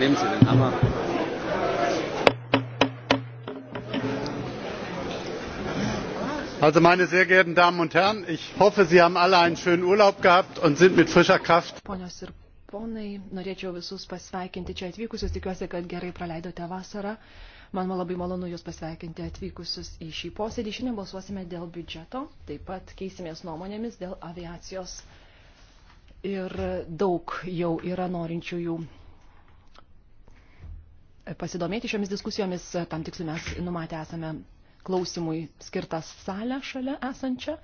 Nehmen Sie den Hammer. Also meine sehr geehrten Damen und Herren, ich hoffe, Sie haben alle einen schönen Urlaub gehabt und sind mit frischer Kraft. Ponios ir ponai, norėčiau visus pasveikinti čia atvykusius, tikiuosi, kad gerai praleidote vasarą. Man labai malonu Jūs pasveikinti atvykusius į šį posėdį. Šiandien balsuosime dėl biudžeto, taip pat keisimės nuomonėmis dėl aviacijos. Ir daug jau yra norinčiųjų pasidomėti šiomis diskusijomis. Tam tikslu mes numatę esame klausimui skirtą salę šalia esančią.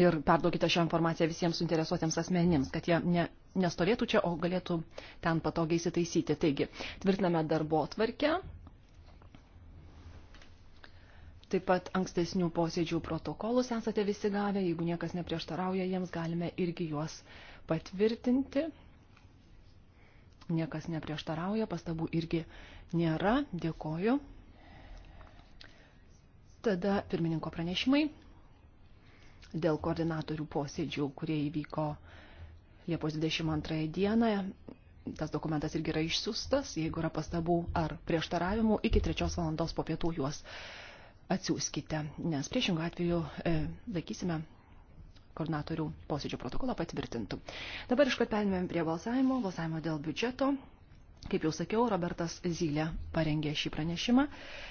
Ir perduokite šią informaciją visiems suinteresuotiems asmenims, kad jie ne, nestovėtų čia, o galėtų ten patogiai įsitaisyti. Taigi, tvirtiname darbo tvarkę. Taip pat ankstesnių posėdžių protokolus esate visi gavę, jeigu niekas neprieštarauja, jiems galime irgi juos patvirtinti. Niekas neprieštarauja, pastabų irgi nėra. Dėkoju. Tada pirmininko pranešimai dėl koordinatorių posėdžių, kurie įvyko Liepos 22 dieną. Tas dokumentas irgi yra išsiustas. Jeigu yra pastabų ar prieštaravimų, iki 3 valandos po pietų juos atsiųskite, nes priešingų atveju e, laikysime koordinatorių posėdžio protokolą patvirtintų. Dabar iškart perėmėm prie balsavimo, balsavimo dėl biudžeto. Kaip jau sakiau, Robertas Zylė parengė šį pranešimą.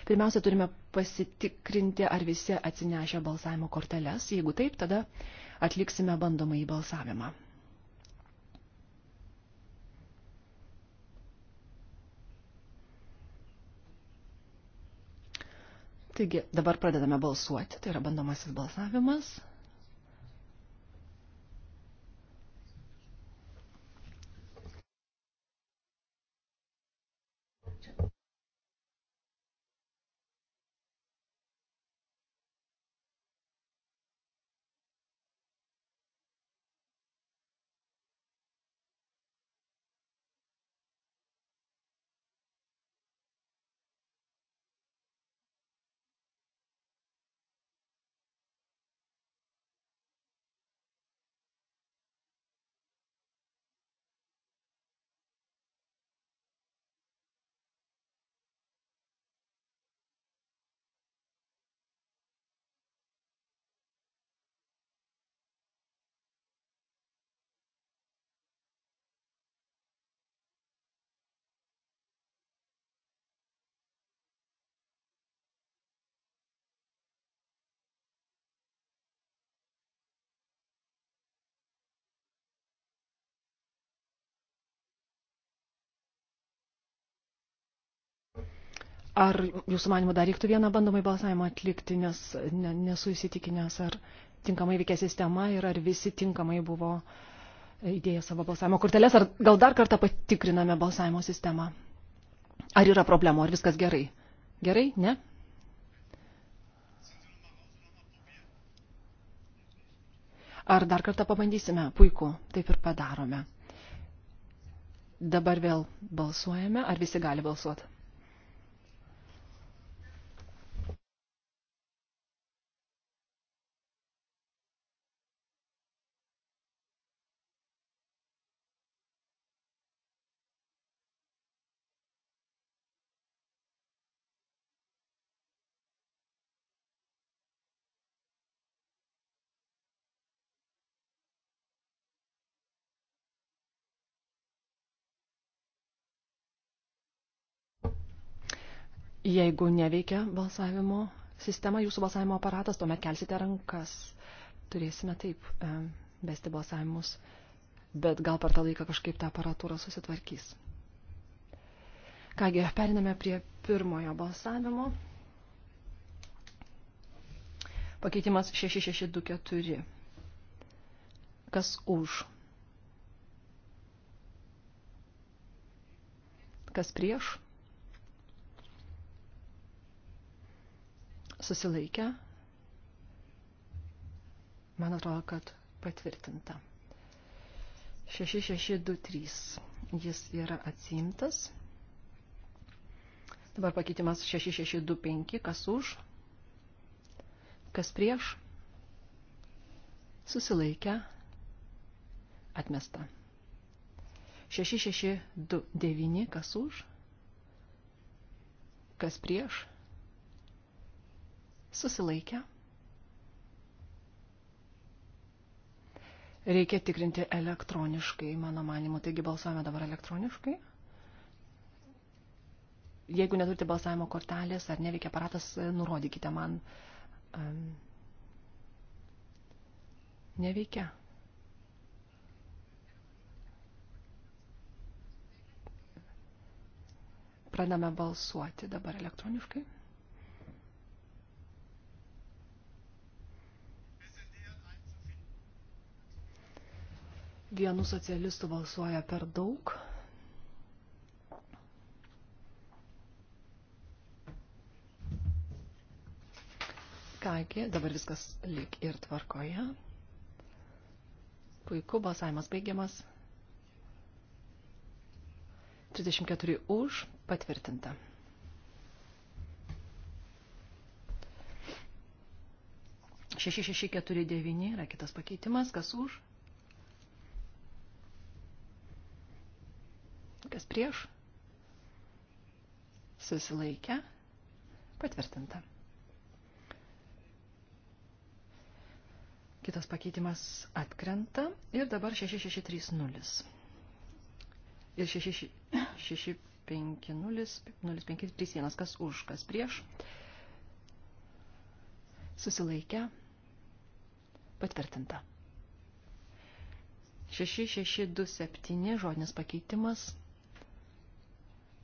Pirmiausia, turime pasitikrinti, ar visi atsinešė balsavimo korteles. Jeigu taip, tada atliksime bandomąjį balsavimą. Taigi, dabar pradedame balsuoti, tai yra bandomasis balsavimas. Ar jūsų manimo dar reiktų vieną bandomai balsavimą atlikti, nes ne, nesu įsitikinęs, ar tinkamai veikia sistema ir ar visi tinkamai buvo įdėję savo balsavimo korteles, ar gal dar kartą patikriname balsavimo sistemą. Ar yra problemų, ar viskas gerai? Gerai, ne? Ar dar kartą pabandysime? Puiku, taip ir padarome. Dabar vėl balsuojame, ar visi gali balsuoti? Jeigu neveikia balsavimo sistema, jūsų balsavimo aparatas, tuomet kelsite rankas. Turėsime taip e, vesti balsavimus, bet gal per tą laiką kažkaip tą aparatūrą susitvarkys. Kągi, periname prie pirmojo balsavimo. Pakeitimas 6624. Kas už? Kas prieš? susilaikę. Man atrodo, kad patvirtinta. 6623. Jis yra atsimtas. Dabar pakeitimas 6625. Kas už? Kas prieš? Susilaikę. Atmesta. 6629. Kas už? Kas prieš? Susilaikę. Reikia tikrinti elektroniškai, mano manimu. Taigi balsuojame dabar elektroniškai. Jeigu neturite balsavimo kortelės ar neveikia aparatas, nurodykite man. Um, neveikia. Pradame balsuoti dabar elektroniškai. Vienu socialistu balsuoja per daug. Kągi, dabar viskas lyg ir tvarkoje. Puiku, balsavimas baigiamas. 34 už, patvirtinta. Šeši šeši keturi devyni yra kitas pakeitimas, kas už? Kas prieš? Susilaikę. Patvirtinta. Kitas pakeitimas atkrenta ir dabar 6630. Ir 650051, kas už, kas prieš. Susilaikę. Patvirtinta. 6627 žodinis pakeitimas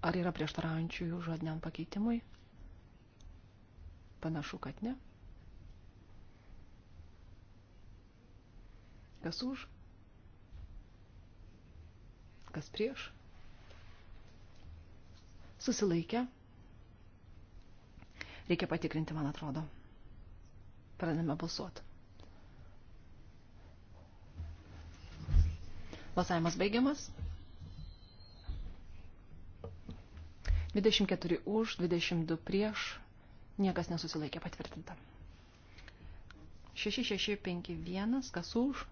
Ar yra prieštaraujančiųjų žodiniam pakeitimui? Panašu, kad ne. Kas už? Kas prieš? Susilaikę. Reikia patikrinti, man atrodo. Pradedame balsuoti. Balsavimas baigiamas. 24 už, 22 prieš, niekas nesusilaikė patvirtinta. 6651, kas už,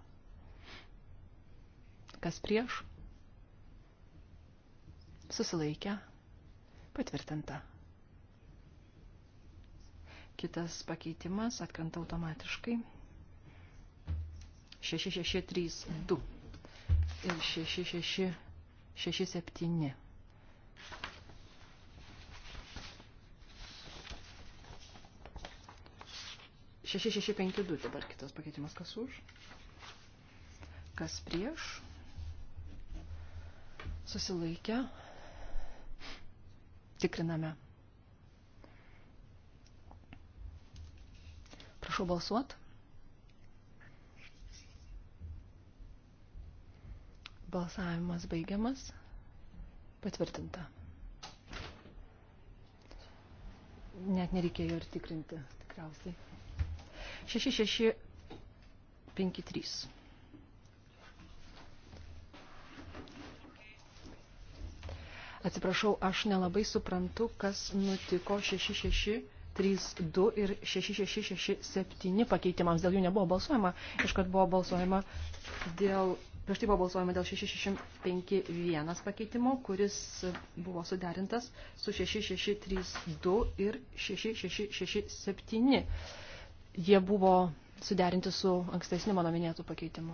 kas prieš, susilaikė patvirtinta. Kitas pakeitimas atkrenta automatiškai. 6632 ir 6667. 6652 dabar kitas pakeitimas. Kas už? Kas prieš? Susilaikę. Tikriname. Prašau balsuot. Balsavimas baigiamas. Patvirtinta. Net nereikėjo ir tikrinti, tikriausiai. 6653. Atsiprašau, aš nelabai suprantu, kas nutiko 6632 ir 6667 pakeitimams. Dėl jų nebuvo balsuojama, iškart buvo balsuojama dėl, prieš tai buvo balsuojama dėl 6651 pakeitimo, kuris buvo suderintas su 6632 ir 6667 jie buvo suderinti su ankstesniu mano minėtų pakeitimu.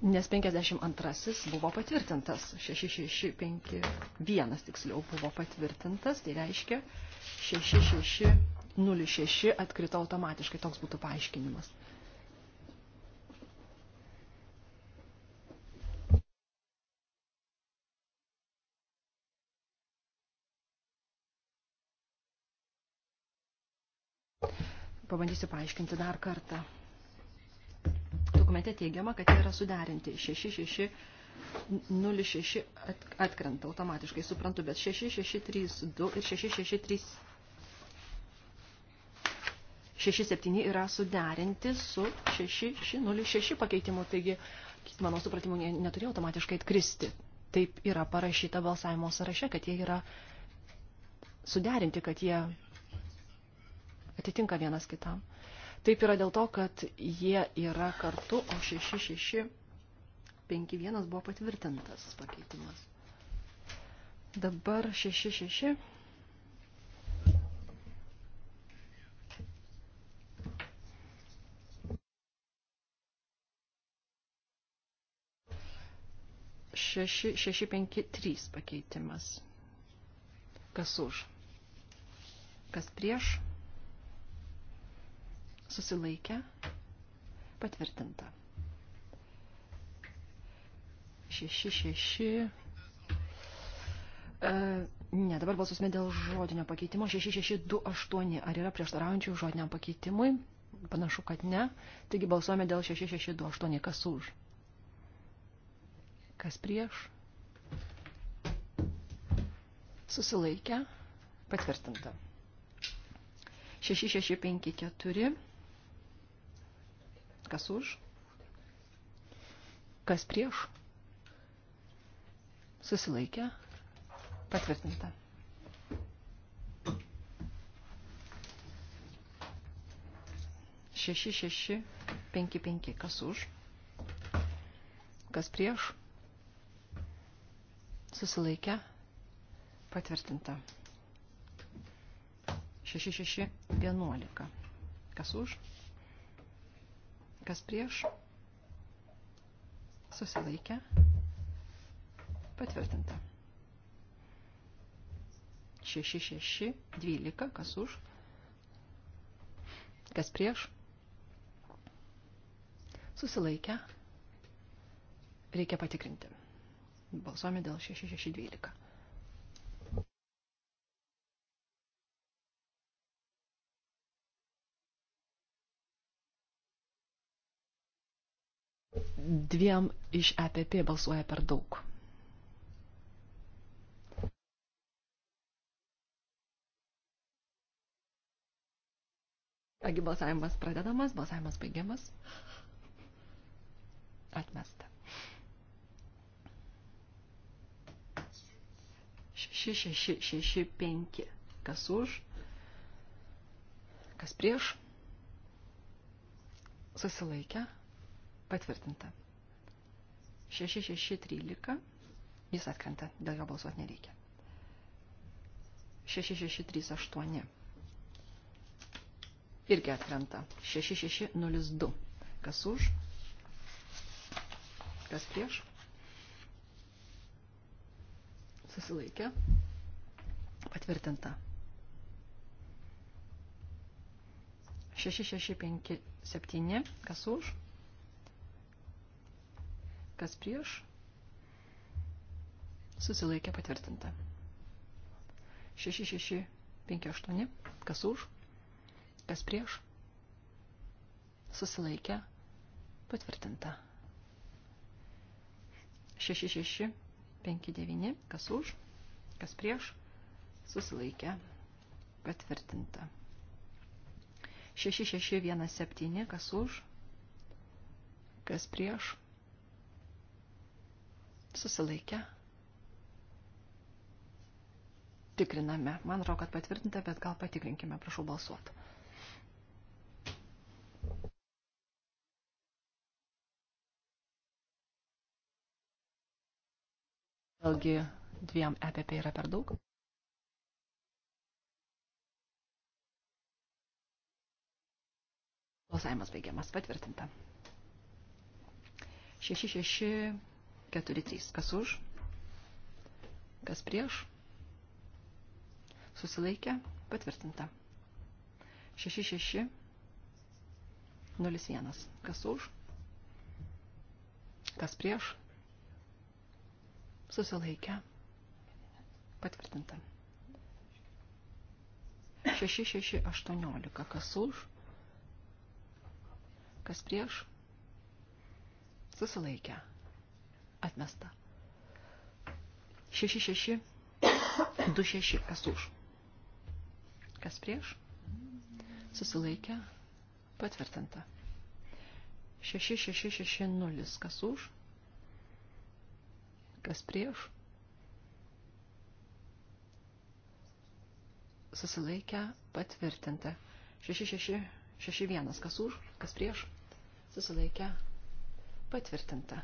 Nes 52 buvo patvirtintas, 6651 tiksliau buvo patvirtintas, tai reiškia 6606 atkrito automatiškai, toks būtų paaiškinimas. Pabandysiu paaiškinti dar kartą. Dokumente teigiama, kad jie yra suderinti 6606 atkrenta automatiškai, suprantu, bet 6632 ir 6633 67 yra suderinti su 6606 pakeitimu, taigi, mano supratimu, neturėjo automatiškai atkristi. Taip yra parašyta balsavimo sąraše, kad jie yra suderinti, kad jie atitinka vienas kitam. Taip yra dėl to, kad jie yra kartu, o 6651 buvo patvirtintas pakeitimas. Dabar 66. Šeši, šeši, penki, trys pakeitimas. Kas už? Kas prieš? susilaikę, patvirtinta. 6-6. E, ne, dabar balsusime dėl žodinio pakeitimo. 6628. Ar yra prieštaraujančių žodiniam pakeitimui? Panašu, kad ne. Taigi balsuojame dėl 6628. Kas už? Kas prieš? Susilaikę. Patvirtinta. 6654. Kas už? Kas prieš? Susilaikė. Patvirtinta. Šeši, šeši, penki, penki. Kas už? Kas prieš? Susilaikę. Patvirtinta. 6, 6, 11. Kas už? Kas prieš? Susilaikę. Patvirtinta. 6, 6, 12. Kas už? Kas prieš? Susilaikę. Reikia patikrinti. Balsuojame dėl 6612. dviem iš EPP balsuoja per daug. Agi balsavimas pradedamas, balsavimas baigiamas. Atmesta. 6665. Kas už? Kas prieš? Susilaikę? Patvirtinta. 6613. Jis atkrenta, dėl jo balsuoti nereikia. 6638. Irgi atkrenta. 6602. Kas už? Kas prieš? Susilaikė. Patvirtinta. 6657. Kas už? Kas prieš? Susilaikė patvirtinta. 6658. Kas už? Kas prieš? Susilaikė patvirtinta. 6659. Kas už? Kas prieš? Susilaikė patvirtinta. 6617. Kas už? Kas prieš? susilaikę. Tikriname. Man atrodo, kad patvirtinta, bet gal patikrinkime. Prašau balsuoti. Vėlgi dviem EPP yra per daug. Balsavimas baigiamas patvirtinta. 6-6 4-3. Kas už? Kas prieš? Susilaikė. Patvirtinta. 6-6. 0-1. Kas už? Kas prieš? Susilaikė. Patvirtinta. 6-6-18. Kas už? Kas prieš? Susilaikė Atmesta. 6626. Kas už? Kas prieš? Susilaikę. Patvirtinta. 6660. Kas už? Kas prieš? Susilaikę. Patvirtinta. 6661. Kas už? Kas prieš? Susilaikę. Patvirtinta.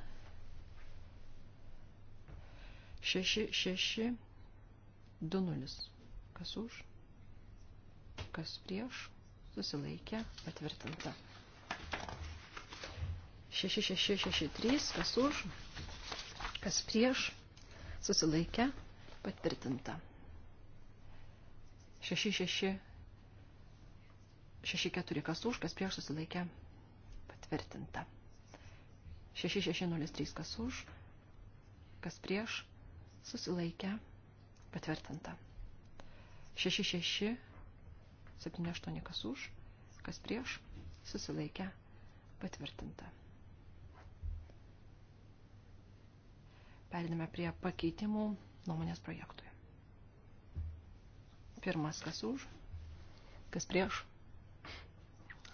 6, 6, 2, 0. Kas už, kas prieš, susilaikė, patvirtinta. 6, 6, 6, 3, kas už, kas prieš, susilaikė, patvirtinta. 6, 6, 6, 4, kas už, kas prieš, susilaikė, patvirtinta. 6603 kas už, kas prieš, susilaikę, patvirtinta. 66, 78 kas už, kas prieš, susilaikę, patvirtinta. Periname prie pakeitimų nuomonės projektui. Pirmas kas už, kas prieš,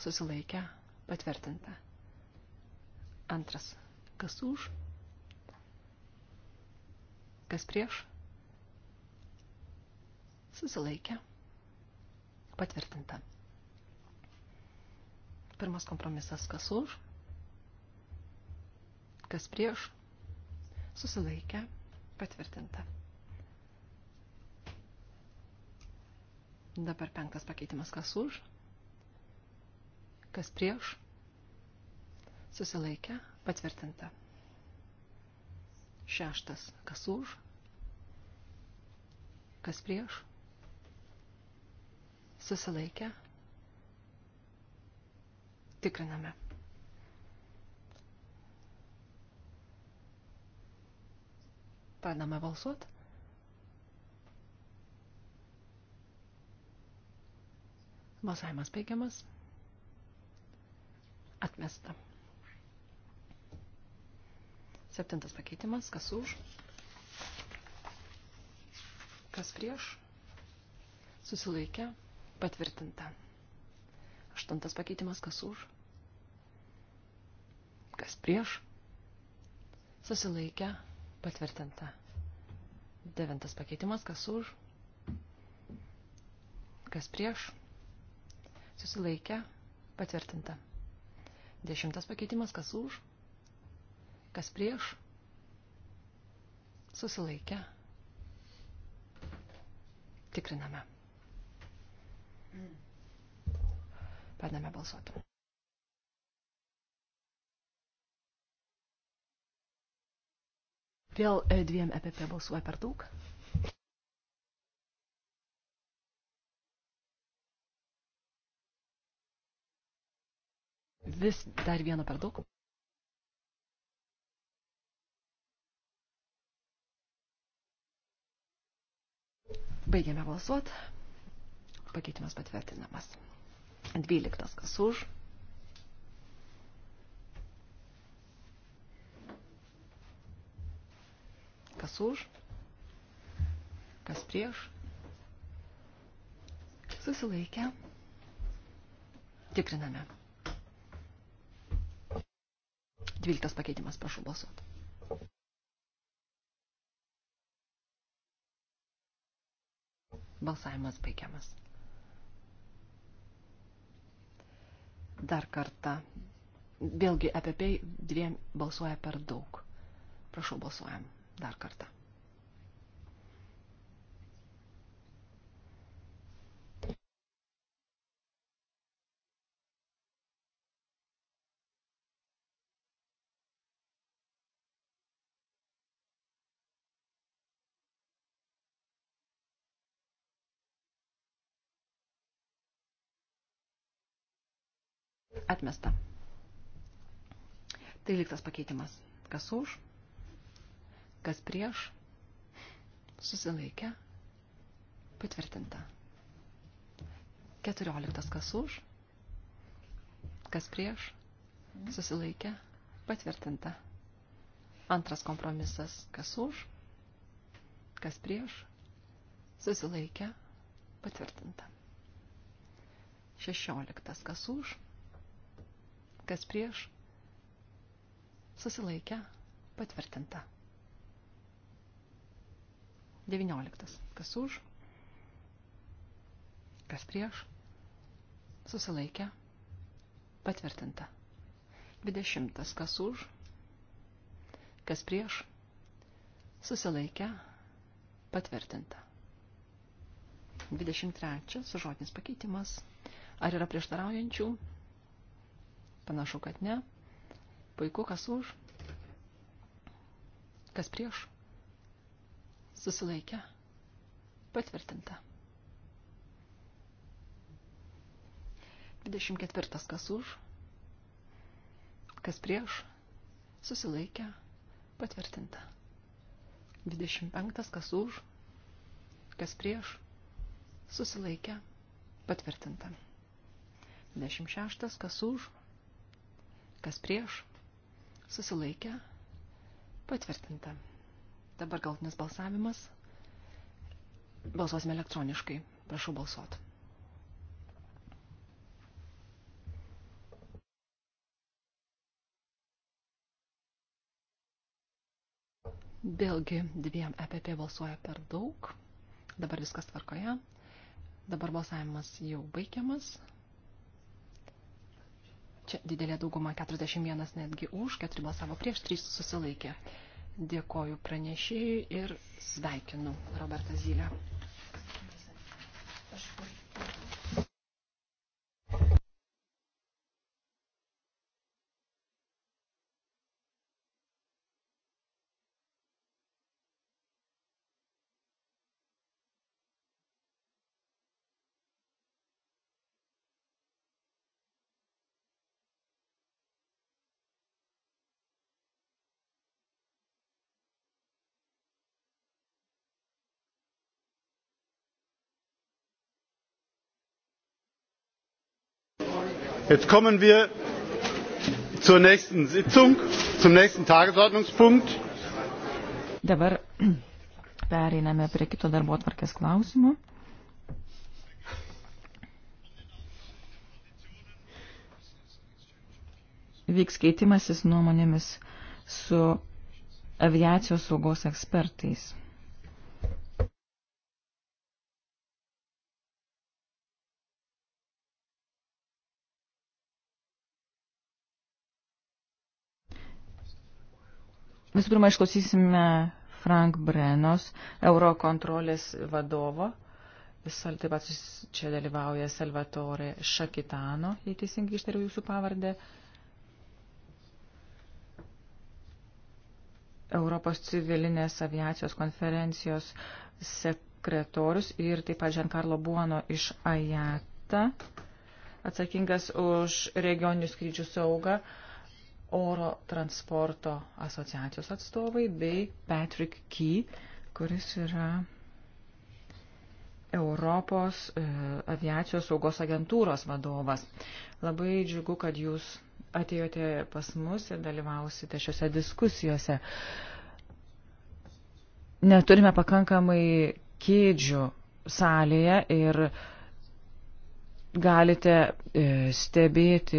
susilaikę, patvirtinta. Antras kas už, Kas prieš? Susilaikė. Patvirtinta. Pirmas kompromisas. Kas už? Kas prieš? Susilaikė. Patvirtinta. Dabar penktas pakeitimas. Kas už? Kas prieš? Susilaikė. Patvirtinta. Šeštas. Kas už? Kas prieš? Susilaikę? Tikriname. Pradame balsuoti. Balsavimas baigiamas. Atmesta. Septintas pakeitimas, kas už, kas prieš, susilaikė, patvirtinta. Aštuntas pakeitimas, kas už, kas prieš, susilaikė, patvirtinta. Devintas pakeitimas, kas už, kas prieš, susilaikė, patvirtinta. Dešimtas pakeitimas, kas už, Kas prieš? Susilaikę. Tikriname. Pradame balsuoti. Vėl e, dviem EPP balsuoja per daug. Vis dar vieno per daug. Baigiame balsuoti. Pakeitimas patvirtinamas. 12. Kas už? Kas už? Kas prieš? Susilaikę. Tikriname. 12 pakeitimas, prašau balsuoti. Balsavimas baigiamas. Dar kartą. Vėlgi, EPP dviem balsuoja per daug. Prašau, balsuojam. Dar kartą. Atmesta. 13 pakeitimas. Kas už? Kas prieš? Susilaikę. Patvirtinta. 14 kas už? Kas prieš? Susilaikę. Patvirtinta. Antras kompromisas. Kas už? Kas prieš? Susilaikę. Patvirtinta. 16 kas už? kas prieš, susilaikę, patvirtinta. 19. Kas už, kas prieš, susilaikę, patvirtinta. 20. Kas už, kas prieš, susilaikę, patvirtinta. 23. Sužodinis pakeitimas. Ar yra prieštaraujančių? Panašu, kad ne. Puiku, kas už. Kas prieš? Susilaikę. Patvirtinta. 24. Kas už? Kas prieš? Susilaikę. Patvirtinta. 25. Kas už? Kas prieš? Susilaikę. Patvirtinta. 26. Kas už? Kas prieš? Susilaikę. Patvirtinta. Dabar galtinis balsavimas. Balsuosime elektroniškai. Prašau balsuot. Vėlgi dviem EPP balsuoja per daug. Dabar viskas tvarkoje. Dabar balsavimas jau baigiamas. Čia didelė dauguma 41 netgi už, 4 balsavo prieš, 3 susilaikė. Dėkoju pranešėjui ir sveikinu Robertą Zylę. Aš jetzt kommen wir zur nächsten sitzung zum nächsten tagesordnungspunkt dabar pereiname prie kito darbotvarkės klausimo vyks keitimasis nuomonėmis su aviacijos saugos ekspertais Visų pirma, išklausysime Frank Brenos, Eurokontrolės vadovo. Visal taip pat čia dalyvauja Salvatore Šakitano, jei teisingai ištariu jūsų pavardę. Europos civilinės aviacijos konferencijos sekretorius ir taip pat Giancarlo Buono iš AJATA, atsakingas už regioninių skrydžių saugą. Uh, oro transporto asociacijos atstovai bei Patrick Key, kuris yra Europos e, aviacijos saugos agentūros vadovas. Labai džiugu, kad jūs atėjote pas mus ir dalyvausite šiuose diskusijose. Neturime pakankamai kėdžių salėje ir uh, galite e, stebėti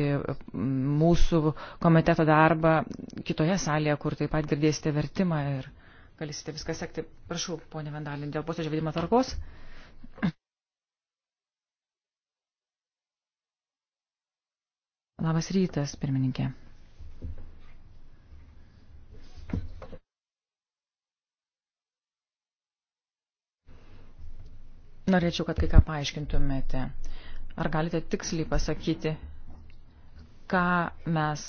mūsų komiteto darbą kitoje salėje, kur taip pat girdėsite vertimą ir galėsite viską sekti. Prašau, ponė Vendalin, dėl posėdžio vedimo tvarkos. Labas rytas, pirmininkė. Norėčiau, kad kai ką paaiškintumėte. Ar galite tiksliai pasakyti, ką mes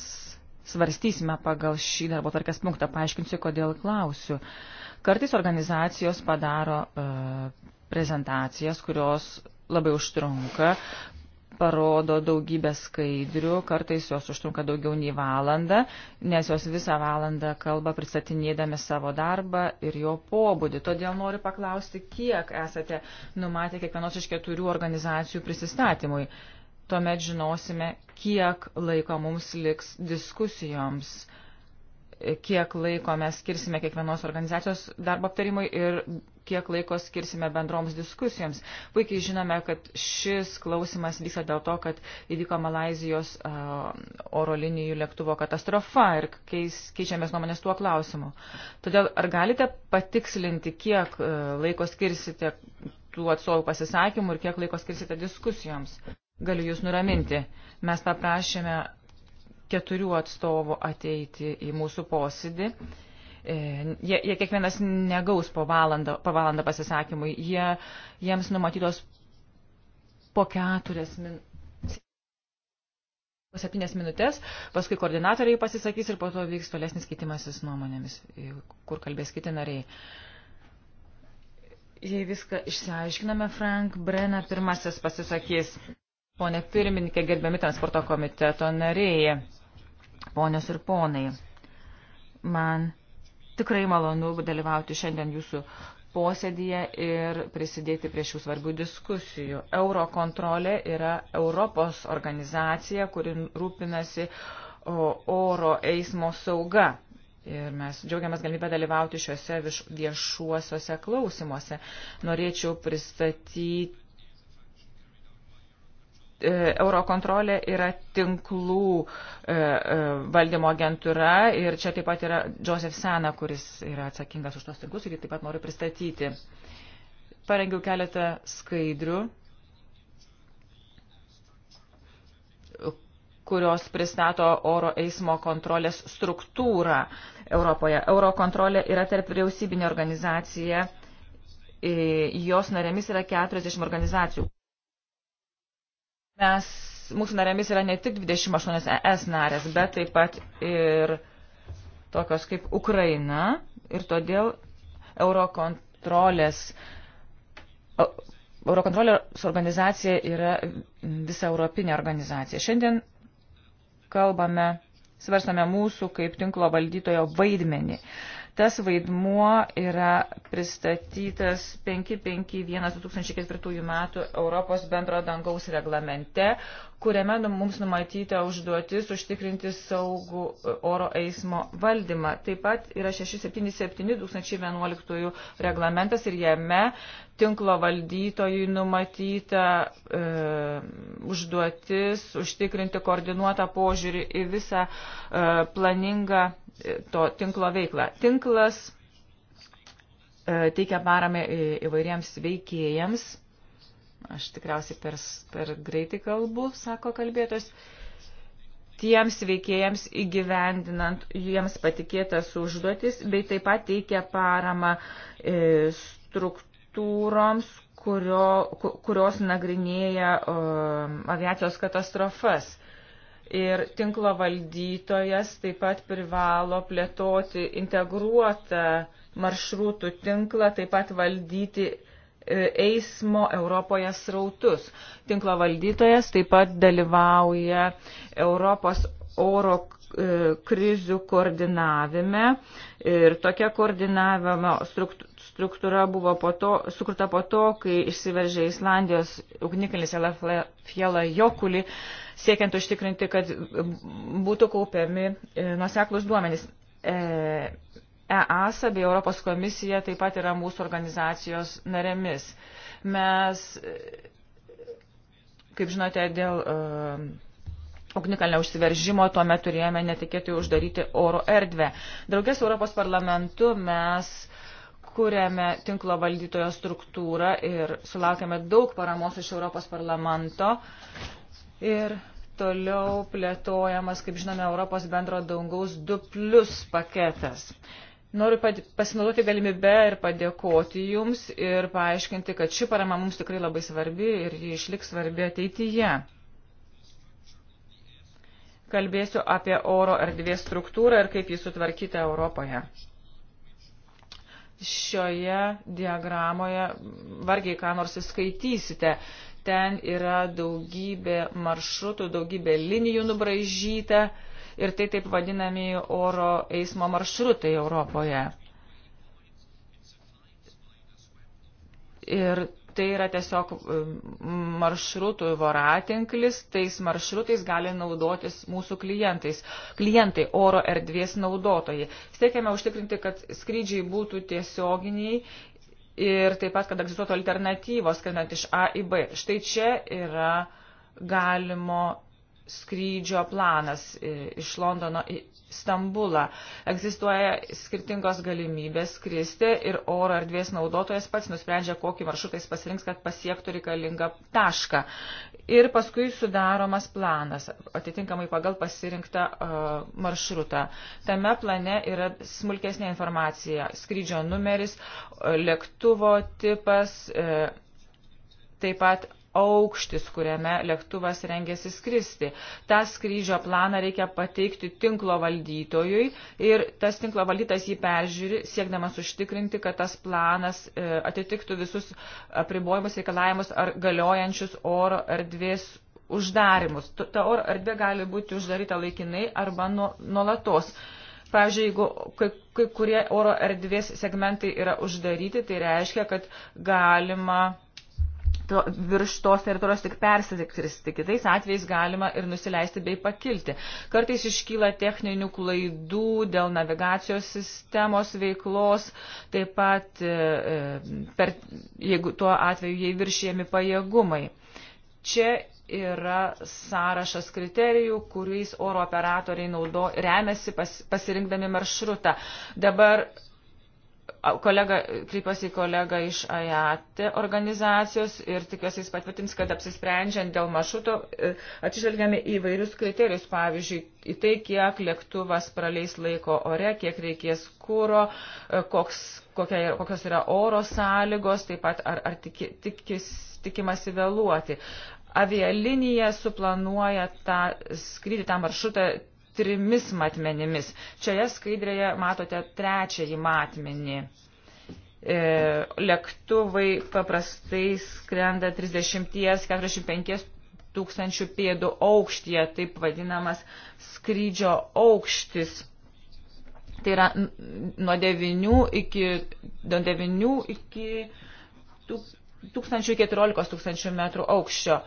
svarstysime pagal šį darbo tarkės punktą? Paaiškinsiu, kodėl klausiu. Kartais organizacijos padaro e, prezentacijas, kurios labai užtrunka, parodo daugybę skaidrių, kartais jos užtrunka daugiau nei valandą, nes jos visą valandą kalba pristatinėdami savo darbą ir jo pobūdį. Todėl noriu paklausti, kiek esate numatę kiekvienos iš keturių organizacijų prisistatymui. Tuomet žinosime, kiek laiko mums liks diskusijoms kiek laiko mes skirsime kiekvienos organizacijos darbo aptarimui ir kiek laiko skirsime bendroms diskusijoms. Puikiai žinome, kad šis klausimas vyksta dėl to, kad įvyko Malazijos oro linijų lėktuvo katastrofa ir keis, keičiamės nuomonės tuo klausimu. Todėl ar galite patikslinti, kiek laiko skirsite tų atstovų pasisakymų ir kiek laiko skirsite diskusijoms? Galiu Jūs nuraminti. Mes paprašėme keturių atstovų ateiti į mūsų posėdį E, jie, jie kiekvienas negaus po valandą, po valandą pasisakymui, jie, jiems numatytos po keturias min. Po septynės minutės, paskui koordinatoriai pasisakys ir po to vyks tolesnis keitimasis nuomonėmis, e, kur kalbės kiti nariai. Jei viską išsiaiškiname, Frank Brenner pirmasis pasisakys. Pone pirmininkė, gerbiami transporto komiteto nariai, ponios ir ponai, man tikrai malonu dalyvauti šiandien jūsų posėdyje ir prisidėti prie šių svarbių diskusijų. Eurokontrolė yra Europos organizacija, kuri rūpinasi oro eismo sauga. Ir mes džiaugiamės galimybę dalyvauti šiuose viešuosiuose klausimuose. Norėčiau pristatyti E, Eurokontrolė yra tinklų e, e, valdymo agentūra ir čia taip pat yra Joseph Sana, kuris yra atsakingas už tos tinklus ir jį taip pat noriu pristatyti. Parengiau keletą skaidrių, kurios pristato oro eismo kontrolės struktūrą Europoje. Eurokontrolė yra tarp vyriausybinė organizacija, jos narėmis yra 40 organizacijų Mes, mūsų narėmis yra ne tik 28 ES narės, bet taip pat ir tokios kaip Ukraina ir todėl Eurokontrolės Eurokontrolės organizacija yra visa europinė organizacija. Šiandien kalbame, svarstame mūsų kaip tinklo valdytojo vaidmenį. Tas vaidmuo yra pristatytas 551-2004 metų Europos bendro dangaus reglamente, kuriame nu, mums numatyta užduotis užtikrinti saugų e, oro eismo valdymą. Taip pat yra 677-2011 reglamentas ir jame tinklo valdytojui numatyta e, užduotis užtikrinti koordinuotą požiūrį į visą e, planingą to tinklo veiklą. Tinklas e, teikia paramą įvairiems veikėjams. Aš tikriausiai per, per greitai kalbu, sako kalbėtos. Tiems veikėjams įgyvendinant jiems patikėtas užduotis, bei taip pat teikia paramą e, struktūroms, kurio, kurios nagrinėja aviacijos katastrofas ir tinklo valdytojas taip pat privalo plėtoti integruotą maršrutų tinklą, taip pat valdyti e, eismo Europoje srautus. Tinklo valdytojas taip pat dalyvauja Europos oro e, krizių koordinavime ir tokia koordinavimo struktūra struktūra buvo po to, sukurta po to, kai išsiveržė Islandijos ugnikalnis Elafjela Jokuli, siekiant užtikrinti, kad būtų kaupiami e, nuoseklus duomenys. EASA e bei Europos komisija taip pat yra mūsų organizacijos narėmis. Mes, e, kaip žinote, dėl uh, ugnikalnio užsiveržimo tuomet turėjome netikėtai uždaryti oro erdvę. Draugės Europos parlamentu mes kuriame tinklo valdytojo struktūrą ir sulaukėme daug paramos iš Europos parlamento. Ir toliau plėtojamas, kaip žinome, Europos bendro dangaus 2 plus paketas. Noriu pasinaudoti galimybę ir padėkoti Jums ir paaiškinti, kad ši parama mums tikrai labai svarbi ir ji išliks svarbi ateityje. Kalbėsiu apie oro erdvės struktūrą ir kaip jį sutvarkyti Europoje šioje diagramoje vargiai ką nors įskaitysite. Ten yra daugybė maršrutų, daugybė linijų nubražyta ir tai taip vadinami oro eismo maršrutai Europoje. Ir tai yra tiesiog um, maršrutų voratinklis, tais maršrutais gali naudotis mūsų klientais, klientai, oro erdvės naudotojai. Siekiame užtikrinti, kad skrydžiai būtų tiesioginiai ir taip pat, kad egzistuotų alternatyvos, skrendant iš A į B. Štai čia yra galimo skrydžio planas e, iš Londono į Stambulą. Egzistuoja skirtingos galimybės skristi ir oro erdvės naudotojas pats nusprendžia, kokį maršrutą jis pasirinks, kad pasiektų reikalingą tašką. Ir paskui sudaromas planas, atitinkamai pagal pasirinktą uh, maršrutą. Tame plane yra smulkesnė informacija - skrydžio numeris, e, lėktuvo tipas, uh, taip pat aukštis, kuriame lėktuvas rengėsi skristi. Ta skrydžio planą reikia pateikti tinklo valdytojui ir tas tinklo valdytas jį peržiūri, siekdamas užtikrinti, kad tas planas e, atitiktų visus apribojimus reikalavimus ar galiojančius oro erdvės uždarimus. Ta oro erdvė gali būti uždaryta laikinai arba nuolatos. Nu Pavyzdžiui, jeigu kai, kai kurie oro erdvės segmentai yra uždaryti, tai reiškia, kad galima to, virš tos teritorijos tik persikristi. Kitais atvejais galima ir nusileisti bei pakilti. Kartais iškyla techninių klaidų dėl navigacijos sistemos veiklos, taip pat e, e per, jeigu tuo atveju jie viršėjami pajėgumai. Čia yra sąrašas kriterijų, kuriais oro operatoriai naudo, remiasi pas, pasirinkdami maršrutą. Dabar kolega, kreipiuosi į kolegą iš AJAT organizacijos ir tikiuosi jis patvirtins, kad apsisprendžiant dėl maršruto e, atsižvelgiame į vairius kriterijus, pavyzdžiui, į tai, kiek lėktuvas praleis laiko ore, kiek reikės kūro, e, koks, kokia, kokios yra oro sąlygos, taip pat ar, ar tiki, tikis, tikimasi vėluoti. Avialinija suplanuoja tą skrydį, tą maršrutą trimis matmenimis. Čioje skaidrėje matote trečiąjį matmenį. E, lėktuvai paprastai skrenda 30-45 tūkstančių pėdų aukštyje, taip vadinamas skrydžio aukštis. Tai yra nuo 9 iki, nuo 9 iki 1014 tūkstančių metrų aukščio.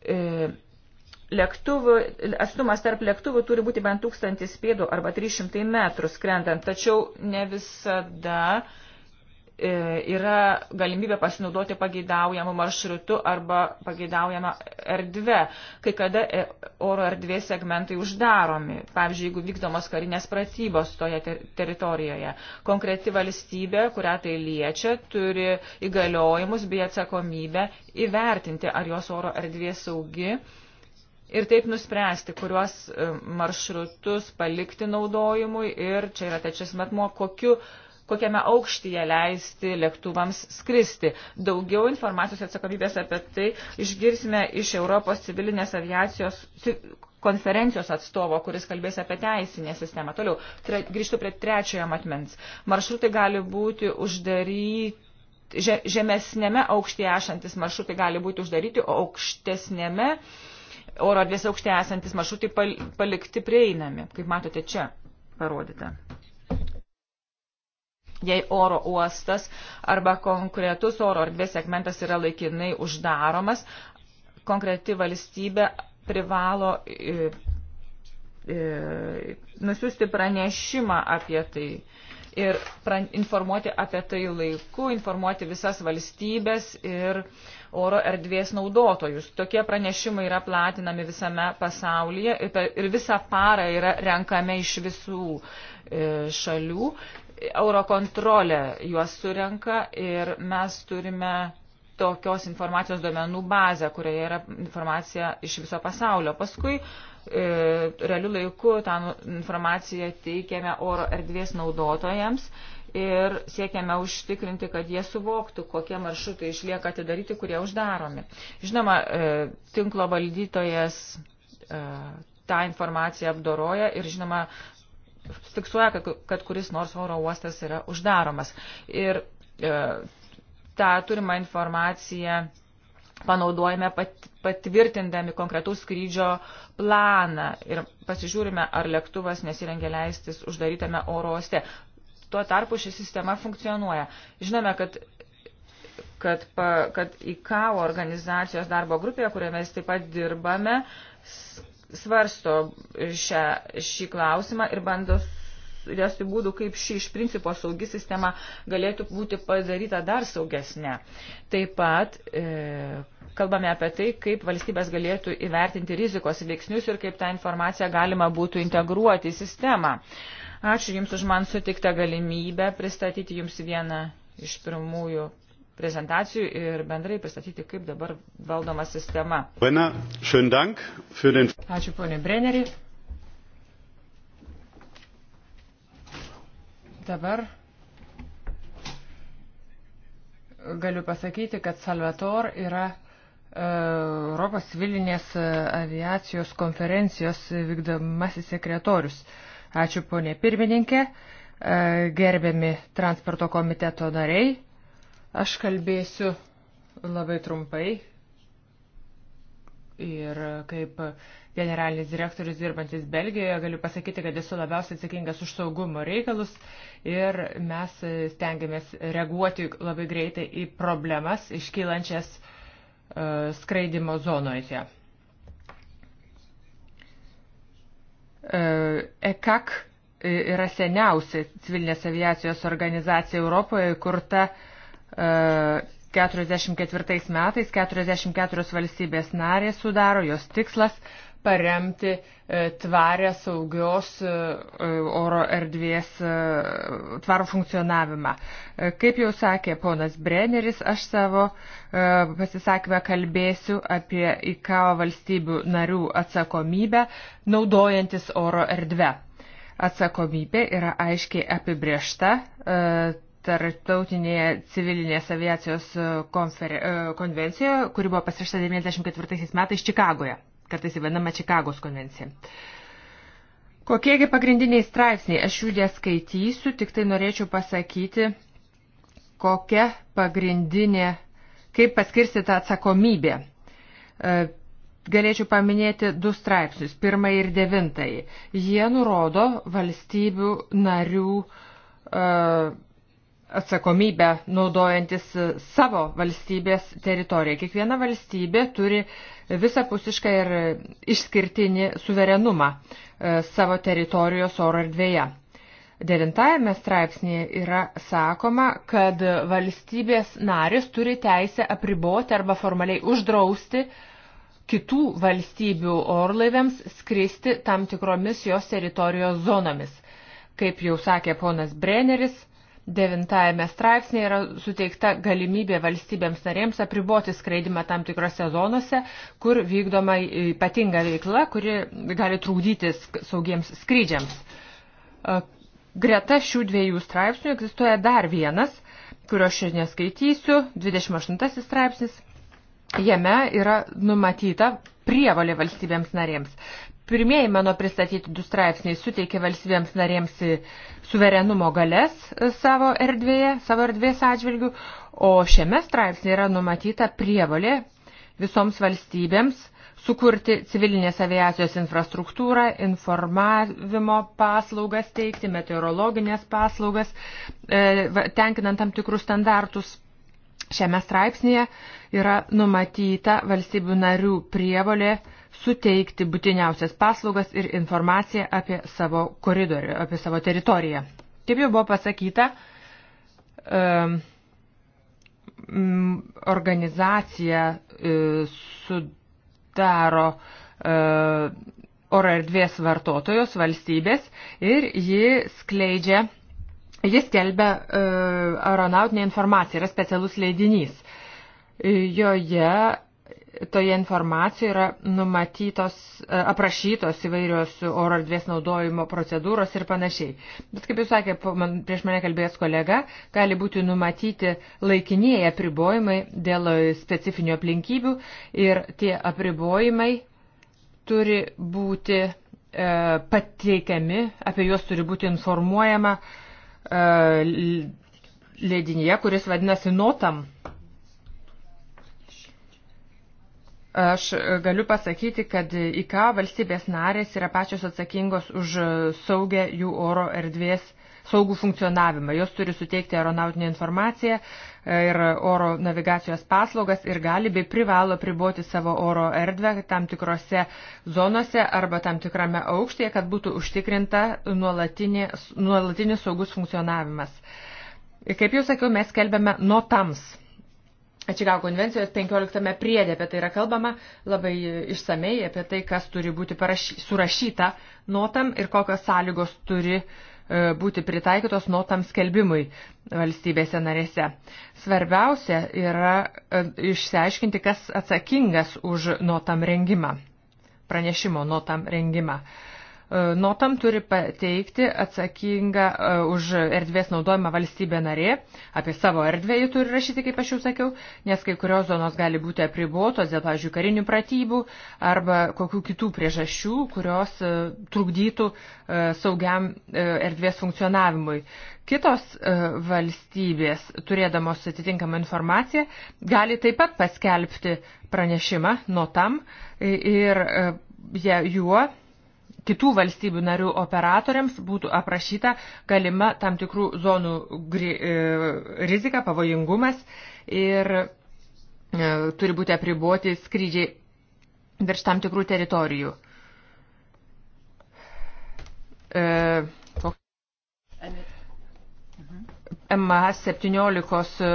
E, lėktuvų, atstumas tarp lėktuvų turi būti bent 1000 pėdų arba 300 metrų skrendant, tačiau ne visada e, yra galimybė pasinaudoti pageidaujamu maršrutu arba pageidaujama erdve. Kai kada e, oro erdvės segmentai uždaromi, pavyzdžiui, jeigu vykdomos karinės pratybos toje ter teritorijoje. Konkreti valstybė, kurią tai liečia, turi įgaliojimus bei atsakomybę įvertinti, ar jos oro erdvė saugi ir taip nuspręsti, kuriuos e, maršrutus palikti naudojimui ir čia yra tačias matmo, kokiu kokiame aukštyje leisti lėktuvams skristi. Daugiau informacijos atsakomybės apie tai išgirsime iš Europos civilinės aviacijos konferencijos atstovo, kuris kalbės apie teisinę sistemą. Toliau, tre, grįžtu prie trečiojo matmens. Maršrutai gali būti uždaryti. Žemesnėme aukštyje ešantis maršrutai gali būti uždaryti, o aukštesnėme uh, oro erdvės aukšte esantis maršrutai palikti prieinami, kaip matote čia parodyta. Jei oro uostas arba konkretus oro erdvės segmentas yra laikinai uždaromas, konkreti valstybė privalo e, e, nusiųsti pranešimą apie tai ir informuoti apie tai laiku, informuoti visas valstybės ir e, oro erdvės naudotojus. Tokie pranešimai yra platinami visame pasaulyje ir visą parą yra renkame iš visų e, šalių. Eurokontrolė juos surenka ir mes turime tokios informacijos duomenų bazę, kurioje yra informacija iš viso pasaulio. Paskui e, realiu laiku tą nu- informaciją teikiame oro erdvės naudotojams ir siekiame užtikrinti, kad jie suvoktų, kokie maršrutai išlieka atidaryti, kurie uždaromi. Žinoma, e, tinklo valdytojas e, tą informaciją apdoroja ir, žinoma, fiksuoja, kad, kad kuris nors oro uostas yra uždaromas. Ir e, tą turimą informaciją panaudojame pat, patvirtindami konkretų skrydžio planą ir pasižiūrime, ar lėktuvas nesirengė leistis uždarytame oro uoste. Tuo tarpu ši sistema funkcionuoja. Žinome, kad kad, pa, kad IKAO organizacijos darbo grupėje, kurioje mes taip pat dirbame, svarsto šią, šį klausimą ir bando rasti būdų, kaip ši iš principo saugi sistema galėtų būti padaryta dar saugesnė. Taip pat e, kalbame apie tai, kaip valstybės galėtų įvertinti rizikos veiksnius ir kaip tą informaciją galima būtų integruoti į sistemą. E, Ačiū Jums už man sutiktą galimybę pristatyti Jums vieną iš pirmųjų prezentacijų ir bendrai pristatyti, kaip dabar valdoma sistema. Brenner, schön dank für den... Ačiū ponė Brennerį. Dabar galiu pasakyti, kad Salvator yra e, Europos civilinės e, aviacijos konferencijos vykdomasis sekretorius. Ačiū ponė pirmininkė, e, gerbiami transporto komiteto nariai. Aš kalbėsiu labai trumpai ir kaip generalinis direktorius dirbantis Belgijoje galiu pasakyti, kad esu labiausiai atsakingas už saugumo reikalus ir mes stengiamės reaguoti labai greitai į problemas iškylančias e, skraidimo zonoje. ECAC e yra seniausia civilinės aviacijos organizacija Europoje, kurta 44 e, metais, 44 valstybės narės sudaro, jos tikslas paremti e, tvarę saugios e, oro erdvės e, tvarų funkcionavimą. Kaip jau sakė ponas Brenneris, aš savo pasisakymę kalbėsiu apie IKAO valstybių narių atsakomybę naudojantis oro erdvę. Atsakomybė yra aiškiai apibriešta tarptautinėje civilinės aviacijos konvencijoje, kuri buvo pasirašyta 1994 metais Čikagoje kartais įvadinama Čikagos konvencija. Kokiegi pagrindiniai straipsniai? Aš jų neskaitysiu, tik tai norėčiau pasakyti, kokia pagrindinė, kaip paskirstyta atsakomybė. E, galėčiau paminėti du straipsnius, pirmąjį ir devintąjį. Jie nurodo valstybių narių uh, atsakomybę naudojantis savo valstybės teritoriją. Kiekviena valstybė turi visapusišką ir išskirtinį suverenumą e, savo teritorijos oro erdvėje. Devintajame straipsnėje yra sakoma, kad valstybės narės turi teisę apriboti arba formaliai uždrausti kitų valstybių orlaiviams skristi tam tikromis jos teritorijos zonomis. Kaip jau sakė ponas Brenneris, devintajame straipsnėje yra suteikta galimybė valstybėms narėms apriboti skraidimą tam tikrose zonose, kur vykdoma ypatinga veikla, kuri gali trūdyti saugiems skrydžiams. E, greta šių dviejų straipsnių egzistuoja dar vienas, kurio šiandien skaitysiu, 28 straipsnis. Jame yra numatyta prievalė valstybėms narėms Pirmieji mano pristatyti du straipsniai suteikia valstybėms narėms suverenumo galės e, savo erdvėje, savo erdvės atžvilgių, o šiame straipsnėje yra numatyta prievalė visoms valstybėms sukurti civilinės aviacijos infrastruktūrą, informavimo paslaugas teikti, meteorologinės paslaugas, e, tenkinant tam tikrus standartus. Šiame straipsnėje yra numatyta valstybių narių prievolė uh, suteikti būtiniausias paslaugas ir informaciją apie savo koridorių, apie savo teritoriją. Kaip jau buvo pasakyta, organizacija e, sudaro e, oro erdvės vartotojos valstybės ir ji skleidžia, jis skelbia e, aeronautinę informaciją, yra specialus leidinys. Joje toje informacijoje yra numatytos, e, aprašytos įvairios oro erdvės naudojimo procedūros ir panašiai. Bet kaip jūs sakė, man, prieš mane kalbėjęs kolega, gali būti numatyti laikinieji apribojimai dėl specifinių aplinkybių ir tie apribojimai turi būti e, pateikiami, apie juos turi būti informuojama e, leidinyje, kuris vadinasi notam Aš galiu pasakyti, kad į ką valstybės narės yra pačios atsakingos už saugę jų oro erdvės saugų funkcionavimą. Jos turi suteikti aeronautinę informaciją e, ir oro navigacijos paslaugas ir gali bei privalo priboti savo oro erdvę tam tikrose zonose arba tam tikrame aukštėje, kad būtų užtikrinta nuolatinis saugus funkcionavimas. Kaip jau sakiau, mes kelbėme notams Čikago konvencijos 15 priedė apie tai yra kalbama labai išsamei apie tai, kas turi būti paraši, surašyta notam ir kokios sąlygos turi e, būti pritaikytos notam skelbimui valstybėse narėse. Svarbiausia yra e, išsiaiškinti, kas atsakingas už notam rengimą, pranešimo notam rengimą. Uh, Notam turi pateikti atsakingą e, už erdvės naudojimą valstybė narė, apie savo erdvę jį turi rašyti, kaip aš jau sakiau, nes kai kurios zonos gali būti apribotos dėl, pavyzdžiui, karinių pratybų arba kokių kitų priežasčių, kurios e, trukdytų e, saugiam erdvės funkcionavimui. Kitos valstybės, turėdamos atitinkamą informaciją, gali taip pat paskelbti pranešimą notam ir jie, juo kitų valstybių narių operatoriams būtų aprašyta galima tam tikrų zonų gri, e, rizika, pavojingumas ir e, turi būti apriboti skrydžiai virš tam tikrų teritorijų. E, MH17 e,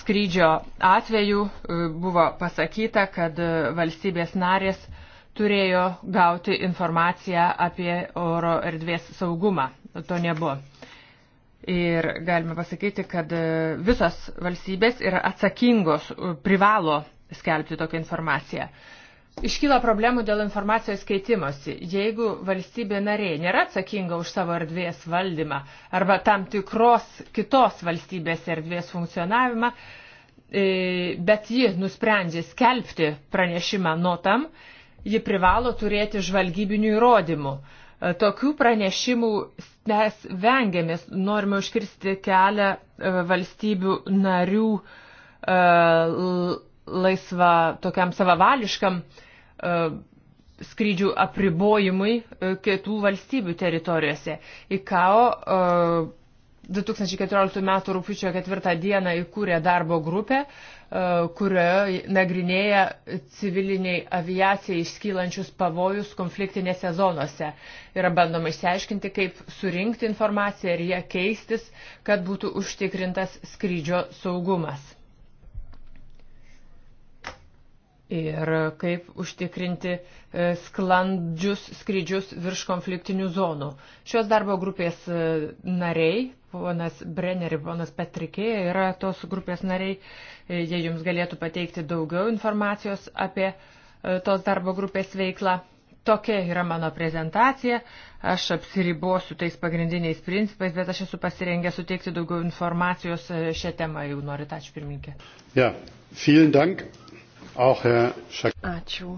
skrydžio atveju e, buvo pasakyta, kad e, valstybės narės e, turėjo gauti informaciją apie oro erdvės saugumą. To nebuvo. Ir galime pasakyti, kad e, visos valstybės yra atsakingos, e, privalo skelbti tokią informaciją. Iškyla problemų dėl informacijos keitimosi. Jeigu valstybė narė nėra atsakinga už savo erdvės valdymą arba tam tikros kitos valstybės erdvės funkcionavimą, e, bet ji nusprendžia skelbti pranešimą notam, ji privalo turėti žvalgybinių įrodymų. E, tokių pranešimų mes vengiamės, norime užkirsti kelią e, valstybių narių e, laisvą tokiam savavališkam skrydžių apribojimui kitų valstybių teritorijose. ICAO 2014 m. rūpiučio 4 d. įkūrė darbo grupę, E, kurioje nagrinėja civiliniai aviacijai iškylančius pavojus konfliktinėse zonose. Yra bandoma išsiaiškinti, kaip surinkti informaciją ir ją keistis, kad būtų užtikrintas skrydžio saugumas. ir kaip užtikrinti e, sklandžius skrydžius virš konfliktinių zonų. Šios darbo grupės e, nariai, ponas Brenner ir ponas Petrikėja yra tos grupės nariai, e, jie jums galėtų pateikti daugiau informacijos apie tos darbo grupės veiklą. Tokia yra mano prezentacija, aš apsiribosiu tais pagrindiniais principais, bet aš esu pasirengęs suteikti daugiau informacijos šią temą, jeigu norite. Ačiū pirmininkė. Ja, vielen Dank. Ačiū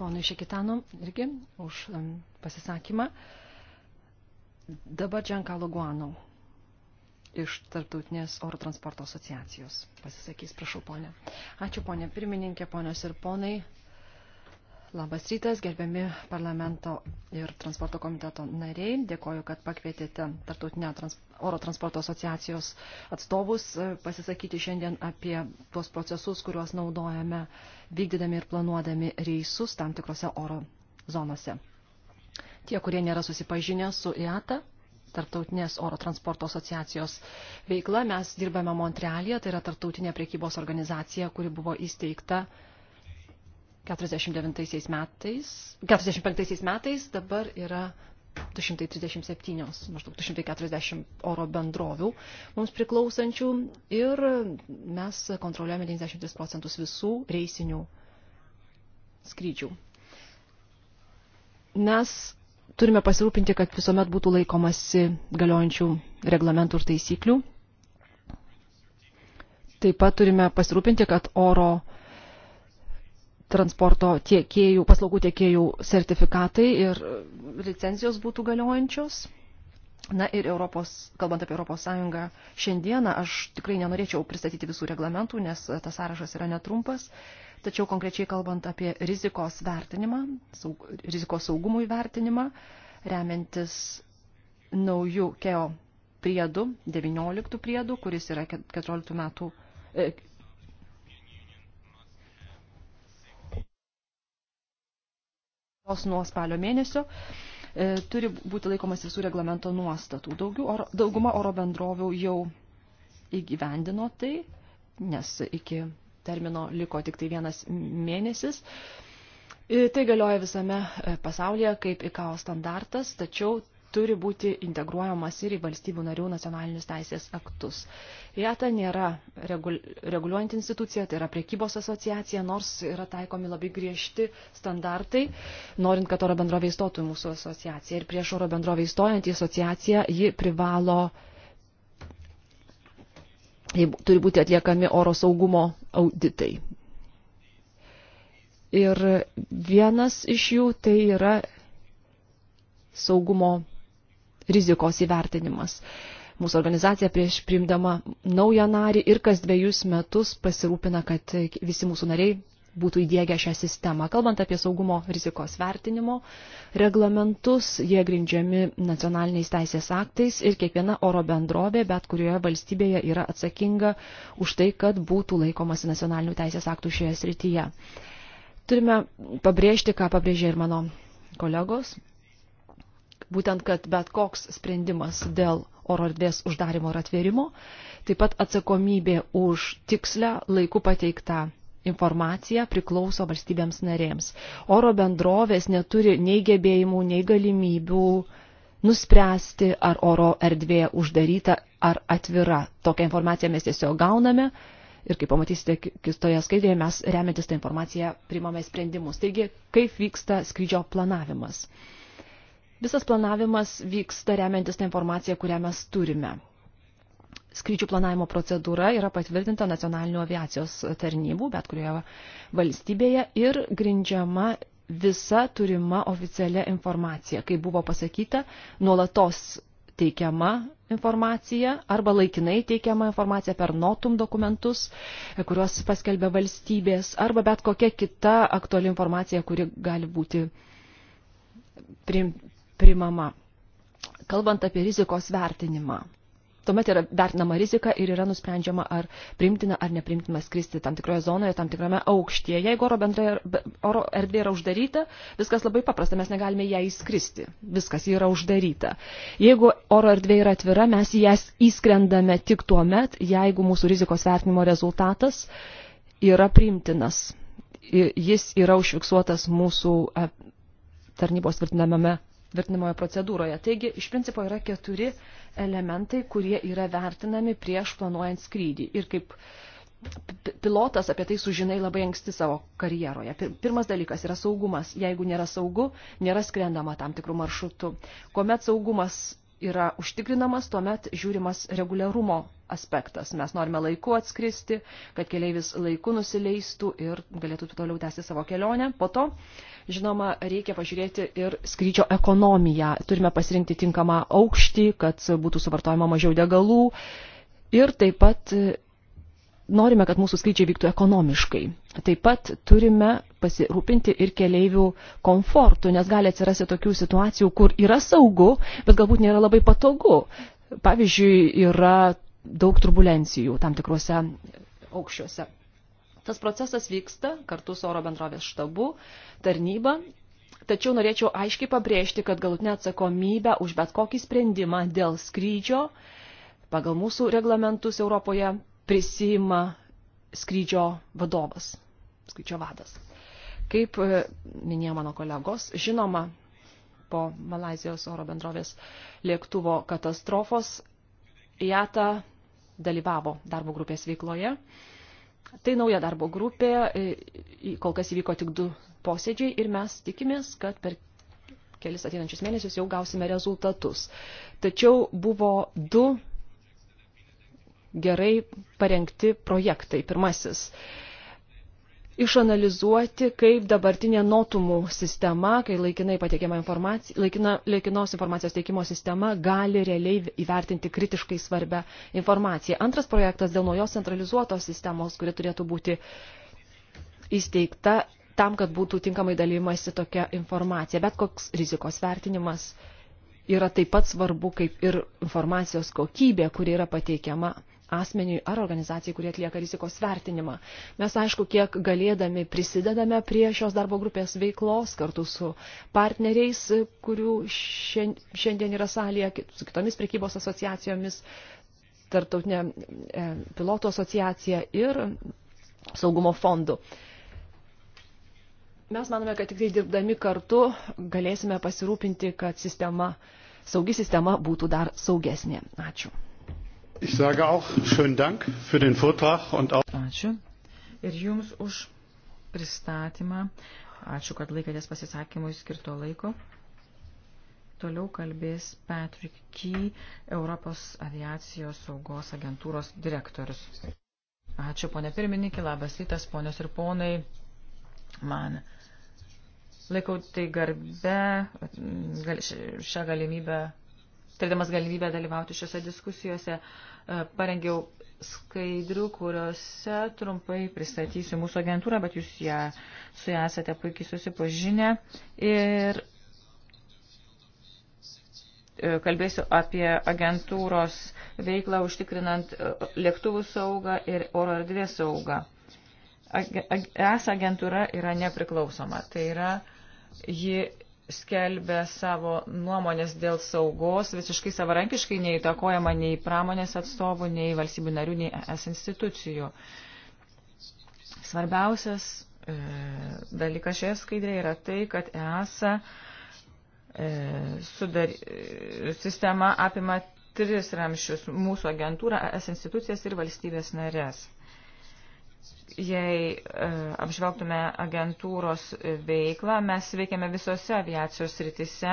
ponui Šekitano irgi už um, pasisakymą. Dabar Džiankalo Guano iš Tartautinės oro transporto asociacijos pasisakys, prašau, ponė. Ačiū, ponė pirmininkė, ponios ir ponai. Labas rytas, gerbiami parlamento ir transporto komiteto nariai. Dėkoju, kad pakvietėte Tartautinio trans oro transporto asociacijos atstovus e, pasisakyti šiandien apie tuos procesus, kuriuos naudojame vykdydami ir planuodami reisus tam tikrose oro zonose. Tie, kurie nėra susipažinę su IATA, e Tartautinės oro transporto asociacijos veikla, mes dirbame Montrealėje, tai yra tartautinė priekybos organizacija, kuri buvo įsteigta 1999 49 metais, 45 metais dabar yra 237, maždaug 240 oro bendrovių mums priklausančių ir mes kontroliuojame 93 procentus visų reisinių skrydžių. Mes turime pasirūpinti, kad visuomet būtų laikomasi galiojančių reglamentų ir taisyklių. Taip pat turime pasirūpinti, kad oro transporto tiekėjų, paslaugų tiekėjų sertifikatai ir licencijos būtų galiojančios. Na ir Europos, kalbant apie Europos Sąjungą, šiandieną aš tikrai nenorėčiau pristatyti visų reglamentų, nes tas sąrašas yra netrumpas, tačiau konkrečiai kalbant apie rizikos vertinimą, saug, rizikos saugumų įvertinimą, remiantis naujų KEO priedų, 19 priedų, kuris yra 14 metų, e, nuo spalio mėnesio e, turi būti laikomas visų reglamento nuostatų. Daugiau oro, dauguma oro bendrovių jau įgyvendino tai, nes iki termino liko tik tai vienas mėnesis. E, tai galioja visame e, pasaulyje kaip ICAO standartas, tačiau turi būti integruojamas ir į valstybių narių nacionalinius teisės aktus. IATA nėra reguliuojant institucija, tai yra priekybos asociacija, nors yra taikomi labai griežti standartai, norint, kad oro bendrovė įstotų į mūsų asociaciją. Ir prieš oro bendrovė įstojant į asociaciją, ji privalo. Turi būti atliekami oro saugumo auditai. Ir vienas iš jų tai yra saugumo rizikos įvertinimas. Mūsų organizacija prieš priimdama naują narį ir kas dviejus metus pasirūpina, kad visi mūsų nariai būtų įdėgę šią sistemą. Kalbant apie saugumo rizikos vertinimo reglamentus, jie grindžiami nacionaliniais teisės aktais ir kiekviena oro bendrovė bet kurioje valstybėje yra atsakinga už tai, kad būtų laikomasi nacionalinių teisės aktų šioje srityje. Turime pabrėžti, ką pabrėžė ir mano kolegos, būtent, kad bet koks sprendimas dėl oro erdvės uždarimo ir atvėrimo, taip pat atsakomybė už tikslę laiku pateiktą informacija priklauso valstybėms narėms. Oro bendrovės neturi nei gebėjimų, nei galimybių nuspręsti, ar oro erdvė uždaryta ar atvira. Tokią informaciją mes tiesiog gauname ir, kaip pamatysite kitoje skaidrėje, mes remiantis tą informaciją primame sprendimus. Taigi, kaip vyksta skrydžio planavimas. Visas planavimas vyksta remiantis tą informaciją, kurią mes turime. Skrydžių planavimo procedūra yra patvirtinta nacionalinių aviacijos tarnybų, bet kurioje valstybėje ir grindžiama visa turima oficialia informacija, kaip buvo pasakyta, nuolatos teikiama informacija arba laikinai teikiama informacija per notum dokumentus, kuriuos paskelbė valstybės, arba bet kokia kita aktuali informacija, kuri gali būti primama. Kalbant apie rizikos vertinimą. Tuomet yra vertinama rizika ir yra nusprendžiama, ar primtina ar neprimtina skristi tam tikroje zonoje, tam tikrame aukštyje. Jeigu oro, bendra, oro erdvė yra uždaryta, viskas labai paprasta, mes negalime ją įskristi. Viskas yra uždaryta. Jeigu oro erdvė yra atvira, mes į ją įskrendame tik tuo met, jeigu mūsų rizikos vertinimo rezultatas yra primtinas. Jis yra užfiksuotas mūsų e, tarnybos tvirtinamame tvirtinamoje procedūroje. Taigi, iš principo yra keturi elementai, kurie yra vertinami prieš planuojant skrydį. Ir kaip pilotas apie tai sužinai labai anksti savo karjeroje. Pirmas dalykas yra saugumas. Jeigu nėra saugu, nėra skrendama tam tikrų maršrutų. Komet saugumas yra užtikrinamas, tuomet žiūrimas reguliarumo aspektas. Mes norime laiku atskristi, kad keleivis laiku nusileistų ir galėtų toliau tęsti savo kelionę. Po to, žinoma, reikia pažiūrėti ir skrydžio ekonomiją. Turime pasirinkti tinkamą aukštį, kad būtų suvartojama mažiau degalų ir taip pat norime, kad mūsų skrydžiai vyktų ekonomiškai. Taip pat turime pasirūpinti ir keleivių komfortu, nes gali atsirasti tokių situacijų, kur yra saugu, bet galbūt nėra labai patogu. Pavyzdžiui, yra daug turbulencijų tam tikrose aukščiuose. Tas procesas vyksta kartu su oro bendrovės štabu, tarnyba Tačiau norėčiau aiškiai pabrėžti, kad galutinė atsakomybė už bet kokį sprendimą dėl skrydžio pagal mūsų reglamentus Europoje prisima skrydžio vadovas, skrydžio vadas. Kaip e, minėjo mano kolegos, žinoma, po Malazijos oro bendrovės lėktuvo katastrofos JATA dalyvavo darbo grupės veikloje. Tai nauja darbo grupė, e, kol kas įvyko tik du posėdžiai ir mes tikimės, kad per kelis ateinančius mėnesius jau gausime rezultatus. Tačiau buvo du gerai parengti projektai. Pirmasis išanalizuoti, kaip dabartinė notumų sistema, kai laikinai patiekiama informacija, laikina, laikinos informacijos teikimo sistema gali realiai įvertinti kritiškai svarbę informaciją. Antras projektas dėl naujos centralizuotos sistemos, kuri turėtų būti įsteigta tam, kad būtų tinkamai dalymasi tokia informacija. Bet koks rizikos vertinimas yra taip pat svarbu, kaip ir informacijos kokybė, kuri yra pateikiama asmeniui ar organizacijai, kurie atlieka rizikos vertinimą. Mes, aišku, kiek galėdami prisidedame prie šios darbo grupės veiklos kartu su partneriais, kurių šiandien yra salėje, su kitomis prekybos asociacijomis, tarptautinė e, pilotų asociacija ir saugumo fondu. Mes manome, kad tik tai dirbdami kartu galėsime pasirūpinti, kad sistema, saugi sistema būtų dar saugesnė. Ačiū. Ich sage auch schönen Dank für den Vortrag und auch. Ačiū. Ir jums už pristatymą. Ačiū, kad laikėtės pasisakymui skirto laiko. Toliau kalbės Patrick Key, Europos aviacijos saugos agentūros direktorius. Ačiū, ponė pirmininkė, labas rytas, ponios ir ponai. Man laikau tai garbę, gal, šią galimybę turėdamas galimybę dalyvauti šiuose diskusijose, e, parengiau skaidrių, kuriuose trumpai pristatysiu mūsų agentūrą, bet jūs ją, su ją esate puikiai susipažinę. Ir e, kalbėsiu apie agentūros veiklą užtikrinant e, lėktuvų saugą ir oro erdvės saugą. ES agentūra yra nepriklausoma. Tai yra, ji skelbia savo nuomonės dėl saugos visiškai savarankiškai neįtakojama nei pramonės atstovų, nei valstybių narių, nei es institucijų. Svarbiausias e, dalykas šioje skaidrėje yra tai, kad EASA e, sudar, e, sistema apima tris ramšius - mūsų agentūrą, es institucijas ir valstybės narės jei e, apžvelgtume agentūros veiklą, mes veikiame visose aviacijos sritise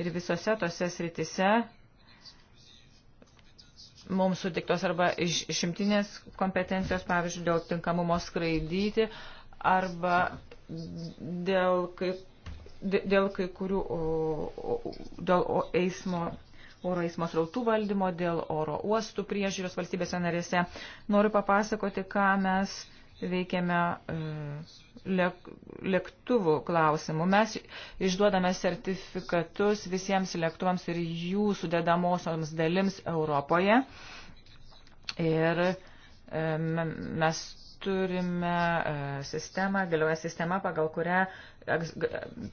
ir visose tose sritise mums sutiktos arba iš, išimtinės kompetencijos, pavyzdžiui, dėl tinkamumo skraidyti arba dėl kai, dėl kai kurių o, o, dėl o, eismo oro eismo srautų valdymo, dėl oro uostų priežiūros valstybėse narėse. Noriu papasakoti, ką mes veikiame e, lėk, lėktuvų klausimų. Mes išduodame sertifikatus visiems lėktuvams ir jų sudėdamosioms dalims Europoje. Ir e, mes turime e, sistemą, galioja sistema, pagal kurią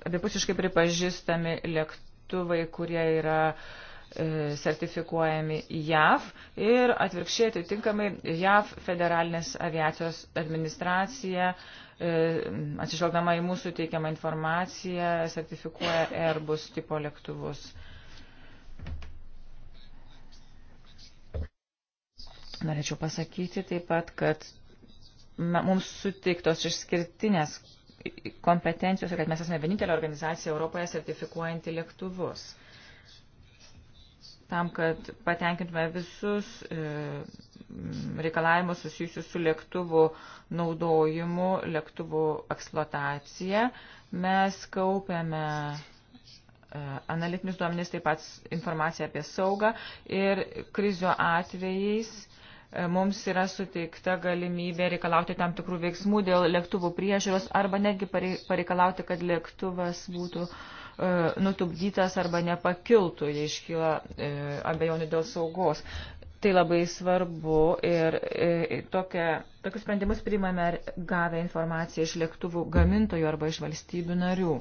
abipusiškai pripažįstami lėktuvai, kurie yra uh, E, sertifikuojami JAV ir atvirkščiai atitinkamai JAV federalinės aviacijos administracija e, atsižvelgdama į mūsų teikiamą informaciją sertifikuoja Airbus tipo lėktuvus. Norėčiau pasakyti taip pat, kad mums suteiktos išskirtinės kompetencijos ir kad mes esame vienintelė organizacija Europoje sertifikuojanti lėktuvus tam, kad patenkintume visus e, reikalavimus susijusius su lėktuvų naudojimu, lėktuvų eksploatacija. Mes kaupiame e, analitinius duomenys, taip pat informaciją apie saugą ir krizio atvejais e, mums yra suteikta galimybė reikalauti tam tikrų veiksmų dėl lėktuvų priežiūros arba netgi pareikalauti, kad lėktuvas būtų uh, E, nutupdytas arba nepakiltų, jei iškyla e, abejonių dėl saugos. Tai labai svarbu ir e, tokia, tokius sprendimus priimame gavę informaciją iš lėktuvų gamintojų arba iš valstybių narių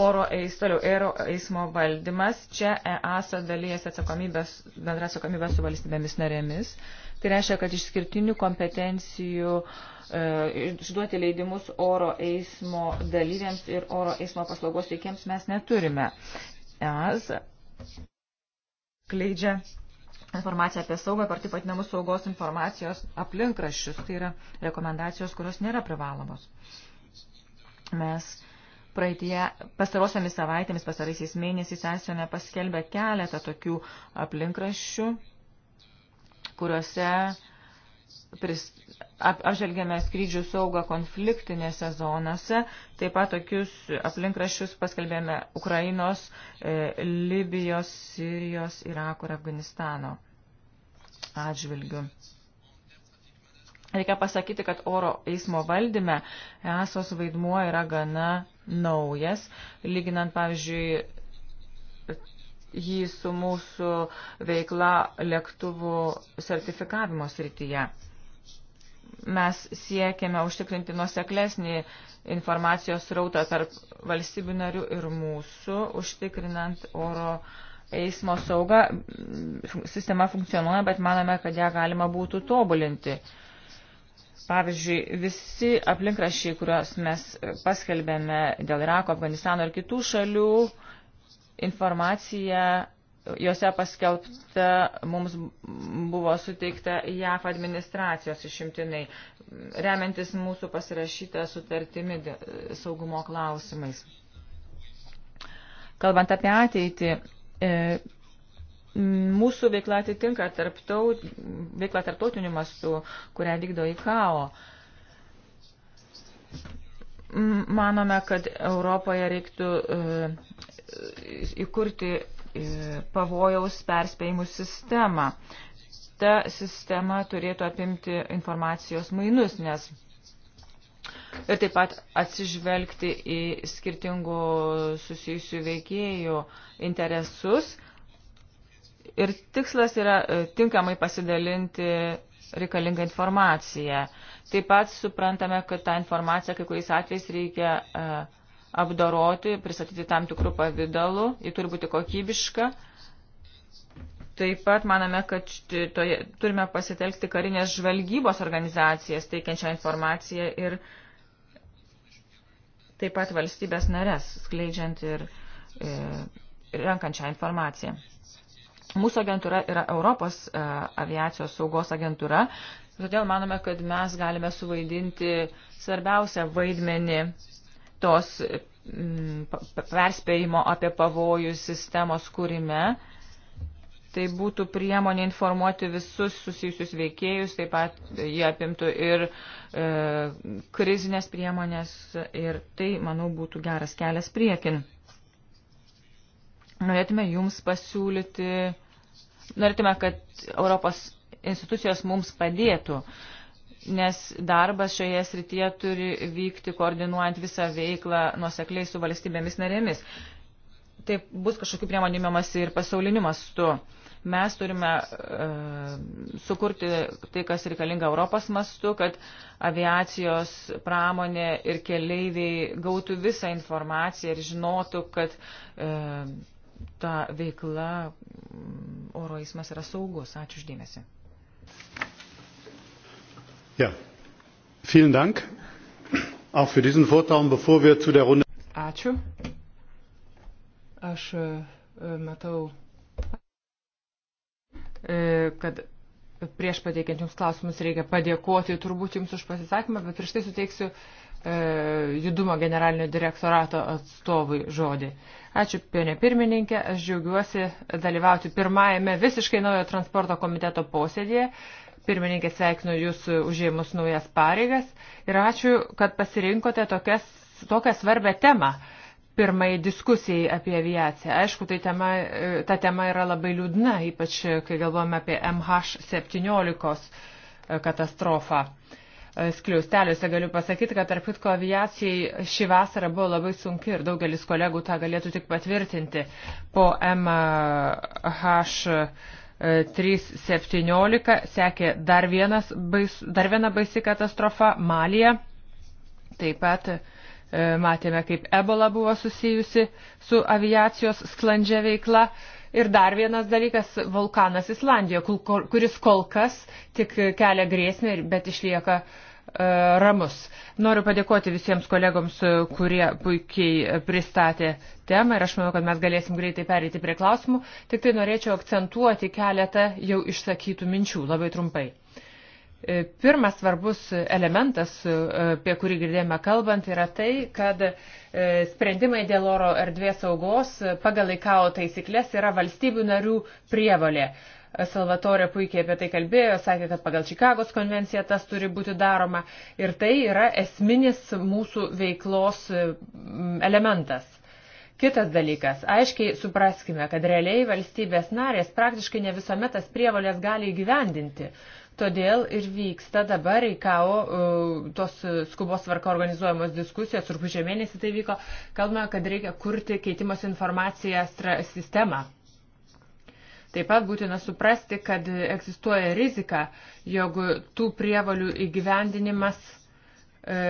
oro eis, toliau, oro eismo valdymas. Čia EASA dalyjasi atsakomybės, bendra atsakomybė su valstybėmis narėmis. Tai reiškia, kad išskirtinių kompetencijų uh, E, išduoti leidimus oro eismo dalyviams ir oro eismo paslaugos teikiems mes neturime. EAS kleidžia informaciją apie saugą ir taip pat namus saugos informacijos aplinkraščius. Tai yra rekomendacijos, kurios nėra privalomos. Mes praeitie pastarosiamis savaitėmis, pastaraisiais mėnesiais esame paskelbę keletą tokių aplinkraščių, kuriuose apžvelgėme skrydžių saugą konfliktinėse zonose, taip pat tokius aplinkrašius paskelbėme Ukrainos, e, Libijos, Sirijos, Irako ir Afganistano atžvilgių. Reikia pasakyti, kad oro eismo valdyme esos vaidmuo yra gana naujas, lyginant, pavyzdžiui, jį su mūsų veikla lėktuvų sertifikavimo srityje mes siekiame užtikrinti nuoseklesnį informacijos rautą tarp valstybių narių ir mūsų, užtikrinant oro eismo saugą. Sistema funkcionuoja, bet manome, kad ją galima būtų tobulinti. Pavyzdžiui, visi aplinkrašiai, kuriuos mes paskelbėme dėl Irako, Afganistano ir kitų šalių, informacija Jose paskelbta mums buvo suteikta JAF administracijos išimtinai, remiantis mūsų pasirašytą sutartimi saugumo klausimais. Kalbant apie ateitį, e, mūsų veikla atitinka tarptaut, veikla tarptautiniu mastu, kurią vykdo ICAO. Manome, kad Europoje reiktų e, įkurti E, pavojaus perspėjimų sistemą. Ta sistema turėtų apimti informacijos mainus, nes ir taip pat atsižvelgti į skirtingų susijusių veikėjų interesus. Ir tikslas yra e, tinkamai pasidalinti reikalingą informaciją. Taip pat suprantame, kad tą informaciją kai kuriais atvejais reikia uh, apdoroti, pristatyti tam tikrų pavydalų, ji turi būti kokybiška. Taip pat manome, kad toje, turime pasitelkti karinės žvalgybos organizacijas teikiančią informaciją ir taip pat valstybės narės skleidžiant ir e, renkančią informaciją. Mūsų agentūra yra Europos e, aviacijos saugos agentūra, todėl manome, kad mes galime suvaidinti svarbiausią vaidmenį tos mm, perspėjimo apie pavojų sistemos kūrime. Tai būtų priemonė informuoti visus susijusius veikėjus, taip pat jie apimtų ir e, krizinės priemonės ir tai, manau, būtų geras kelias priekin. Norėtume jums pasiūlyti, norėtume, kad Europos institucijos mums padėtų. E, nes darbas šioje srityje turi vykti koordinuojant visą veiklą nuosekliai su valstybėmis narėmis. Taip bus kažkokių priemonių įmamasi ir pasauliniu mastu. Mes turime uh, sukurti tai, kas reikalinga Europos mastu, kad aviacijos pramonė ir keleiviai gautų visą informaciją ir žinotų, kad uh, ta veikla oro eismas yra saugus. Ačiū uždėmesi. Ja. Vielen Dank auch für diesen Vortrag. Und bevor wir zu der Runde. Ačiū. Aš e, matau, e, kad prieš pateikiant jums klausimus reikia padėkoti turbūt jums už pasisakymą, bet prieš tai suteiksiu e, judumo generalinio direktorato atstovui žodį. Ačiū, pionė pirmininkė, aš džiaugiuosi dalyvauti pirmajame visiškai naujo transporto komiteto posėdėje Pirmininkė sveikinu Jūs užėmus naujas pareigas ir ačiū, kad pasirinkote tokias, tokią svarbę temą pirmai diskusijai apie aviaciją. Aišku, tai tema, ta tema yra labai liūdna, ypač kai galvojame apie MH17 katastrofą. Skliausteliuose galiu pasakyti, kad tarp kitko aviacijai šį vasarą buvo labai sunki ir daugelis kolegų tą galėtų tik patvirtinti po MH17 3.17 sekė dar, vienas, bais, dar viena baisi katastrofa Malija. Taip pat e, matėme, kaip ebola buvo susijusi su aviacijos sklandžia veikla. Ir dar vienas dalykas - vulkanas Islandijoje, kuris kol kas tik kelia grėsmę, bet išlieka uh, E, ramus. Noriu padėkoti visiems kolegoms, e, kurie puikiai e, pristatė temą ir aš manau, kad mes galėsim greitai pereiti prie klausimų. Tik tai norėčiau akcentuoti keletą jau išsakytų minčių labai trumpai. Pirmas svarbus elementas, apie kurį girdėjome kalbant, yra tai, kad sprendimai dėl oro erdvės saugos pagal ICAO taisyklės yra valstybių narių prievalė. Salvatore puikiai apie tai kalbėjo, sakė, kad pagal Čikagos konvenciją tas turi būti daroma. Ir tai yra esminis mūsų veiklos mm, elementas. Kitas dalykas, aiškiai supraskime, kad realiai valstybės narės praktiškai ne visuomet tas prievalės gali įgyvendinti. Todėl ir vyksta dabar į KAO e, tos skubos varka organizuojamos diskusijos, rūpiučio mėnesį tai vyko, kalbame, kad reikia kurti keitimos informaciją sistemą. Taip pat būtina suprasti, kad egzistuoja rizika, jog tų prievalių įgyvendinimas e,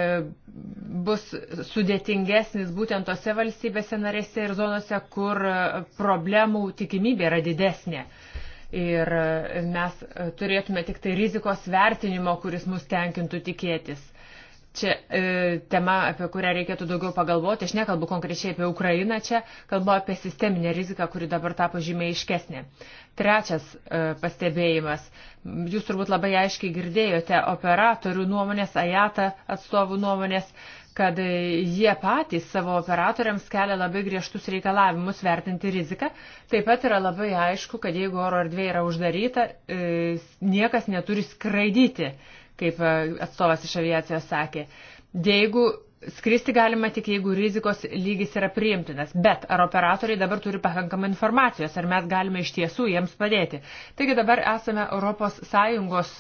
bus sudėtingesnis būtent tose valstybėse narėse ir zonose, kur e, problemų tikimybė yra didesnė. Ir e, mes turėtume tik tai rizikos vertinimo, kuris mus tenkintų tikėtis čia e, tema, apie kurią reikėtų daugiau pagalvoti. Aš nekalbu konkrečiai apie Ukrainą čia, kalbu apie sisteminę riziką, kuri dabar tapo žymiai iškesnė. Trečias e, pastebėjimas. Jūs turbūt labai aiškiai girdėjote operatorių nuomonės, ajata atstovų nuomonės kad jie patys savo operatoriams kelia labai griežtus reikalavimus vertinti riziką. Taip pat yra labai aišku, kad jeigu oro erdvė yra uždaryta, e, niekas neturi skraidyti kaip e, atstovas iš aviacijos sakė. Jeigu skristi galima tik jeigu rizikos lygis yra priimtinas, bet ar operatoriai dabar turi pakankamai informacijos, ar mes galime iš tiesų jiems padėti. Taigi dabar esame ES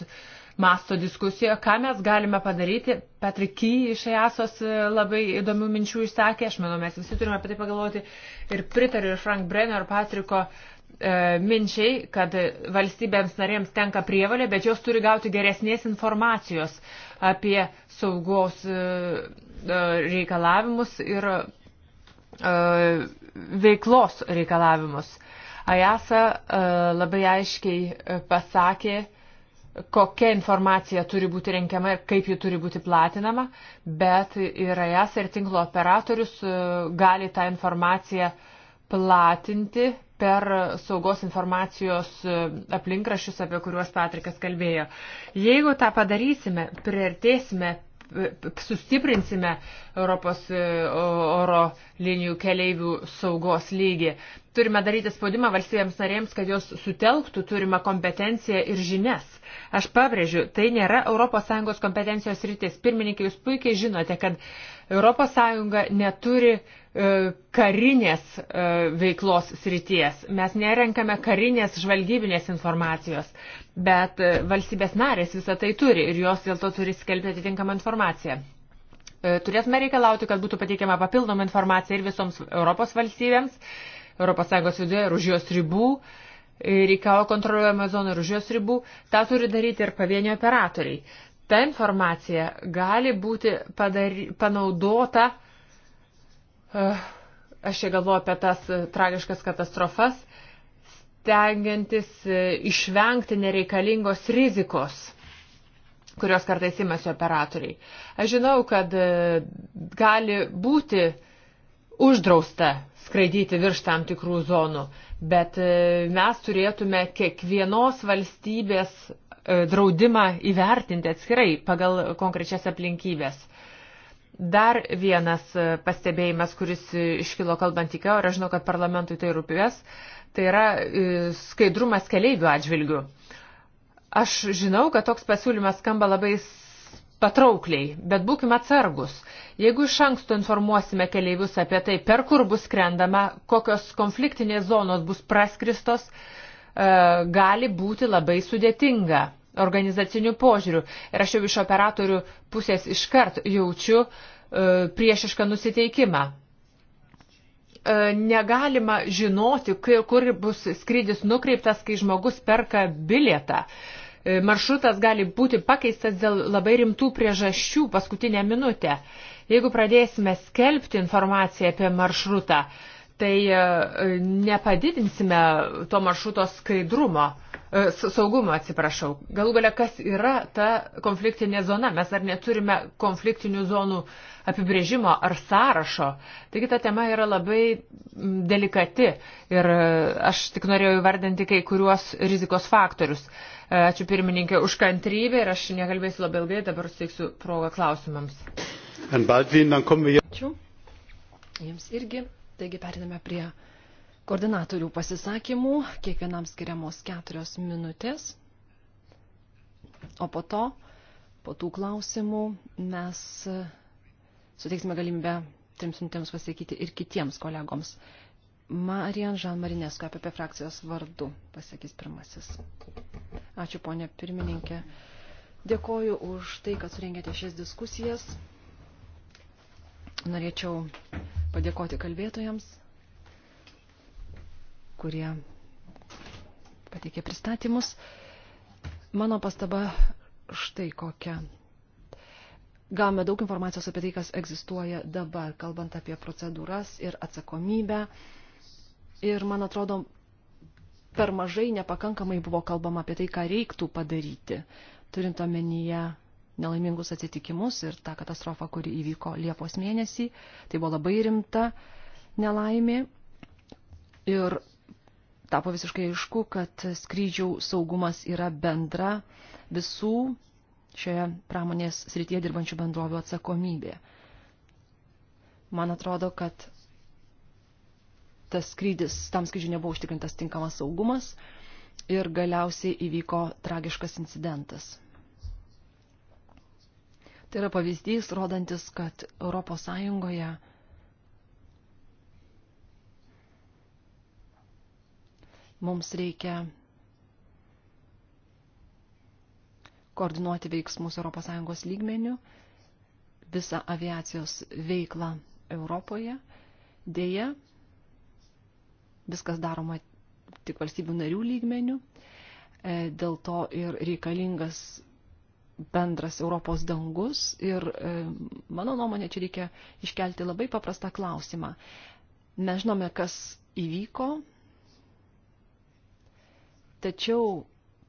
masto diskusijoje, ką mes galime padaryti. Patrick Key iš EASOS e, labai įdomių minčių išsakė, aš manau, mes visi turime apie tai pagalvoti ir pritariu ir Frank Brenner, Patriko E, minčiai, kad valstybėms narėms tenka prievalė, bet jos turi gauti geresnės informacijos apie saugos e, e, reikalavimus ir veiklos reikalavimus. Ajasa labai aiškiai pasakė, kokia informacija turi būti renkiama ir kaip ji turi būti platinama, bet ir AS ir tinklo operatorius gali tą informaciją platinti per saugos informacijos e, aplinkrašius, apie kuriuos Patrikas kalbėjo. Jeigu tą padarysime, priartėsime, sustiprinsime Europos e, oro linijų keleivių saugos lygį. Turime daryti spaudimą valstybėms narėms, kad jos sutelktų turimą kompetenciją ir žinias. Aš pabrėžiu, tai nėra ES kompetencijos rytis. Pirmininkai, jūs puikiai žinote, kad ES neturi uh, E, karinės e, veiklos srities. Mes nerenkame karinės žvalgybinės informacijos, bet e, valstybės narės visą tai turi ir jos dėl to turi skelbti atitinkamą informaciją. Turėtume reikalauti, kad būtų pateikiama papildoma informacija ir visoms Europos valstybėms, ES viduje ir už jos ribų, reikalo kontroliuojama zona ir už jos ribų. Ta turi daryti ir pavieni operatoriai. Ta informacija gali būti padary, panaudota uh, Eh, aš čia galvoju apie tas eh, tragiškas katastrofas, stengiantis eh, išvengti nereikalingos rizikos kurios kartais imasi operatoriai. Aš žinau, kad gali būti uždrausta skraidyti virš tam tikrų zonų, bet mes turėtume kiekvienos valstybės draudimą įvertinti atskirai pagal konkrečias aplinkybės. Dar vienas e, pastebėjimas, kuris iškilo kalbant iki, ir aš žinau, kad parlamentui tai rūpės, tai yra e, skaidrumas keleivių atžvilgių. Aš žinau, kad toks pasiūlymas skamba labai patraukliai, bet būkime atsargus. Jeigu iš anksto informuosime keleivius apie tai, per kur bus skrendama, kokios konfliktinės zonos bus praskristos, e, gali būti labai sudėtinga organizacinių požiūrių. Ir aš jau iš operatorių pusės iškart jaučiu e, priešišką nusiteikimą. E, negalima žinoti, kur, kur bus skrydis nukreiptas, kai žmogus perka bilietą. E, maršrutas gali būti pakeistas dėl labai rimtų priežasčių paskutinę minutę. Jeigu pradėsime skelbti informaciją apie maršrutą, tai e, nepadidinsime to maršruto skaidrumo. E, saugumo, atsiprašau. Galų galia, kas yra ta konfliktinė zona? Mes dar neturime konfliktinių zonų apibrėžimo ar sąrašo. Taigi ta tema yra labai delikati ir e, aš tik norėjau įvardinti kai kuriuos rizikos faktorius. E, ačiū pirmininkė už kantrybę ir aš nekalbėsiu labai ilgai, dabar suteiksiu progą klausimams. Ačiū. Jums irgi. Taigi periname prie koordinatorių pasisakymų, kiekvienam skiriamos keturios minutės, o po to, po tų klausimų mes e, suteiksime galimybę trims minutėms pasakyti ir kitiems kolegoms. Marijan Žan Marinesko apie, apie frakcijos vardu pasakys pirmasis. Ačiū, ponė pirmininkė. Dėkoju už tai, kad surengėte šias diskusijas. Norėčiau padėkoti kalbėtojams kurie pateikė pristatymus. Mano pastaba štai kokia. Gavome daug informacijos apie tai, kas egzistuoja dabar, kalbant apie procedūras ir atsakomybę. Ir, man atrodo, per mažai nepakankamai buvo kalbama apie tai, ką reiktų padaryti, turint omenyje nelaimingus atsitikimus ir tą katastrofą, kuri įvyko Liepos mėnesį. Tai buvo labai rimta nelaimė. Ir tapo visiškai aišku, kad skrydžių saugumas yra bendra visų šioje pramonės srityje dirbančių bendrovių atsakomybė. Man atrodo, kad tas skrydis, tam skrydžiui nebuvo užtikrintas tinkamas saugumas ir galiausiai įvyko tragiškas incidentas. Tai yra pavyzdys, rodantis, kad ES Mums reikia koordinuoti veiksmus ES lygmenių, visą aviacijos veiklą Europoje. Deja, viskas daroma tik valstybių narių lygmenių, e, dėl to ir reikalingas bendras Europos dangus ir e, mano nuomonė čia reikia iškelti labai paprastą klausimą. Mes žinome, kas įvyko Tačiau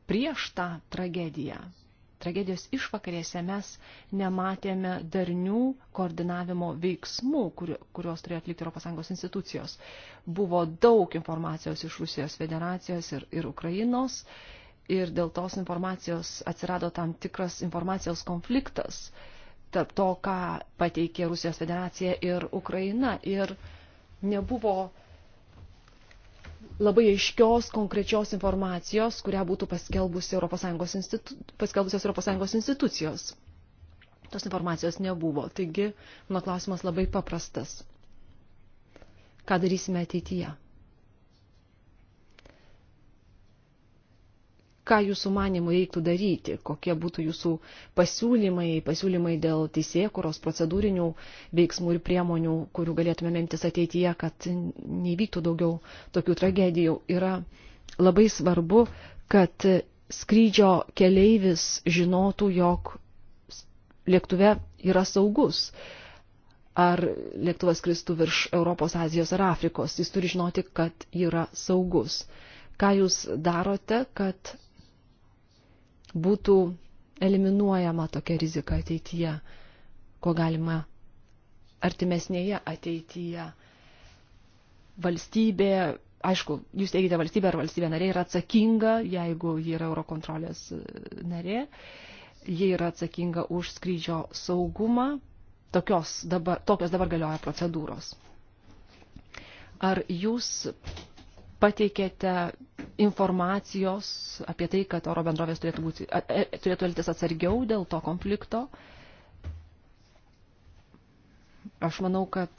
prieš tą tragediją, tragedijos išvakarėse mes nematėme darnių koordinavimo veiksmų, kuriuos turėjo atlikti ES institucijos. Buvo daug informacijos iš Rusijos federacijos ir, ir Ukrainos ir dėl tos informacijos atsirado tam tikras informacijos konfliktas tarp to, ką pateikė Rusijos federacija ir Ukraina. Ir nebuvo labai aiškios, konkrečios informacijos, kurią būtų paskelbusi ES institu... paskelbusios ES institucijos. Tos informacijos nebuvo. Taigi, mano klausimas labai paprastas. Ką darysime ateityje? ką jūsų manimų reiktų daryti, kokie būtų jūsų pasiūlymai, pasiūlymai dėl teisėkuros procedūrinių veiksmų ir priemonių, kurių galėtume mintis ateityje, kad nevyktų daugiau tokių tragedijų. Yra labai svarbu, kad skrydžio keleivis žinotų, jog lėktuve yra saugus. Ar lėktuvas kristų virš Europos, Azijos ar Afrikos, jis turi žinoti, kad yra saugus ką jūs darote, kad būtų eliminuojama tokia rizika ateityje, ko galima artimesnėje ateityje. Valstybė, aišku, jūs teigite, valstybė ar valstybė narė yra atsakinga, jeigu ji yra eurokontrolės e, narė, ji yra atsakinga už skrydžio saugumą, tokios dabar, tokios dabar galioja procedūros. Ar jūs pateikėte informacijos apie tai, kad oro bendrovės turėtų, būti, e, turėtų elgtis atsargiau dėl to konflikto. Aš manau, kad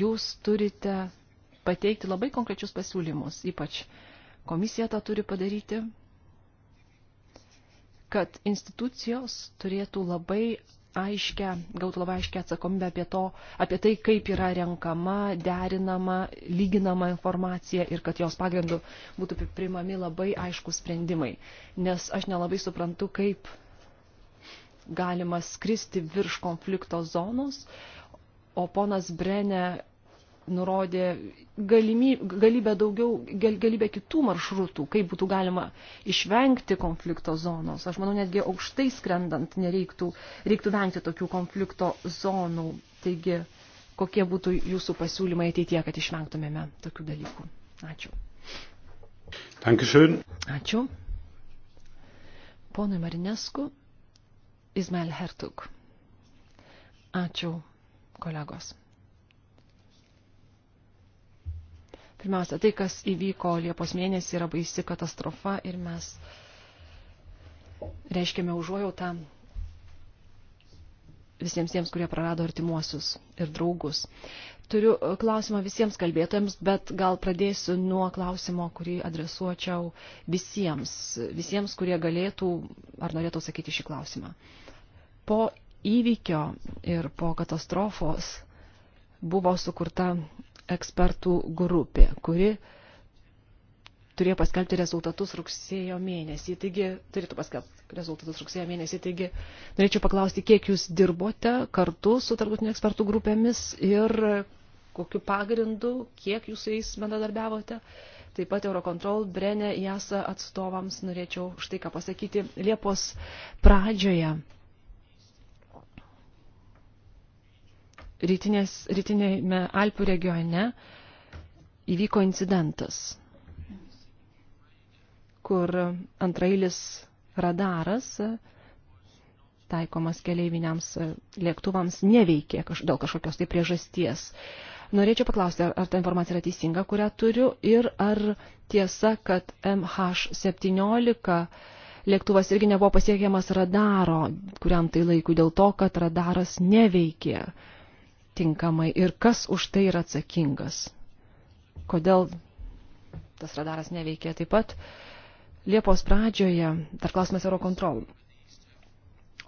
jūs turite pateikti labai konkrečius pasiūlymus, ypač komisija tą turi padaryti, kad institucijos turėtų labai aiškę, gautų labai aiškę atsakomybę apie, to, apie tai, kaip yra renkama, derinama, lyginama informacija ir kad jos pagrindu būtų priimami labai aiškus sprendimai. Nes aš nelabai suprantu, kaip galima skristi virš konflikto zonos, o ponas Brene nurodė galybę, daugiau, galybę kitų maršrutų, kaip būtų galima išvengti konflikto zonos. Aš manau, netgi aukštai skrendant nereiktų, reiktų vengti tokių konflikto zonų. Taigi, kokie būtų jūsų pasiūlymai ateitie, kad išvengtumėme tokių dalykų. Ačiū. Dankeschön. Ačiū. Ponui Marinesku, Izmael Hertug. Ačiū, kolegos. Pirmiausia, tai, kas įvyko Liepos mėnesį, yra baisi katastrofa ir mes reiškiame užuojautą visiems tiems, kurie prarado artimuosius ir draugus. Turiu e, klausimą visiems kalbėtojams, bet gal pradėsiu nuo klausimo, kurį adresuočiau visiems, visiems, kurie galėtų ar norėtų sakyti šį klausimą. Po įvykio ir po katastrofos buvo sukurta ekspertų grupė, kuri turėjo paskelbti rezultatus rugsėjo mėnesį. Taigi, turėtų paskelbti rezultatus rugsėjo mėnesį. Taigi, norėčiau paklausti, kiek jūs dirbote kartu su tarptautinių ekspertų grupėmis ir kokiu pagrindu, kiek jūs su jais bendradarbiavote. Taip pat Eurocontrol, Brenė, JASA atstovams norėčiau štai ką pasakyti. Liepos pradžioje rytinės, rytinėme Alpių regione įvyko incidentas, kur antrailis radaras e, taikomas keleiviniams e, lėktuvams neveikė kaž, dėl kažkokios tai priežasties. Norėčiau paklausti, ar, ar ta informacija yra teisinga, kurią turiu, ir ar tiesa, kad MH17 lėktuvas irgi nebuvo pasiekiamas radaro, kuriam tai laikui dėl to, kad radaras neveikė tinkamai ir kas už tai yra atsakingas. Kodėl tas radaras neveikia taip pat. Liepos pradžioje, dar klausimas Eurocontrol.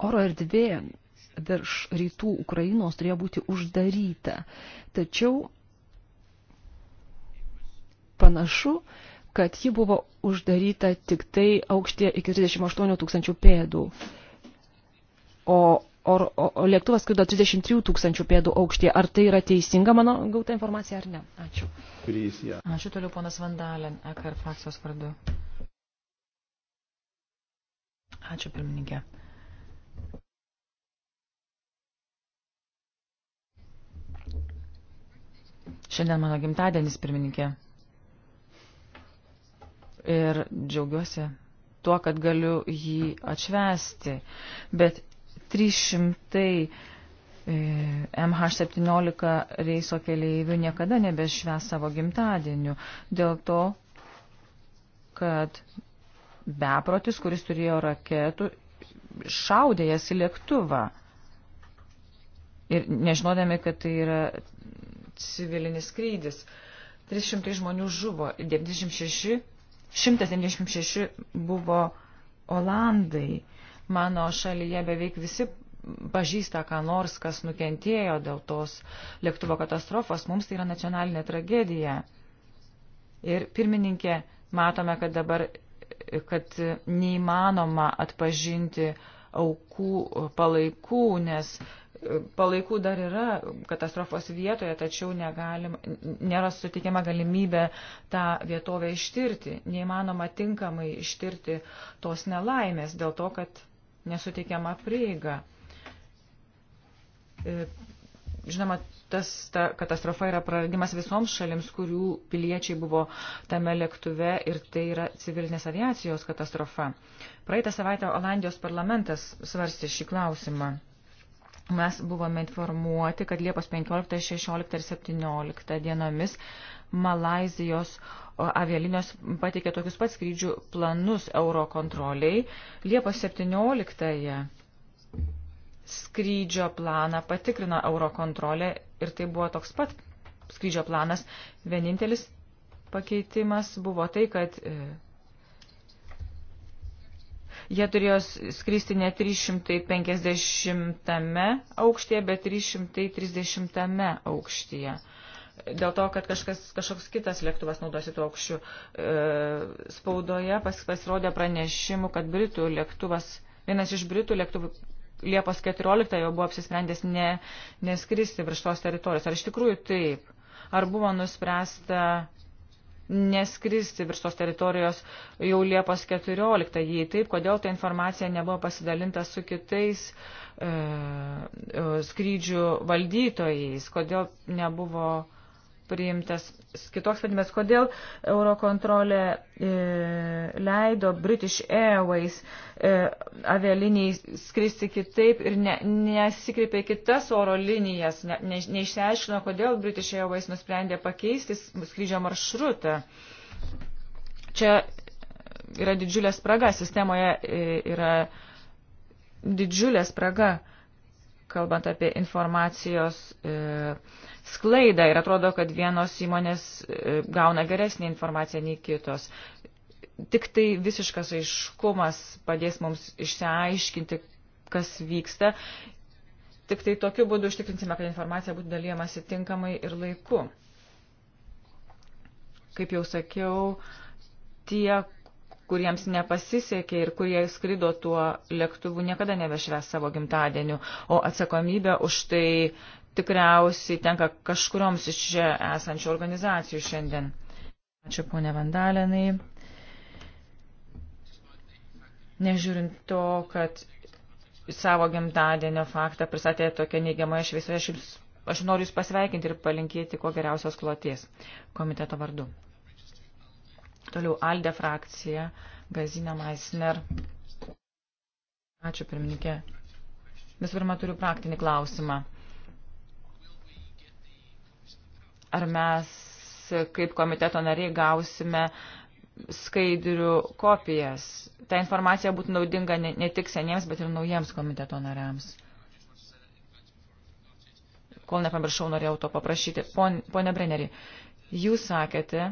Oro erdvė virš rytų Ukrainos turėjo būti uždaryta. Tačiau panašu, kad ji buvo uždaryta tik tai aukštė iki 38 tūkstančių pėdų. O o, o, o lėktuvas skrido 33 tūkstančių pėdų aukštyje. Ar tai yra teisinga mano gauta informacija ar ne? Ačiū. Ačiū toliau ponas Vandalen, EKR frakcijos vardu. Ačiū pirmininkė. Šiandien mano gimtadienis pirmininkė. Ir džiaugiuosi tuo, kad galiu jį atšvesti. Bet 300 e, MH17 reiso keleivių niekada nebešves savo gimtadienių. Dėl to, kad beprotis, kuris turėjo raketų, šaudė jas į lėktuvą. Ir nežinodami, kad tai yra civilinis skrydis. 300 žmonių žuvo, 96, 196 buvo Olandai. Mano šalyje beveik visi pažįsta, ką nors, kas nukentėjo dėl tos lėktuvo katastrofos. Mums tai yra nacionalinė tragedija. Ir pirmininkė, matome, kad dabar kad neįmanoma atpažinti aukų palaikų, nes palaikų dar yra katastrofos vietoje, tačiau negalim, nėra suteikiama galimybė tą vietovę ištirti. Neįmanoma tinkamai ištirti tos nelaimės dėl to, kad nesuteikiama prieiga. E, žinoma, tas, ta katastrofa yra praradimas visoms šalims, kurių piliečiai buvo tame lėktuve ir tai yra civilinės aviacijos katastrofa. Praeitą savaitę Olandijos parlamentas svarstė šį klausimą. Mes buvome informuoti, kad Liepos 15, 16 ir 17 dienomis Malazijos avialinijos pateikė tokius pat skrydžių planus eurokontroliai. Liepos 17-ąją skrydžio planą patikrino eurokontrolė ir tai buvo toks pat skrydžio planas. Vienintelis pakeitimas buvo tai, kad e, jie turėjo skristi ne 350 aukštyje, bet 330 aukštyje dėl to, kad kažkas, kažkoks kitas lėktuvas naudosi tuo aukščiu. E, spaudoje pas, pasirodė pranešimų, kad Britų lėktuvas, vienas iš Britų lėktuvų Liepos 14 jau buvo apsisprendęs ne, neskristi virš tos teritorijos. Ar iš tikrųjų taip? Ar buvo nuspręsta neskristi virš tos teritorijos jau Liepos 14. Jei taip, kodėl ta informacija nebuvo pasidalinta su kitais e, e skrydžių valdytojais, kodėl nebuvo priimtas kitoks sprendimas. Kodėl Eurokontrolė e, leido British Airways e, avialiniai skristi kitaip ir ne, nesikreipė kitas oro linijas, ne, ne, neišsiaiškino, kodėl British Airways nusprendė pakeisti skrydžio maršrutą. Čia yra didžiulė spraga, sistemoje e, yra didžiulė spraga, kalbant apie informacijos e, sklaidą ir atrodo, kad vienos įmonės e, gauna geresnį informaciją nei kitos. Tik tai visiškas aiškumas padės mums išsiaiškinti, kas vyksta. Tik tai tokiu būdu užtikrinsime, kad informacija būtų dalyjamasi tinkamai ir laiku. Kaip jau sakiau, tie, kuriems nepasisekė ir kurie skrido tuo lėktuvu, niekada nebešves savo gimtadieniu, o atsakomybę už tai tikriausiai tenka kažkurioms iš čia esančių organizacijų šiandien. Ačiū ponė Vandalenai. Nežiūrint to, kad savo gimtadienio faktą pristatė tokia neigiamoje šviesoje, aš, jums, aš noriu Jūs pasveikinti ir palinkėti kuo geriausios kloties komiteto vardu. Toliau Alde frakcija, Gazina Meisner. Ačiū, pirmininkė. Visų pirma, turiu praktinį klausimą. Ar mes kaip komiteto nariai gausime skaidrių kopijas. Ta informacija būtų naudinga ne, ne tik seniems, bet ir naujiems komiteto nariams. Kol nepamiršau, norėjau to paprašyti. Pon, pone Breneri, jūs sakėte,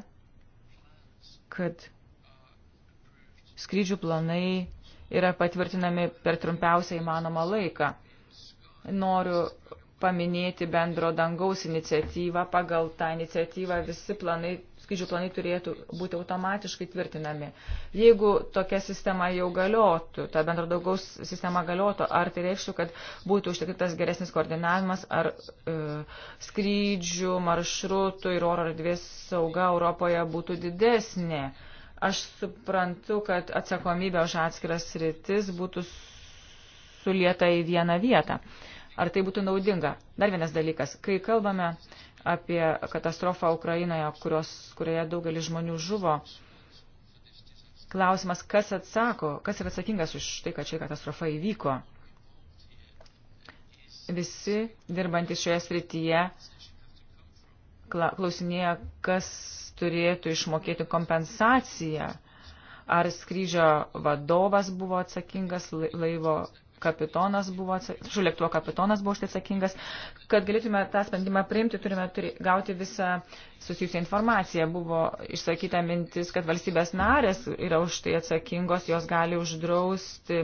kad skrydžių planai yra patvirtinami per trumpiausią įmanomą laiką. Noriu paminėti bendro dangaus iniciatyvą. Pagal tą iniciatyvą visi planai, skrydžių planai turėtų būti automatiškai tvirtinami. Jeigu tokia sistema jau galiotų, ta bendro dangaus sistema galiotų, ar tai reikštų, kad būtų užtikrintas geresnis koordinavimas, ar e, skrydžių, maršrutų ir oro erdvės sauga Europoje būtų didesnė. Aš suprantu, kad atsakomybė už atskiras rytis būtų sulieta į vieną vietą. E, Ar tai būtų naudinga? Dar vienas dalykas. Kai kalbame apie katastrofą Ukrainoje, kurios, kurioje daugelis žmonių žuvo, klausimas, kas atsako, kas yra atsakingas už tai, kad ši katastrofa įvyko. Visi dirbantys šioje srityje klausinėja, kas turėtų išmokėti kompensaciją. Ar skrydžio vadovas buvo atsakingas laivo kapitonas buvo, su lėktuvo kapitonas buvo štai atsakingas. Kad galėtume tą sprendimą priimti, turime turi, gauti visą susijusią informaciją. Buvo išsakyta mintis, kad valstybės narės yra už tai atsakingos, jos gali uždrausti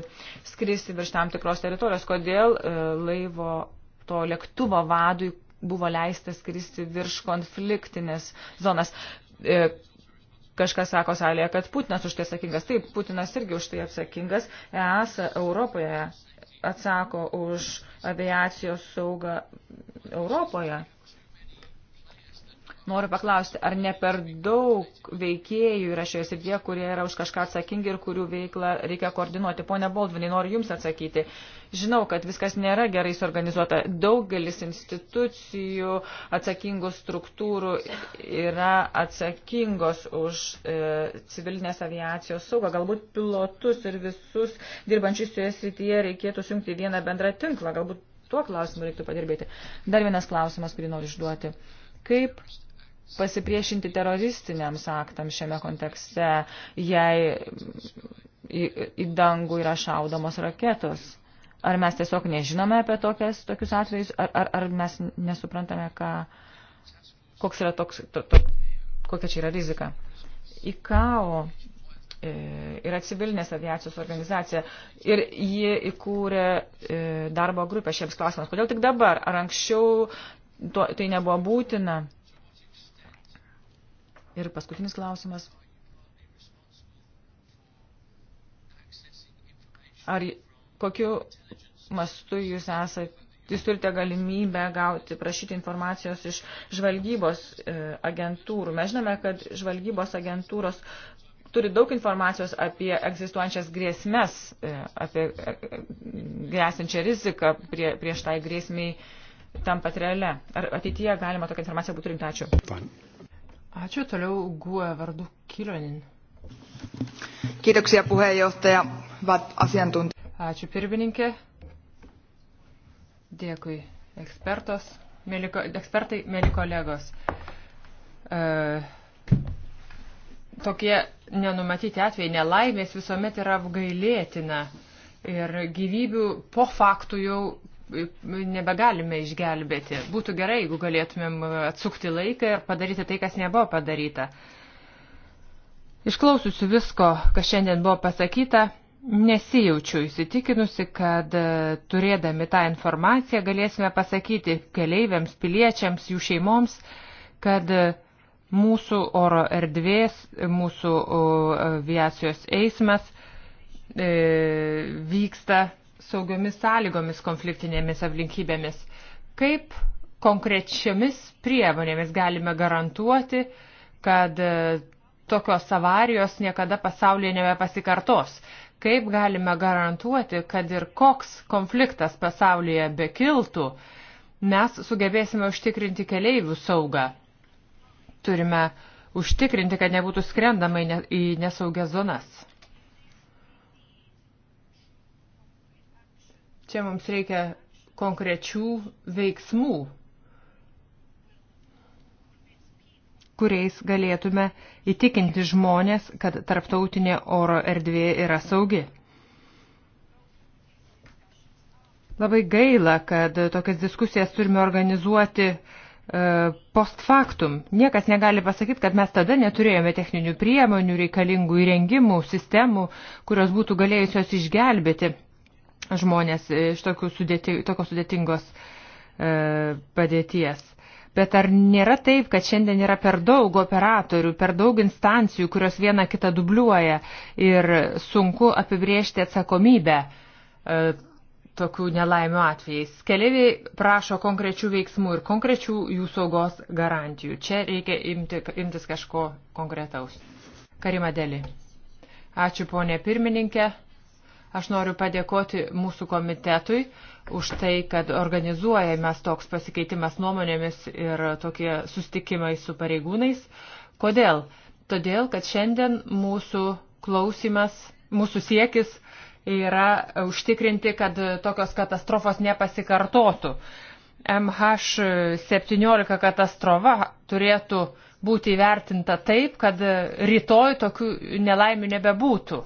skristi virš tam tikros teritorijos. Kodėl e, laivo to lėktuvo vadui buvo leista skristi virš konfliktinės zonas? E, Kažkas sako salėje, kad Putinas už tai atsakingas. Taip, Putinas irgi už tai atsakingas. ES Europoje atsako už aviacijos saugą Europoje. Noriu paklausti, ar ne per daug veikėjų yra šioje srityje, kurie yra už kažką atsakingi ir kurių veiklą reikia koordinuoti. Pone Boldvinai, noriu Jums atsakyti. Žinau, kad viskas nėra gerai suorganizuota. Daugelis institucijų, atsakingų struktūrų yra atsakingos už e, civilinės aviacijos saugą. Galbūt pilotus ir visus dirbančius šioje srityje reikėtų sujungti vieną bendrą tinklą. Galbūt tuo klausimu reiktų padirbėti. Dar vienas klausimas, kurį noriu išduoti. Kaip pasipriešinti teroristiniams aktams šiame kontekste, jei į, į dangų yra šaudomos raketos. Ar mes tiesiog nežinome apie tokias, tokius atvejus, ar, ar, ar mes nesuprantame, ką, koks yra toks, to, to, kokia čia yra rizika. ICAO e, yra civilinės aviacijos organizacija ir ji įkūrė e, darbo grupę šiems klausimams. Kodėl tik dabar? Ar anksčiau to, tai nebuvo būtina? Ir paskutinis klausimas. Ar kokiu mastu jūs esate, jūs turite galimybę gauti, prašyti informacijos iš žvalgybos e, agentūrų? Mes žinome, kad žvalgybos agentūros turi daug informacijos apie egzistuojančias grėsmes, e, apie e, grėsinčią riziką prie, prieš tai grėsmiai tam patreale. Ar ateityje galima tokią informaciją būtų rimta? Ačiū. Fine. Ačiū toliau GUE vardu Kilonin. Kiitoksia puheenjohtaja, vat asiantuntija. Ačiū pirmininkė. Dėkui ekspertos, mėly, ekspertai, mėly kolegos. E, tokie nenumatyti atvejai nelaimės visuomet yra apgailėtina. Ir gyvybių po faktų jau nebegalime išgelbėti. Būtų gerai, jeigu galėtumėm atsukti laiką ir padaryti tai, kas nebuvo padaryta. Išklausiusiu visko, kas šiandien buvo pasakyta, nesijaučiu įsitikinusi, kad e, turėdami tą informaciją galėsime pasakyti keleiviams, piliečiams, jų šeimoms, kad e, mūsų oro erdvės, mūsų aviacijos eismas e, vyksta saugiomis sąlygomis konfliktinėmis aplinkybėmis. Kaip konkrečiomis priemonėmis galime garantuoti, kad e, tokios avarijos niekada pasaulyje nebepasikartos? Kaip galime garantuoti, kad ir koks konfliktas pasaulyje bekiltų, mes sugebėsime užtikrinti keleivių saugą? Turime užtikrinti, kad nebūtų skrendama į nesaugias zonas. Čia mums reikia konkrečių veiksmų, kuriais galėtume įtikinti žmonės, kad tarptautinė oro erdvė yra saugi. Labai gaila, kad tokias diskusijas turime organizuoti e, post factum. Niekas negali pasakyti, kad mes tada neturėjome techninių priemonių, reikalingų įrengimų, sistemų, kurios būtų galėjusios išgelbėti žmonės iš sudėti, tokios sudėtingos e, padėties. Bet ar nėra taip, kad šiandien yra per daug operatorių, per daug instancijų, kurios viena kitą dubliuoja ir sunku apibriežti atsakomybę e, tokių nelaimių atvejais? Keliaiviai prašo konkrečių veiksmų ir konkrečių jų saugos garantijų. Čia reikia imti, imtis kažko konkretaus. Karimadėlį. Ačiū ponė pirmininkė. Aš noriu padėkoti mūsų komitetui už tai, kad organizuojamas toks pasikeitimas nuomonėmis ir tokie sustikimai su pareigūnais. Kodėl? Todėl, kad šiandien mūsų klausimas, mūsų siekis yra užtikrinti, kad tokios katastrofos nepasikartotų. MH17 katastrofa turėtų būti įvertinta taip, kad rytoj tokių nelaimių nebebūtų.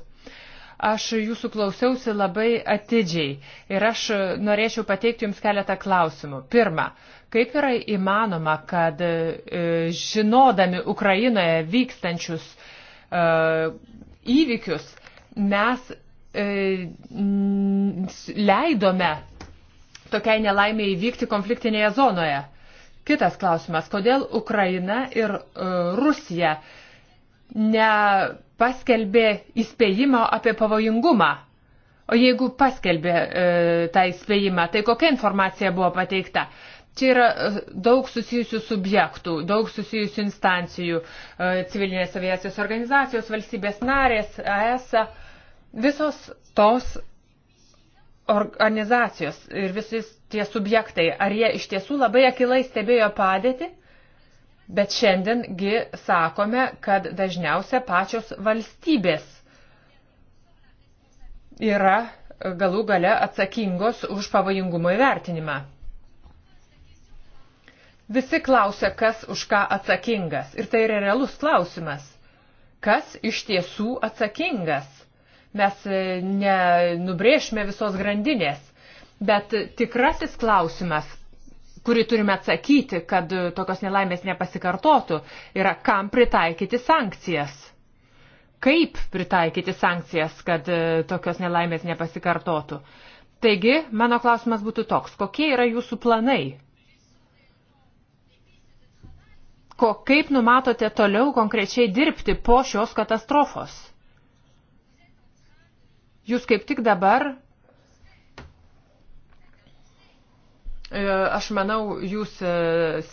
Aš jūsų klausiausi labai atidžiai ir aš norėčiau pateikti jums keletą klausimų. Pirma, kaip yra įmanoma, kad e, žinodami Ukrainoje vykstančius e, įvykius mes e, leidome tokiai nelaimiai įvykti konfliktinėje zonoje? Kitas klausimas, kodėl Ukraina ir Rusija ne paskelbė įspėjimą apie pavojingumą. O jeigu paskelbė e, tą įspėjimą, tai kokia informacija buvo pateikta? Čia yra e, daug susijusių subjektų, daug susijusių instancijų, e, civilinės aviacijos organizacijos, valstybės narės, ESA, e visos tos organizacijos ir visi tie subjektai, ar jie iš tiesų labai akilai stebėjo padėtį Bet šiandiengi sakome, kad dažniausia pačios valstybės yra galų gale atsakingos už pavojingumo įvertinimą. Visi klausia, kas už ką atsakingas. Ir tai yra realus klausimas. Kas iš tiesų atsakingas? Mes e, nenubrėšime visos grandinės. Bet tikrasis klausimas, kurį turime atsakyti, kad tokios nelaimės nepasikartotų, yra kam pritaikyti sankcijas. Kaip pritaikyti sankcijas, kad e, tokios nelaimės nepasikartotų. Taigi, mano klausimas būtų toks, kokie yra jūsų planai? Ko, kaip numatote toliau konkrečiai dirbti po šios katastrofos? Jūs kaip tik dabar E, aš manau, jūs e,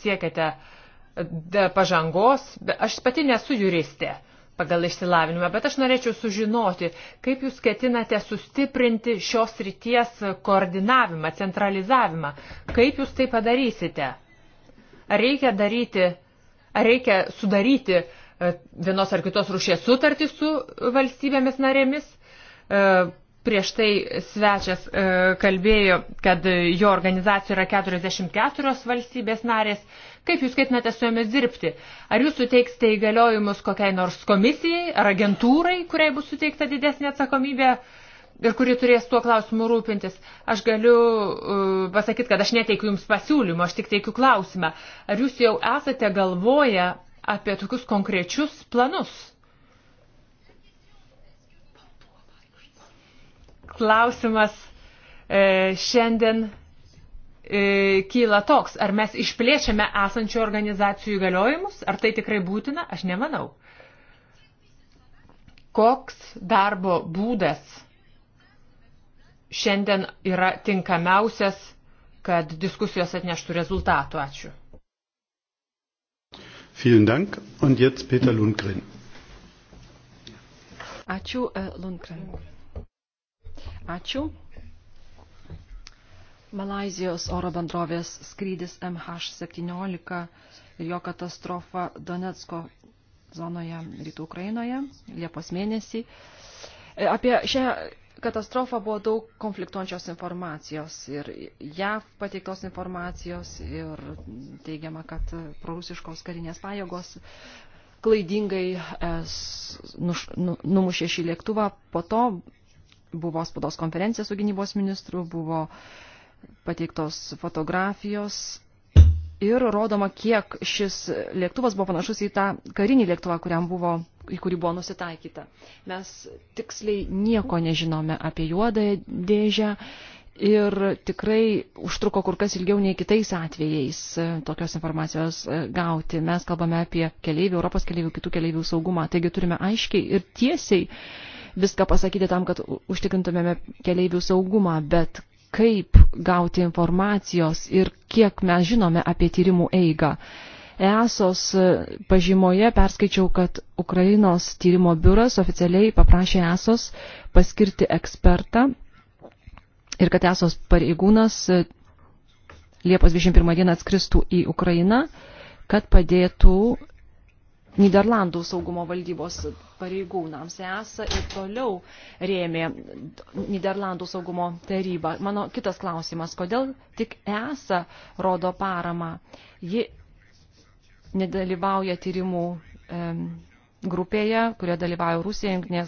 siekiate e, pažangos. Aš pati nesu juristė pagal išsilavinimą, bet aš norėčiau sužinoti, kaip jūs ketinate sustiprinti šios ryties koordinavimą, centralizavimą. Kaip jūs tai padarysite? Ar reikia, daryti, ar reikia sudaryti vienos ar kitos rušės sutartį su valstybėmis narėmis? prieš tai svečias e, kalbėjo, kad jo organizacija yra 44 valstybės narės. Kaip jūs ketinate su jomis dirbti? Ar jūs suteiksite įgaliojimus kokiai nors komisijai ar agentūrai, kuriai bus suteikta didesnė atsakomybė ir kuri turės tuo klausimu rūpintis? Aš galiu e, pasakyti, kad aš neteikiu jums pasiūlymą, aš tik teikiu klausimą. Ar jūs jau esate galvoję apie tokius konkrečius planus? klausimas e, šiandien e, kyla toks, ar mes išplėčiame esančių organizacijų įgaliojimus, ar tai tikrai būtina, aš nemanau. Koks darbo būdas šiandien yra tinkamiausias, kad diskusijos atneštų rezultatų? Ačiū. Vielen Dank. Und jetzt Peter Lundgren. Ačiū, e, Lundgren. Ačiū. Malazijos oro bendrovės skrydis MH17 ir jo katastrofa Donetsko zonoje rytų Ukrainoje Liepos mėnesį. E, apie šią katastrofą buvo daug konfliktuojančios informacijos ir JAV pateiktos informacijos ir teigiama, kad prorusiškos karinės pajėgos klaidingai es, nuš, nu, numušė šį lėktuvą. Po to buvo spados konferencija su gynybos ministru, buvo pateiktos fotografijos ir rodoma, kiek šis lėktuvas buvo panašus į tą karinį lėktuvą, kuriam buvo, į kurį buvo nusitaikyta. Mes tiksliai nieko nežinome apie juodą dėžę ir tikrai užtruko kur kas ilgiau nei kitais atvejais tokios informacijos gauti. Mes kalbame apie keleivių, Europos keleivių, kitų keleivių saugumą, taigi turime aiškiai ir tiesiai viską pasakyti tam, kad užtikrintumėme keleivių saugumą, bet kaip gauti informacijos ir kiek mes žinome apie tyrimų eigą. EASOS e, pažymoje perskaičiau, kad Ukrainos tyrimo biuras oficialiai paprašė EASOS paskirti ekspertą ir kad EASOS pareigūnas e, Liepos 21 dieną atskristų į Ukrainą, kad padėtų Niderlandų saugumo valdybos pareigūnams. ESA ir toliau rėmė Niderlandų saugumo tarybą. Mano kitas klausimas, kodėl tik ESA rodo paramą? Ji nedalyvauja tyrimų um, grupėje, kurioje dalyvauja Rusija,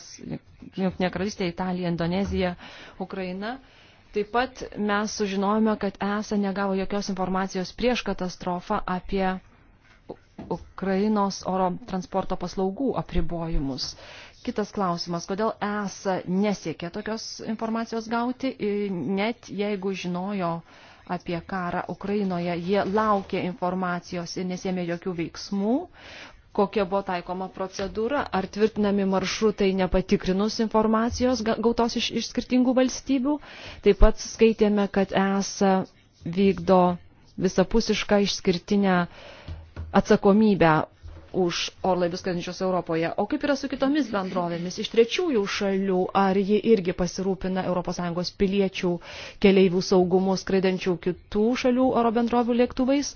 Junktinė karalystė, Italija, Indonezija, Ukraina. Taip pat mes sužinojome, kad ESA negavo jokios informacijos prieš katastrofą apie Ukrainos oro transporto paslaugų apribojimus. Kitas klausimas, kodėl ESA nesiekė tokios informacijos gauti, net jeigu žinojo apie karą Ukrainoje, jie laukė informacijos ir nesėmė jokių veiksmų, kokia buvo taikoma procedūra, ar tvirtinami maršrutai nepatikrinus informacijos gautos iš, iš skirtingų valstybių. Taip pat skaitėme, kad ESA vykdo visapusišką išskirtinę atsakomybę už orlaivius skrendančius Europoje. O kaip yra su kitomis bendrovėmis iš trečiųjų šalių? Ar ji irgi pasirūpina ES piliečių keleivių saugumu skraidančių kitų šalių oro bendrovių lėktuvais?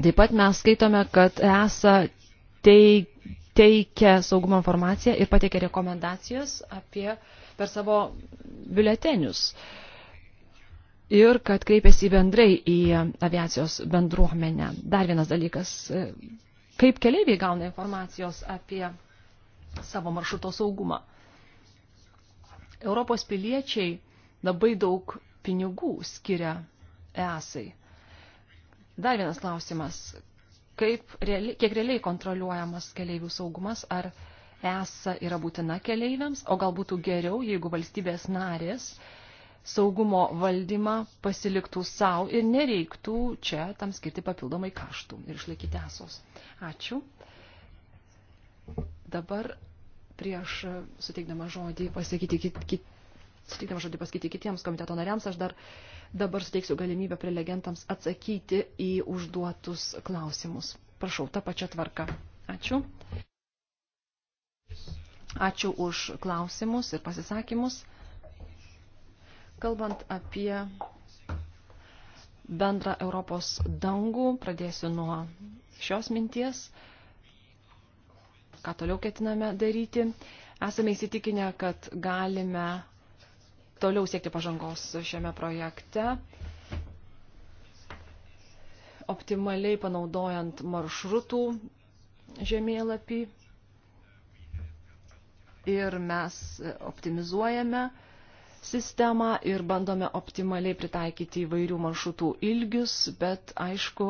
Taip pat mes skaitome, kad ESA teikia saugumo informaciją ir pateikia rekomendacijas apie, per savo biuletenius. Uh, ir kad kreipėsi bendrai į aviacijos bendruomenę. Dar vienas dalykas, e, kaip keleiviai gauna informacijos apie savo maršruto saugumą. Europos piliečiai labai daug pinigų skiria esai. Dar vienas klausimas. Kaip, realiai, kiek realiai kontroliuojamas keleivių saugumas, ar ESA yra būtina keleiviams, o gal būtų geriau, jeigu valstybės narės uh, saugumo valdymą pasiliktų savo ir nereiktų čia tam skirti papildomai kaštų ir išlaikyti esos. Ačiū. Dabar prieš suteikdama žodį pasakyti kit, kit, suteikdama žodį pasakyti kitiems komiteto nariams, aš dar dabar suteiksiu galimybę prelegentams atsakyti į užduotus klausimus. Prašau, tą pačią tvarką. Ačiū. Ačiū už klausimus ir pasisakymus. Kalbant apie bendrą Europos dangų, pradėsiu nuo šios minties, ką toliau ketiname daryti. Esame įsitikinę, kad galime toliau siekti pažangos šiame projekte, optimaliai panaudojant maršrutų žemėlapį. Ir mes optimizuojame uh, sistemą ir bandome optimaliai pritaikyti įvairių maršrutų ilgius, bet aišku,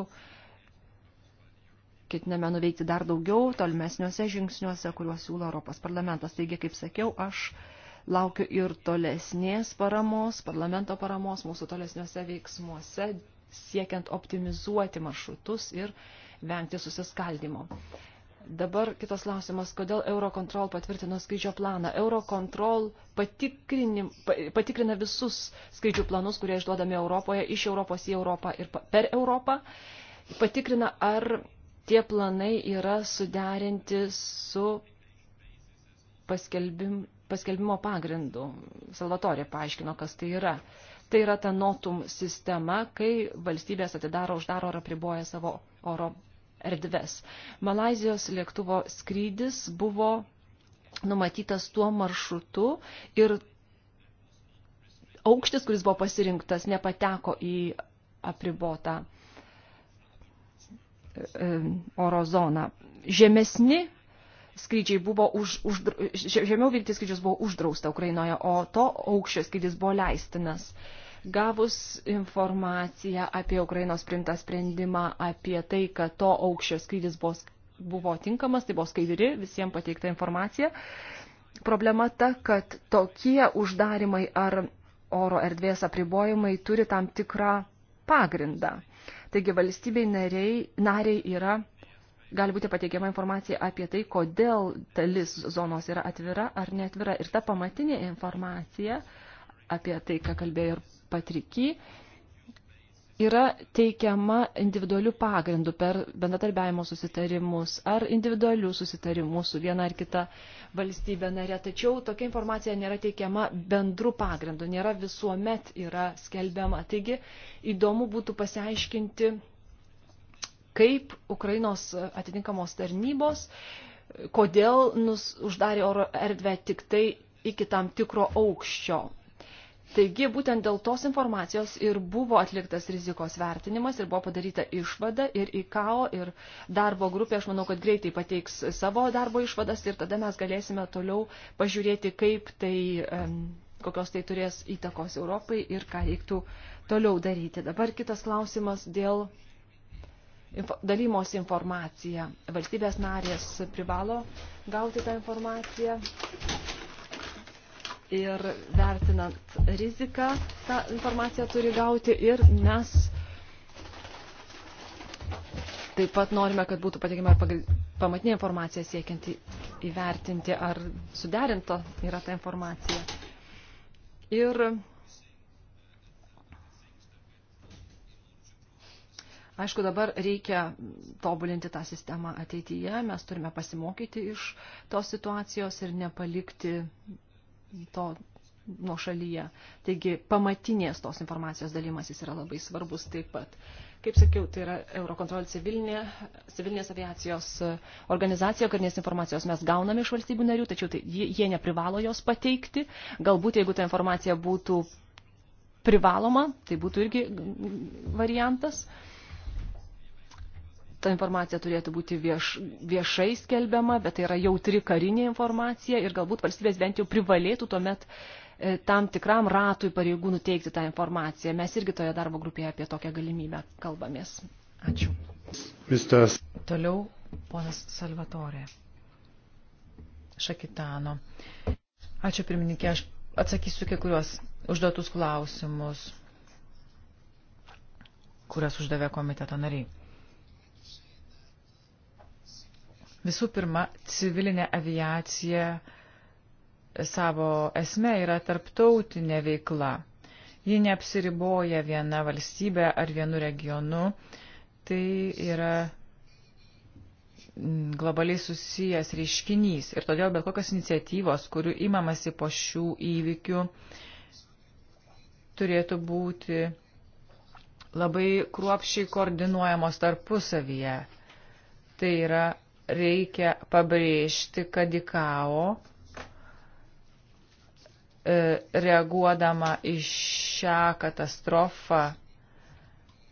ketiname nuveikti dar daugiau tolimesniuose žingsniuose, kuriuos siūlo Europos parlamentas. Taigi, kaip sakiau, aš laukiu ir tolesnės paramos, parlamento paramos mūsų tolesniuose veiksmuose, siekiant optimizuoti maršrutus ir vengti susiskaldimo. Dabar kitas klausimas, kodėl Eurocontrol patvirtino skrydžio planą. Eurocontrol patikrina visus skrydžių planus, kurie išduodami Europoje, iš Europos į Europą ir per Europą. Patikrina, ar tie planai yra suderinti su paskelbim, paskelbimo pagrindu. Salvatorė paaiškino, kas tai yra. Tai yra ta notum sistema, kai valstybės atidaro, uždaro ar apriboja savo oro erdves. Malazijos lėktuvo skrydis buvo numatytas tuo maršrutu ir aukštis, kuris buvo pasirinktas, nepateko į apribotą e, oro zoną. Žemesni skrydžiai buvo už, už, žemiau vykti skrydžius buvo uždrausta Ukrainoje, o to aukščio skrydis buvo leistinas. Uh, Gavus informaciją apie Ukrainos primtą sprendimą, apie tai, kad to aukščio skrydis buvo, buvo tinkamas, tai buvo skaidri visiems pateikta informacija. Problema ta, kad tokie uždarimai ar oro erdvės apribojimai turi tam tikrą pagrindą. Taigi valstybei nariai, nariai yra, gali būti pateikiama informacija apie tai, kodėl dalis zonos yra atvira ar neatvira. Ir ta pamatinė informacija apie tai, ką kalbėjo ir Patriky yra teikiama individualių pagrindų per bendradarbiavimo susitarimus ar individualių susitarimų su viena ar kita valstybė narė. Tačiau tokia informacija nėra teikiama bendrų pagrindų, nėra visuomet yra skelbiama. Taigi įdomu būtų pasiaiškinti, kaip Ukrainos atitinkamos tarnybos, kodėl nus, uždarė oro erdvę tik tai iki tam tikro aukščio Taigi būtent dėl tos informacijos ir buvo atliktas rizikos vertinimas ir buvo padaryta išvada ir ICAO ir darbo grupė, aš manau, kad greitai pateiks savo darbo išvadas ir tada mes galėsime toliau pažiūrėti, kaip tai, kokios tai turės įtakos Europai ir ką reiktų toliau daryti. Dabar kitas klausimas dėl dalymos informacija. Valstybės narės privalo gauti tą informaciją ir vertinant riziką tą informaciją turi gauti ir mes taip pat norime, kad būtų patikima pamatinė informacija siekianti įvertinti, ar suderinta yra ta informacija. Ir Aišku, dabar reikia tobulinti tą sistemą ateityje, mes turime pasimokyti iš tos situacijos ir nepalikti to nuo šalyje. Taigi pamatinės tos informacijos dalymasis yra labai svarbus taip pat. Kaip sakiau, tai yra Eurokontrol civilinė, civilinės aviacijos e, organizacija, karinės informacijos mes gauname iš valstybių narių, tačiau tai, jie neprivalo jos pateikti. Galbūt, jeigu ta informacija būtų privaloma, tai būtų irgi variantas. Uh, ta informacija turėtų būti vieš, viešai skelbiama, bet tai yra jautri karinė informacija ir galbūt valstybės bent jau privalėtų tuomet e, tam tikram ratui pareigūnų teikti tą informaciją. Mes irgi toje darbo grupėje apie tokią galimybę kalbamės. Ačiū. Vistas. Toliau ponas Salvatore. Šakitano. Ačiū pirmininkė, aš atsakysiu kiekvienos užduotus klausimus, kurias uždavė komiteto nariai. Visų pirma, civilinė aviacija savo esme yra tarptautinė veikla. Ji neapsiriboja viena valstybė ar vienu regionu. Tai yra mm, globaliai susijęs reiškinys. Ir todėl bet kokios iniciatyvos, kurių imamasi po šių įvykių, turėtų būti labai kruopšiai koordinuojamos tarpusavyje. Tai yra reikia pabrėžti, kad IKAO e, reaguodama į šią katastrofą,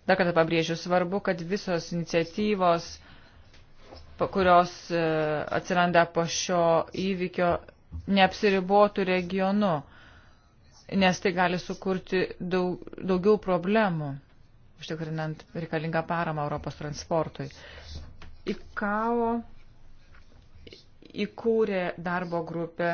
dar kartą pabrėžiu, svarbu, kad visos iniciatyvos, kurios e, atsiranda po šio įvykio, neapsiribotų regionu, nes tai gali sukurti daug, daugiau problemų, užtikrinant reikalingą paramą Europos transportui. ICAO įkūrė darbo grupę,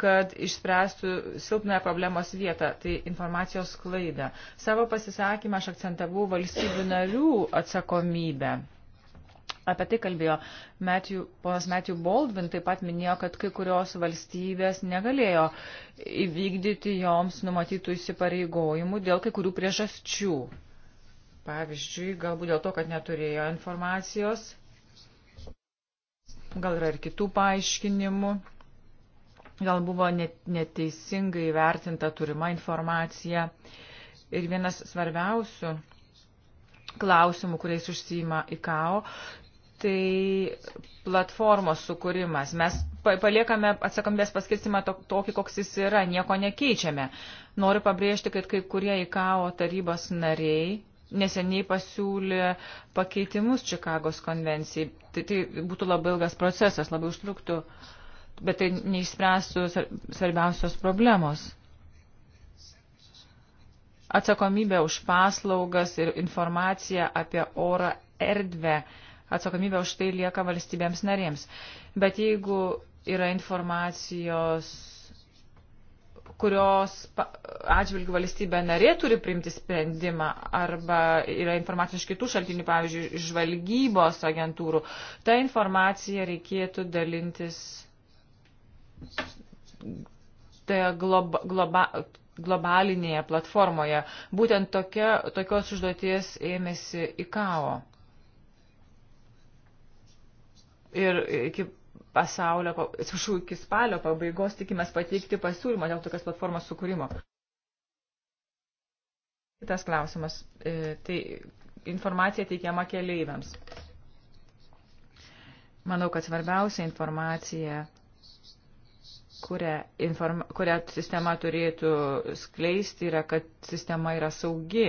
kad išspręstų silpnąją problemos vietą, tai informacijos klaidą. Savo pasisakymą aš akcentavau valstybių narių atsakomybę. Apie tai kalbėjo Matthew, ponas Matthew Baldwin, taip pat minėjo, kad kai kurios valstybės negalėjo įvykdyti joms numatytų įsipareigojimų dėl kai kurių priežasčių. Pavyzdžiui, galbūt dėl to, kad neturėjo informacijos, gal yra ir kitų paaiškinimų, gal buvo neteisingai vertinta turima informacija. Ir vienas svarbiausių klausimų, kuriais užsima ICAO, tai platformos sukūrimas. Mes paliekame atsakomybės paskirstimą tokį, koks jis yra, nieko nekeičiame. Noriu pabrėžti, kad kai kurie ICAO tarybos nariai neseniai pasiūlė pakeitimus Čikagos konvencijai. Tai, tai būtų labai ilgas procesas, labai užtruktų, bet tai neišspręstų svarbiausios problemos. Atsakomybė už paslaugas ir informaciją apie orą erdvę. Atsakomybė už tai lieka valstybėms narėms. Bet jeigu yra informacijos kurios atžvilgių valstybė narė turi priimti sprendimą arba yra informacija iš kitų šaltinių, pavyzdžiui, žvalgybos agentūrų. Ta informacija reikėtų dalintis tai globa, globa, globalinėje platformoje. Būtent tokia, tokios užduoties ėmėsi ICAO. Ir iki pasaulio, atsiprašau, iki spalio pabaigos tikimės pateikti pasiūlymą dėl tokios platformos sukūrimo. Kitas klausimas. E, tai informacija teikiama keleiviams. Manau, kad svarbiausia informacija, kurią, informa, kurią sistema turėtų skleisti, yra, kad sistema yra saugi.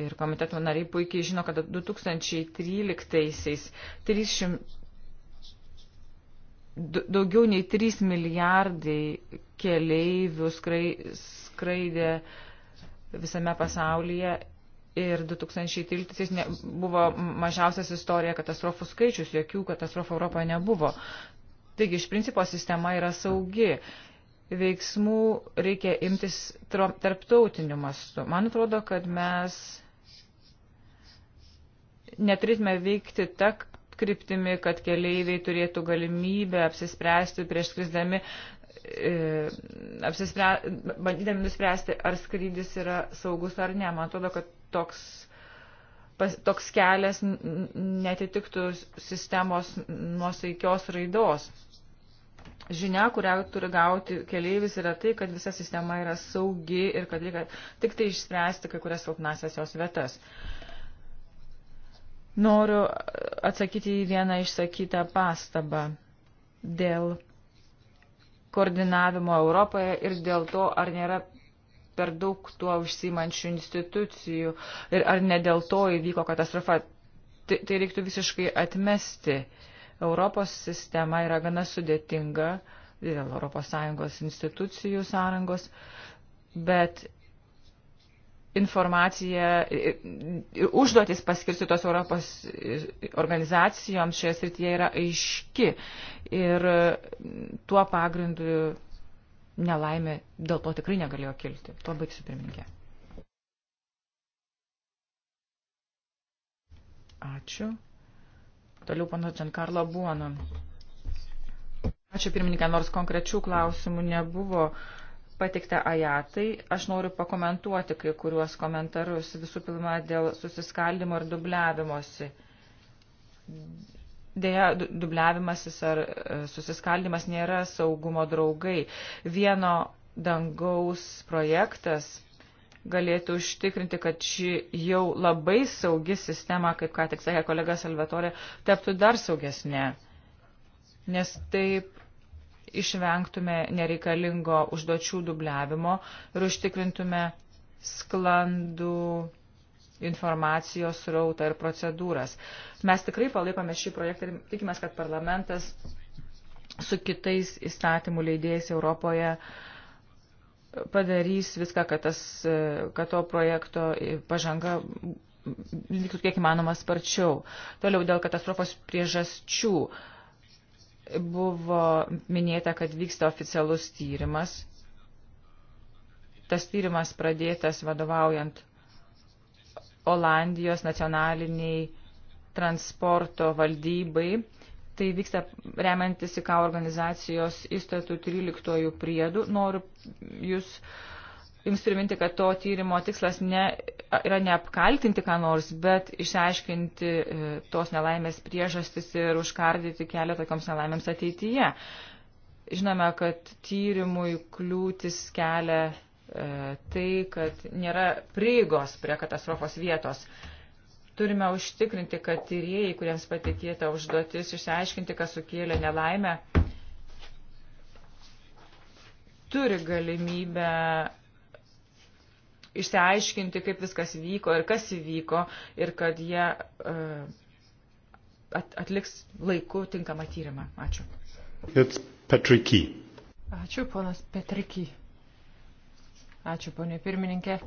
Ir komiteto nariai puikiai žino, kad 2013-aisiais 300 daugiau nei 3 milijardai keleivių skraidė visame pasaulyje ir 2013 ne, buvo mažiausias istorija katastrofų skaičius, jokių katastrofų Europoje nebuvo. Taigi iš principo sistema yra saugi. Veiksmų reikia imtis tarptautiniu mastu. Man atrodo, kad mes neturėtume veikti tak, kryptimi, kad keleiviai turėtų galimybę apsispręsti prieš skrisdami, e, apsisprę, bandydami nuspręsti, ar skrydis yra saugus ar ne. Man atrodo, kad toks pas, toks kelias netitiktų sistemos nuosaikios raidos. Žinia, kurią turi gauti keleivis, yra tai, kad visa sistema yra saugi ir kad reikia tik tai išspręsti kai kurias silpnasias jos vietas. Uh, Noriu atsakyti į vieną išsakytą pastabą dėl koordinavimo Europoje ir dėl to, ar nėra per daug tuo užsimančių institucijų ir ar ne dėl to įvyko katastrofa. Tai, tai reiktų visiškai atmesti. Europos sistema yra gana sudėtinga dėl ES institucijų sąrangos, bet informacija ir užduotis paskirstytos Europos organizacijoms šioje srityje yra aiški ir tuo pagrindu nelaimė dėl to tikrai negalėjo kilti. Tuo baigsiu pirmininkė. Ačiū. Toliau pana Čankarla Buono. Ačiū pirmininkė, nors konkrečių klausimų nebuvo pateiktą ajatai, aš noriu pakomentuoti kai kuriuos komentarus. Visų pirma, dėl susiskaldimo ir dubliavimosi. Deja, dubliavimasis ar e, susiskaldimas nėra saugumo draugai. Vieno dangaus projektas galėtų užtikrinti, kad ši jau labai saugi sistema, kaip ką tik sakė kolega Salvatorė, taptų dar saugesnė. Nes taip išvengtume nereikalingo užduočių dubliavimo ir užtikrintume sklandų informacijos srautą ir procedūras. Mes tikrai palaikome šį projektą ir tikimės, kad parlamentas su kitais įstatymų leidėjais Europoje padarys viską, kad, tas, kad to projekto pažanga vyktų kiek įmanoma sparčiau. Toliau dėl katastrofos priežasčių. Buvo minėta, kad vyksta oficialus tyrimas. Tas tyrimas pradėtas vadovaujant Olandijos nacionaliniai transporto valdybai. Tai vyksta remiantis į ką organizacijos įstatų 13 priedų. Noriu jūs uh, jums priminti, kad to tyrimo tikslas ne, yra neapkaltinti ką nors, bet išsiaiškinti e, tos nelaimės priežastis ir užkardyti kelią tokioms nelaimėms ateityje. Žinome, kad tyrimui kliūtis kelia e, tai, kad nėra prieigos prie katastrofos vietos. Turime užtikrinti, kad tyrėjai, kuriems patikėta užduotis išsiaiškinti, kas sukėlė nelaimę, turi galimybę išsiaiškinti, kaip viskas vyko ir kas įvyko ir kad jie e, atliks laiku tinkamą tyrimą. Ačiū. Petriky. Ačiū, ponas Petriky. Ačiū, ponė pirmininkė.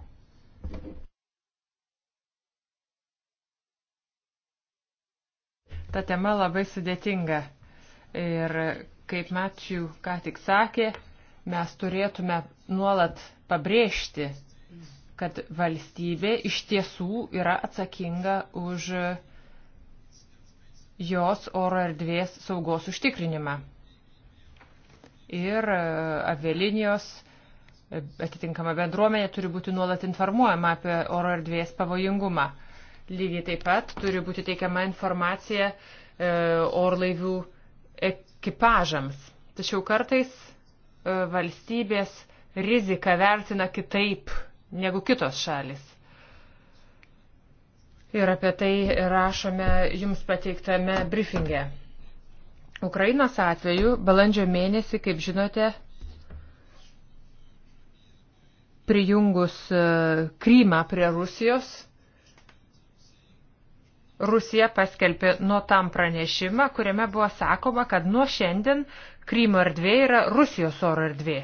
Ta tema labai sudėtinga. Ir kaip Matijų ką tik sakė, mes turėtume nuolat pabrėžti kad valstybė iš tiesų yra atsakinga už jos oro erdvės saugos užtikrinimą. Ir e, avialinijos e, atitinkama bendruomenė turi būti nuolat informuojama apie oro erdvės pavojingumą. Lygiai taip pat turi būti teikiama informacija e, orlaivių ekipažams. Tačiau kartais valstybės rizika vertina kitaip negu kitos šalis. Ir apie tai rašome jums pateiktame briefinge. Ukrainos atveju balandžio mėnesį, kaip žinote, prijungus e, Krymą prie Rusijos, Rusija paskelbė nuo tam pranešimą, kuriame buvo sakoma, kad nuo šiandien Krymo erdvė yra Rusijos oro erdvė.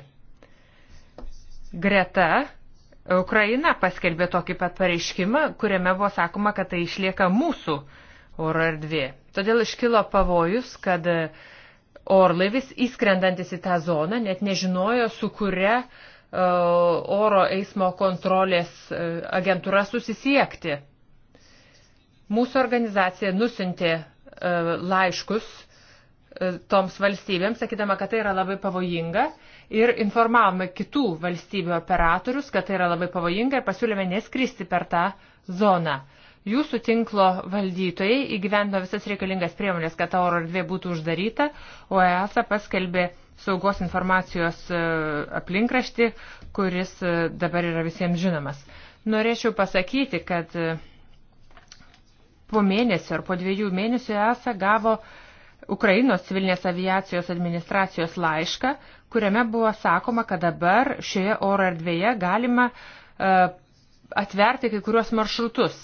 Greta Ukraina paskelbė tokį pat pareiškimą, kuriame buvo sakoma, kad tai išlieka mūsų oro erdvė. Todėl iškilo pavojus, kad e, orlaivis įskrendantis į tą zoną net nežinojo, su kuria e, oro eismo kontrolės e, agentūra susisiekti. Mūsų organizacija nusintė laiškus toms valstybėms, sakydama, kad tai yra labai pavojinga ir informavome kitų valstybių operatorius, kad tai yra labai pavojinga ir pasiūlėme neskristi per tą zoną. Jūsų tinklo valdytojai įgyvendino visas reikalingas priemonės, kad ta oro erdvė būtų uždaryta, o EASA paskelbė saugos informacijos e, aplinkrašti, kuris e, dabar yra visiems žinomas. Norėčiau pasakyti, kad e, po mėnesio ar po dviejų mėnesių EASA gavo Ukrainos civilinės aviacijos administracijos laišką, kuriame buvo sakoma, kad dabar šioje oro erdvėje galima e, atverti kai kuriuos maršrutus.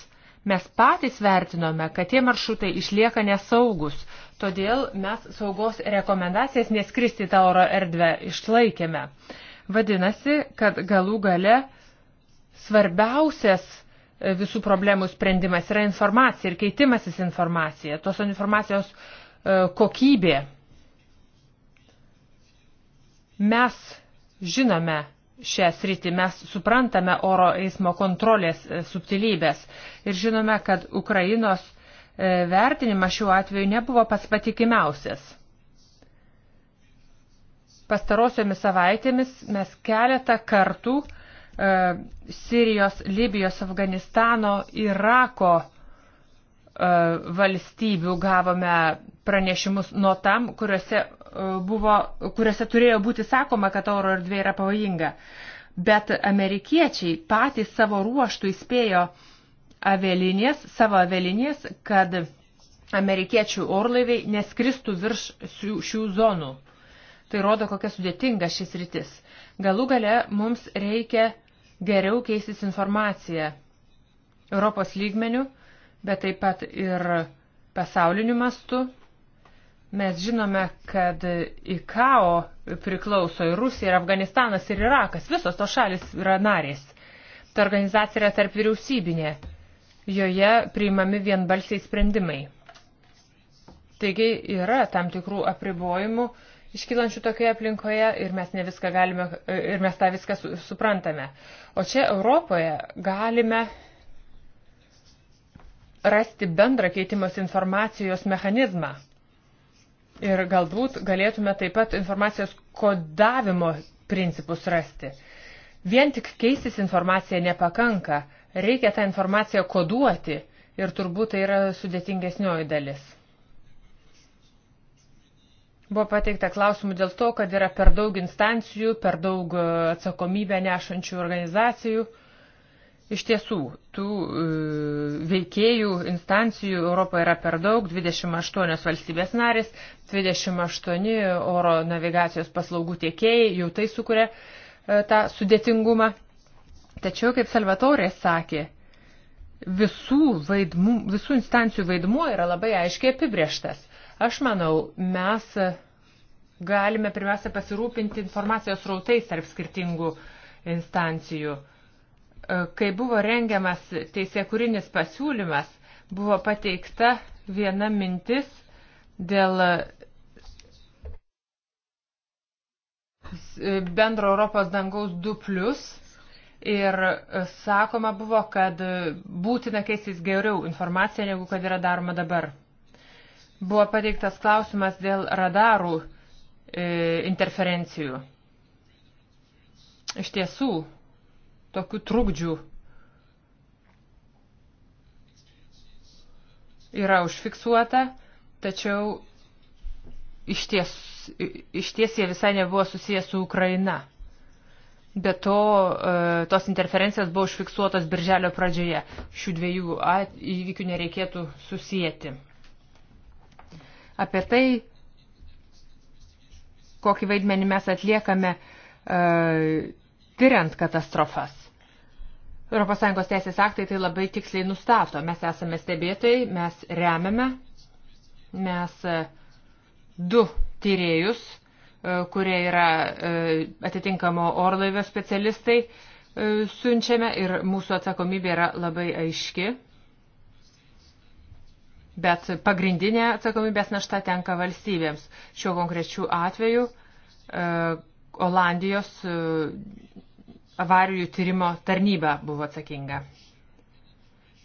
Mes patys vertinome, kad tie maršrutai išlieka nesaugus, todėl mes saugos rekomendacijas neskristi tą oro erdvę išlaikėme. Vadinasi, kad galų gale svarbiausias e, visų problemų sprendimas yra informacija ir keitimasis informacija, tos informacijos e, kokybė Mes žinome šią sritį, mes suprantame oro eismo kontrolės e, subtilybės ir žinome, kad Ukrainos e, vertinimas šiuo atveju nebuvo pats patikimiausias. Pastarosiomis savaitėmis mes keletą kartų e, Sirijos, Libijos, Afganistano, Irako e, valstybių gavome pranešimus nuo tam, kuriuose buvo, kuriuose turėjo būti sakoma, kad oro erdvė yra pavojinga. Bet amerikiečiai patys savo ruoštų įspėjo avelinės, savo avelinės, kad amerikiečių orlaiviai neskristų virš šių, šių zonų. Tai rodo, kokia sudėtinga šis rytis. Galų gale mums reikia geriau keistis informaciją Europos lygmenių, bet taip pat ir pasauliniu mastu Mes žinome, kad IKAO priklauso ir Rusija, ir Afganistanas, ir Irakas. Visos to šalis yra narės. Ta organizacija yra tarp vyriausybinė. Joje priimami vienbalsiai sprendimai. Taigi yra tam tikrų apribojimų iškylančių tokioje aplinkoje ir mes, ne viską galime, ir mes tą viską su, suprantame. O čia Europoje galime rasti bendrą keitimos informacijos mechanizmą Ir galbūt galėtume taip pat informacijos kodavimo principus rasti. Vien tik keistis informacija nepakanka, reikia tą informaciją koduoti ir turbūt tai yra sudėtingesnioji dalis. Buvo pateikta klausimų dėl to, kad yra per daug instancijų, per daug e, atsakomybę nešančių organizacijų. Iš tiesų, tų e, veikėjų instancijų Europoje yra per daug, 28 valstybės narės, 28 oro navigacijos paslaugų tiekėjai, jau tai sukuria e, tą sudėtingumą. Tačiau, kaip Salvatorė sakė, visų, vaidmų, visų instancijų vaidmuo yra labai aiškiai apibrieštas. Aš manau, mes galime pirmiausia pasirūpinti informacijos rautais tarp skirtingų instancijų. Uh, Kai buvo rengiamas teisėkurinis pasiūlymas, buvo pateikta viena mintis dėl bendro Europos dangaus 2+. Ir sakoma buvo, kad būtina keistis geriau informacija, negu kad yra daroma dabar. Buvo pateiktas klausimas dėl radarų e, interferencijų. Iš tiesų, tokių trukdžių yra užfiksuota, tačiau iš ties, iš ties jie visai nebuvo susijęs su Ukraina. Be to, e, tos interferencijos buvo užfiksuotos birželio pradžioje. Šių dviejų įvykių nereikėtų susijęti. Apie tai, kokį vaidmenį mes atliekame e, tyriant katastrofas. ES teisės aktai tai labai tiksliai nustato. Mes esame stebėtojai, mes remiame, mes e, du tyrėjus, e, kurie yra e, atitinkamo orlaivio specialistai, siunčiame ir mūsų atsakomybė yra labai aiški. Bet pagrindinė atsakomybės našta tenka valstybėms. Šiuo konkrečiu atveju Olandijos avarijų tyrimo tarnyba buvo atsakinga.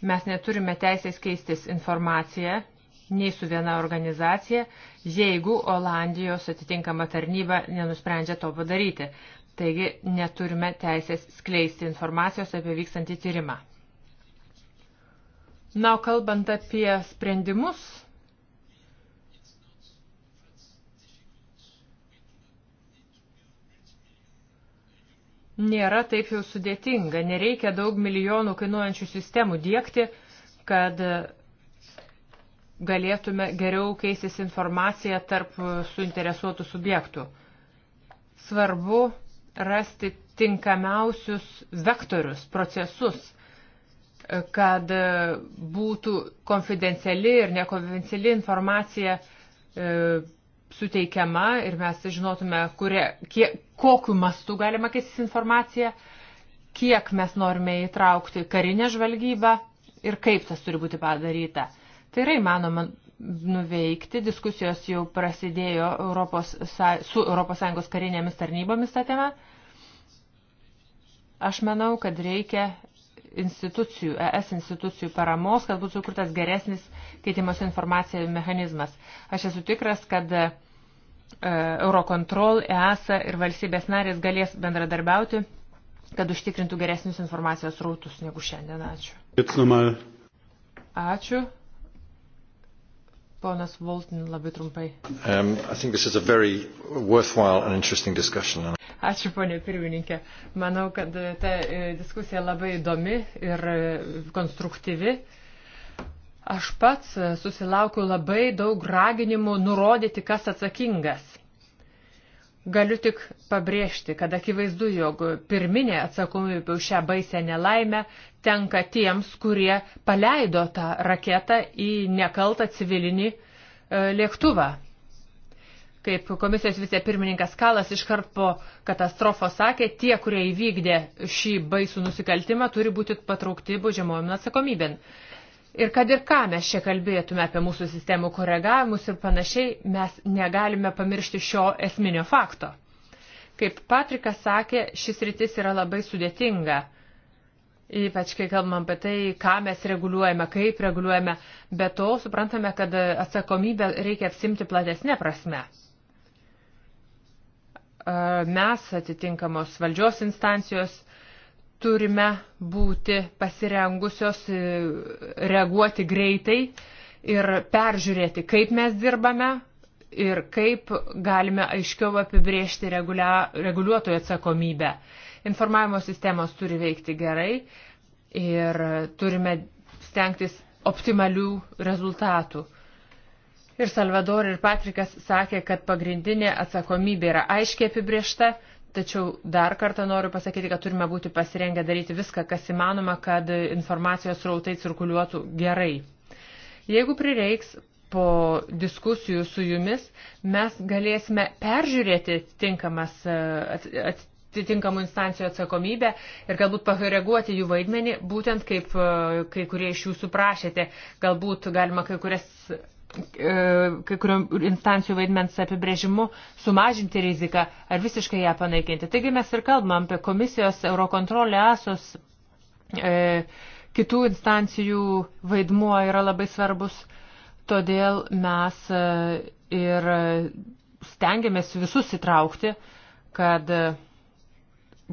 Mes neturime teisės keistis informaciją nei su viena organizacija, jeigu Olandijos atitinkama tarnyba nenusprendžia to padaryti. Taigi neturime teisės skleisti informacijos apie vykstantį tyrimą. Na, o kalbant apie sprendimus, nėra taip jau sudėtinga. Nereikia daug milijonų kainuojančių sistemų dėkti, kad galėtume geriau keistis informaciją tarp suinteresuotų subjektų. Svarbu rasti tinkamiausius vektorius, procesus, kad būtų konfidenciali ir nekonfidenciali informacija e, suteikiama ir mes žinotume, kurie, kiek, kokiu mastu galima keistis informacija, kiek mes norime įtraukti karinę žvalgybą ir kaip tas turi būti padaryta. Tai yra įmanoma nuveikti. Diskusijos jau prasidėjo Europos, su ES karinėmis tarnybomis tą temą. Aš manau, kad reikia institucijų, ES institucijų paramos, kad būtų sukurtas geresnis keitimos informacijų mechanizmas. Aš esu tikras, kad e, Eurocontrol, EASA ir valstybės narės galės bendradarbiauti, kad užtikrintų geresnius informacijos rautus negu šiandien. Ačiū. Ačiū. Ponas Voltin, labai trumpai. Um, Ačiū, ponė pirmininkė. Manau, kad e, ta e, diskusija labai įdomi ir e, konstruktyvi. Aš pats susilaukiu labai daug raginimų nurodyti, kas atsakingas Galiu tik pabrėžti, kad akivaizdu, jog pirminė atsakomybė už šią baisę nelaimę tenka tiems, kurie paleido tą raketą į nekaltą civilinį e, lėktuvą. Kaip komisijos vicepirmininkas Kalas iškart po katastrofos sakė, tie, kurie įvykdė šį baisų nusikaltimą, turi būti patraukti baudžiamojom atsakomybėn. Ir kad ir ką mes čia kalbėtume apie mūsų sistemų koregavimus ir panašiai, mes negalime pamiršti šio esminio fakto. Kaip Patrikas sakė, šis rytis yra labai sudėtinga. Ypač kai kalbam apie tai, ką mes reguliuojame, kaip reguliuojame, bet to suprantame, kad atsakomybę reikia apsimti platesnė prasme. Mes atitinkamos valdžios instancijos turime būti pasirengusios e, reaguoti greitai ir peržiūrėti, kaip mes dirbame ir kaip galime aiškiau apibriežti regulia, reguliuotojų atsakomybę. Informavimo sistemos turi veikti gerai ir turime stengtis optimalių rezultatų. Ir Salvador ir Patrikas sakė, kad pagrindinė atsakomybė yra aiškiai apibriešta Tačiau dar kartą noriu pasakyti, kad turime būti pasirengę daryti viską, kas įmanoma, kad informacijos rautai cirkuliuotų gerai. Jeigu prireiks po diskusijų su jumis, mes galėsime peržiūrėti tinkamas e, atitinkamų instancijų atsakomybę ir galbūt pakoreguoti jų vaidmenį, būtent kaip e, kai kurie iš jūsų prašėte, galbūt galima kai kurias E, kai kurių instancijų vaidmens apibrėžimu sumažinti riziką ar visiškai ją panaikinti. Taigi mes ir kalbam apie komisijos, Eurokontrolė, ASOS, e, kitų instancijų vaidmuo yra labai svarbus, todėl mes e, ir stengiamės visus įtraukti, kad e,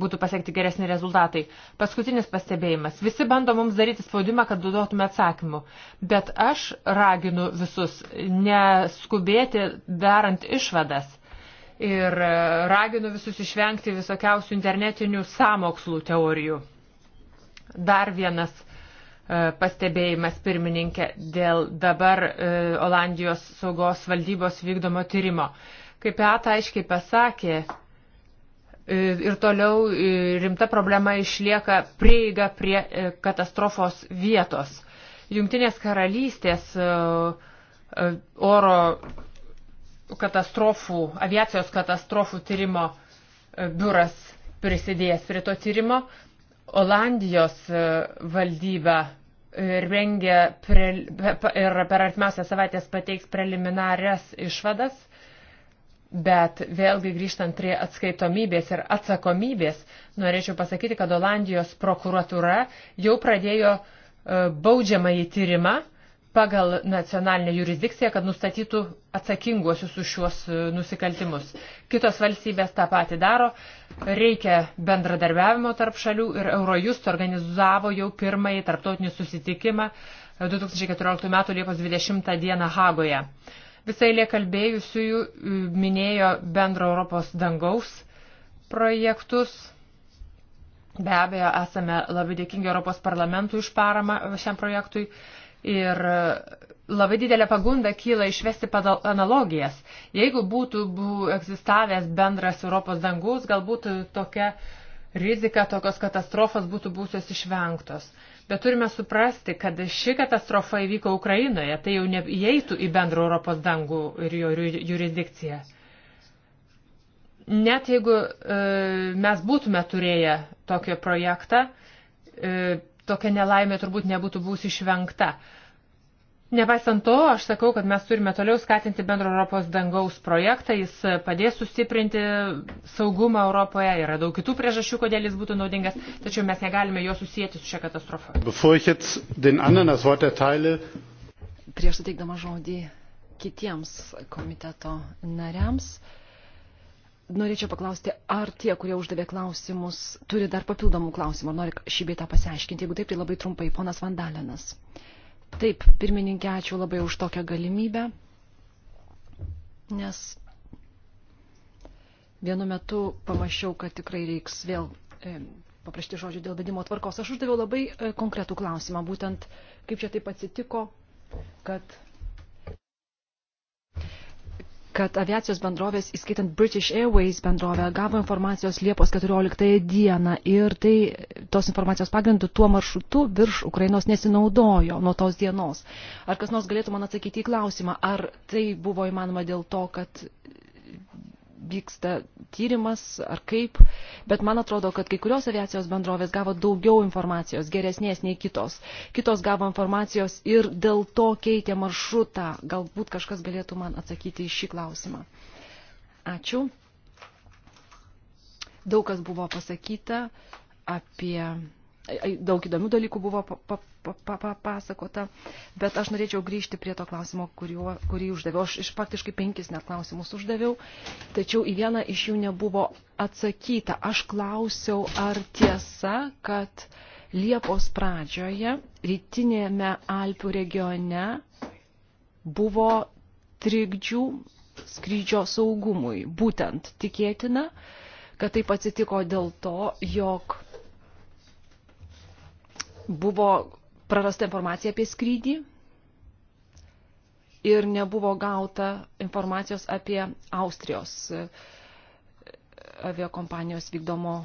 būtų pasiekti geresni rezultatai. Paskutinis pastebėjimas. Visi bando mums daryti spaudimą, kad duotume atsakymų. Bet aš raginu visus neskubėti darant išvadas. Ir raginu visus išvengti visokiausių internetinių samokslų teorijų. Dar vienas e, pastebėjimas pirmininkė dėl dabar e, Olandijos saugos valdybos vykdomo tyrimo. Kaip Eta aiškiai pasakė, E, ir toliau e, rimta problema išlieka prieiga prie e, katastrofos vietos. Jungtinės karalystės oro katastrofų, aviacijos katastrofų tyrimo biuras prisidėjęs prie to tyrimo. Olandijos valdyba rengia pre, ir per artimiausias savaitės pateiks preliminarias išvadas Bet vėlgi grįžtant prie atskaitomybės ir atsakomybės, norėčiau pasakyti, kad Olandijos prokuratura jau pradėjo e, baudžiamąjį tyrimą pagal nacionalinę jurisdikciją, kad nustatytų atsakinguosius už šiuos e, nusikaltimus. Kitos valstybės tą patį daro. Reikia bendradarbiavimo tarp šalių ir Eurojust organizavo jau pirmąjį tarptautinį susitikimą 2014 e, m. Liepos 20 d. Hagoje. Visai liekalbėjusiųjų e, minėjo bendro Europos dangaus projektus. Be abejo, esame labai dėkingi Europos parlamentui už paramą šiam projektui ir e, labai didelė pagunda kyla išvesti analogijas. Jeigu būtų bū egzistavęs bendras Europos dangus, galbūt tokia rizika, tokios katastrofos būtų būsios išvengtos. Bet turime suprasti, kad ši katastrofa įvyko Ukrainoje, tai jau neįeitų į bendrą Europos dangų ir jo jurisdikciją. Net jeigu e, mes būtume turėję tokį projektą, e, tokia nelaimė turbūt nebūtų būsi išvengta. E, Nepaisant to, aš sakau, kad mes turime toliau skatinti bendro Europos dangaus projektą, jis padės sustiprinti saugumą Europoje, yra daug kitų priežasčių, kodėl jis būtų naudingas, tačiau mes negalime jo susijęti su šia katastrofa. Prieš suteikdama žodį kitiems komiteto nariams, norėčiau paklausti, ar tie, kurie uždavė klausimus, turi dar papildomų klausimų, ar nori šį beitą pasiaiškinti, jeigu taip, tai labai trumpai, ponas Vandalinas. Uh, Taip, pirmininkė, ačiū labai už tokią galimybę, nes vienu metu pamačiau, kad tikrai reiks vėl e, paprašyti žodžių dėl vedimo tvarkos. Aš uždaviau labai e, konkretų klausimą, būtent kaip čia taip atsitiko, kad kad aviacijos bendrovės, įskaitant British Airways bendrovę, gavo informacijos Liepos 14 dieną ir tai tos informacijos pagrindų tuo maršrutu virš Ukrainos nesinaudojo nuo tos dienos. Ar kas nors galėtų man atsakyti į klausimą, ar tai buvo įmanoma dėl to, kad vyksta tyrimas ar kaip, bet man atrodo, kad kai kurios aviacijos bendrovės gavo daugiau informacijos, geresnės nei kitos. Kitos gavo informacijos ir dėl to keitė maršrutą. Galbūt kažkas galėtų man atsakyti į šį klausimą. Ačiū. Daug kas buvo pasakyta apie daug įdomių dalykų buvo papasakota, bet aš norėčiau grįžti prie to klausimo, kuriuo, kurį uždaviau. Aš iš faktiškai penkis net klausimus uždaviau, tačiau į vieną iš jų nebuvo atsakyta. Aš klausiau, ar tiesa, kad Liepos pradžioje rytinėme Alpių regione buvo trikdžių skrydžio saugumui. Būtent tikėtina, kad taip atsitiko dėl to, jog buvo prarasta informacija apie skrydį ir nebuvo gauta informacijos apie Austrijos e, aviakompanijos vykdomo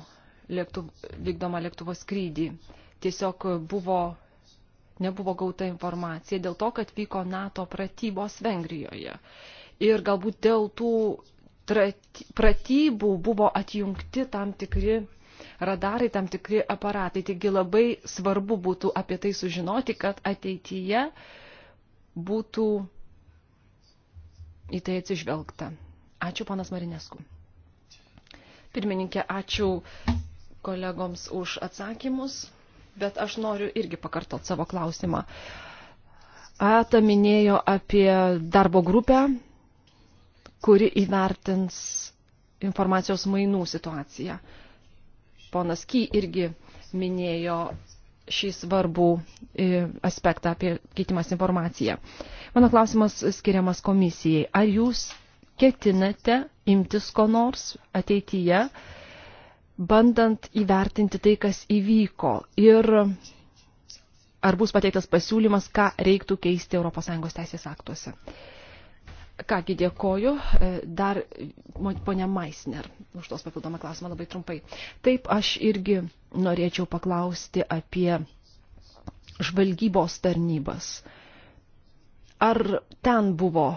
lėktuv, vykdomą lėktuvo skrydį. Tiesiog buvo, nebuvo gauta informacija dėl to, kad vyko NATO pratybos Vengrijoje. Ir galbūt dėl tų pratybų buvo atjungti tam tikri radarai, tam tikri aparatai. Taigi labai svarbu būtų apie tai sužinoti, kad ateityje būtų į tai atsižvelgta. Ačiū, panas Marinesku. Pirmininkė, ačiū kolegoms už atsakymus, bet aš noriu irgi pakartot savo klausimą. Ata minėjo apie darbo grupę, kuri įvertins informacijos mainų situaciją ponas Ky irgi minėjo šį svarbų e, aspektą apie keitimas informaciją. Mano klausimas skiriamas komisijai. Ar jūs ketinate imtis ko nors ateityje, bandant įvertinti tai, kas įvyko ir ar bus pateiktas pasiūlymas, ką reiktų keisti ES teisės aktuose? Kągi dėkoju. E, dar ponia Maisner už tos papildomą klausimą labai trumpai. Taip, aš irgi norėčiau paklausti apie žvalgybos tarnybas. Ar ten buvo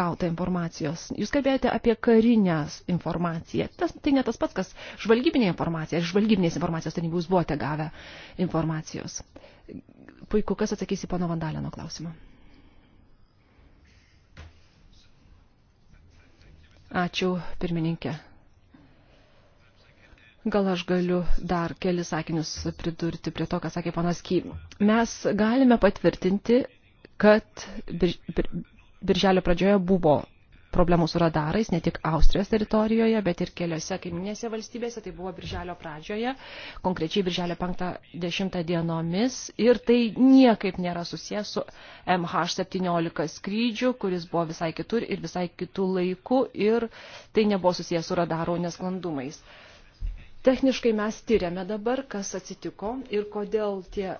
gauta informacijos? Jūs kalbėjote apie karinę informaciją. Tas, tai ne tas pats, kas žvalgybinė informacija. Žvalgybinės informacijos tarnybų jūs buvote gavę informacijos. Puiku, kas atsakys į pono Vandalino klausimą. Ačiū, pirmininkė. Gal aš galiu dar kelis sakinius pridurti prie to, ką sakė panas Ky. Mes galime patvirtinti, kad bir, bir, birželio pradžioje buvo problemų su radarais, ne tik Austrijos teritorijoje, bet ir keliose kaiminėse valstybėse, tai buvo birželio pradžioje, konkrečiai birželio 50 dienomis ir tai niekaip nėra susijęs su MH17 skrydžiu, kuris buvo visai kitur ir visai kitų laikų ir tai nebuvo susijęs su radaro nesklandumais. Techniškai mes tyriame dabar, kas atsitiko ir kodėl tie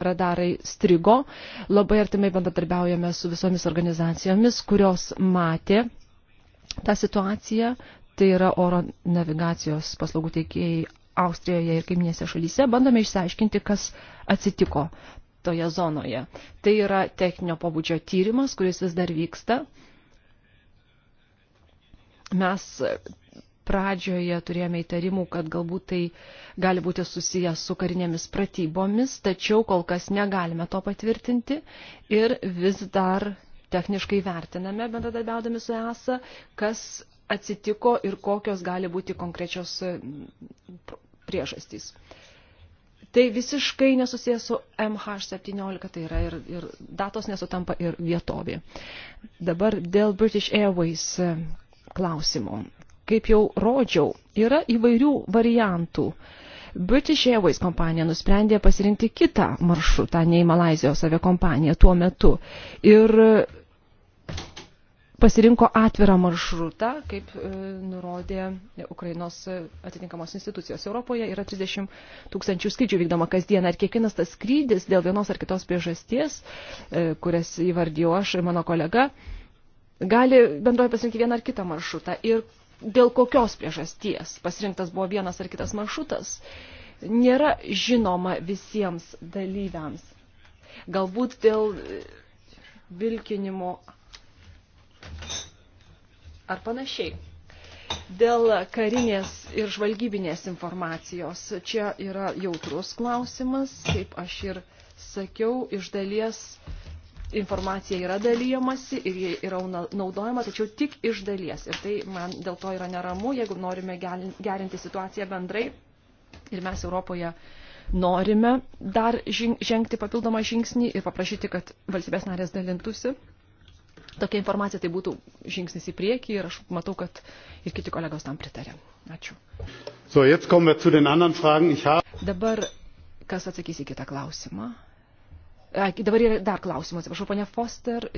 radarai strigo. Labai artimai bendradarbiaujame su visomis organizacijomis, kurios matė tą situaciją. Tai yra oro navigacijos paslaugų teikėjai Austrijoje ir kaiminėse šalyse. Bandome išsiaiškinti, kas atsitiko toje zonoje. Tai yra techninio pobūdžio tyrimas, kuris vis dar vyksta. Mes pradžioje turėjome įtarimų, kad galbūt tai gali būti susijęs su karinėmis pratybomis, tačiau kol kas negalime to patvirtinti ir vis dar techniškai vertiname, bendradarbiaudami su ESA, kas atsitiko ir kokios gali būti konkrečios priežastys. Tai visiškai nesusijęs su MH17, tai yra ir, ir datos nesutampa ir vietovė. Dabar dėl British Airways e, klausimo kaip jau rodžiau, yra įvairių variantų. British Airways kompanija nusprendė pasirinkti kitą maršrutą nei Malazijos aviakompanija tuo metu. Ir e, pasirinko atvirą maršrutą, kaip e, nurodė Ukrainos atitinkamos institucijos. Europoje yra 30 tūkstančių skrydžių vykdoma kasdieną ir kiekvienas tas skrydis dėl vienos ar kitos priežasties, e, kurias įvardijau aš ir mano kolega, gali bendroje pasirinkti vieną ar kitą maršrutą. Ir dėl kokios priežasties pasirinktas buvo vienas ar kitas maršrutas, nėra žinoma visiems dalyviams. Galbūt dėl e, vilkinimo ar panašiai. Dėl karinės ir žvalgybinės informacijos. Čia yra jautrus klausimas, kaip aš ir sakiau, iš dalies uh, informacija yra dalyjamasi ir ji yra naudojama, tačiau tik iš dalies. Ir tai man dėl to yra neramu, jeigu norime gerinti situaciją bendrai ir mes Europoje norime dar žengti papildomą žingsnį ir paprašyti, kad valstybės narės dalintųsi. Tokia informacija tai būtų žingsnis į priekį ir aš matau, kad ir kiti kolegos tam pritarė. Ačiū. So, jetzt kommen wir zu den anderen Fragen. Ich habe... Dabar kas atsakys į kitą klausimą? Dabar yra dar klausimas, atsiprašau, ponia Foster,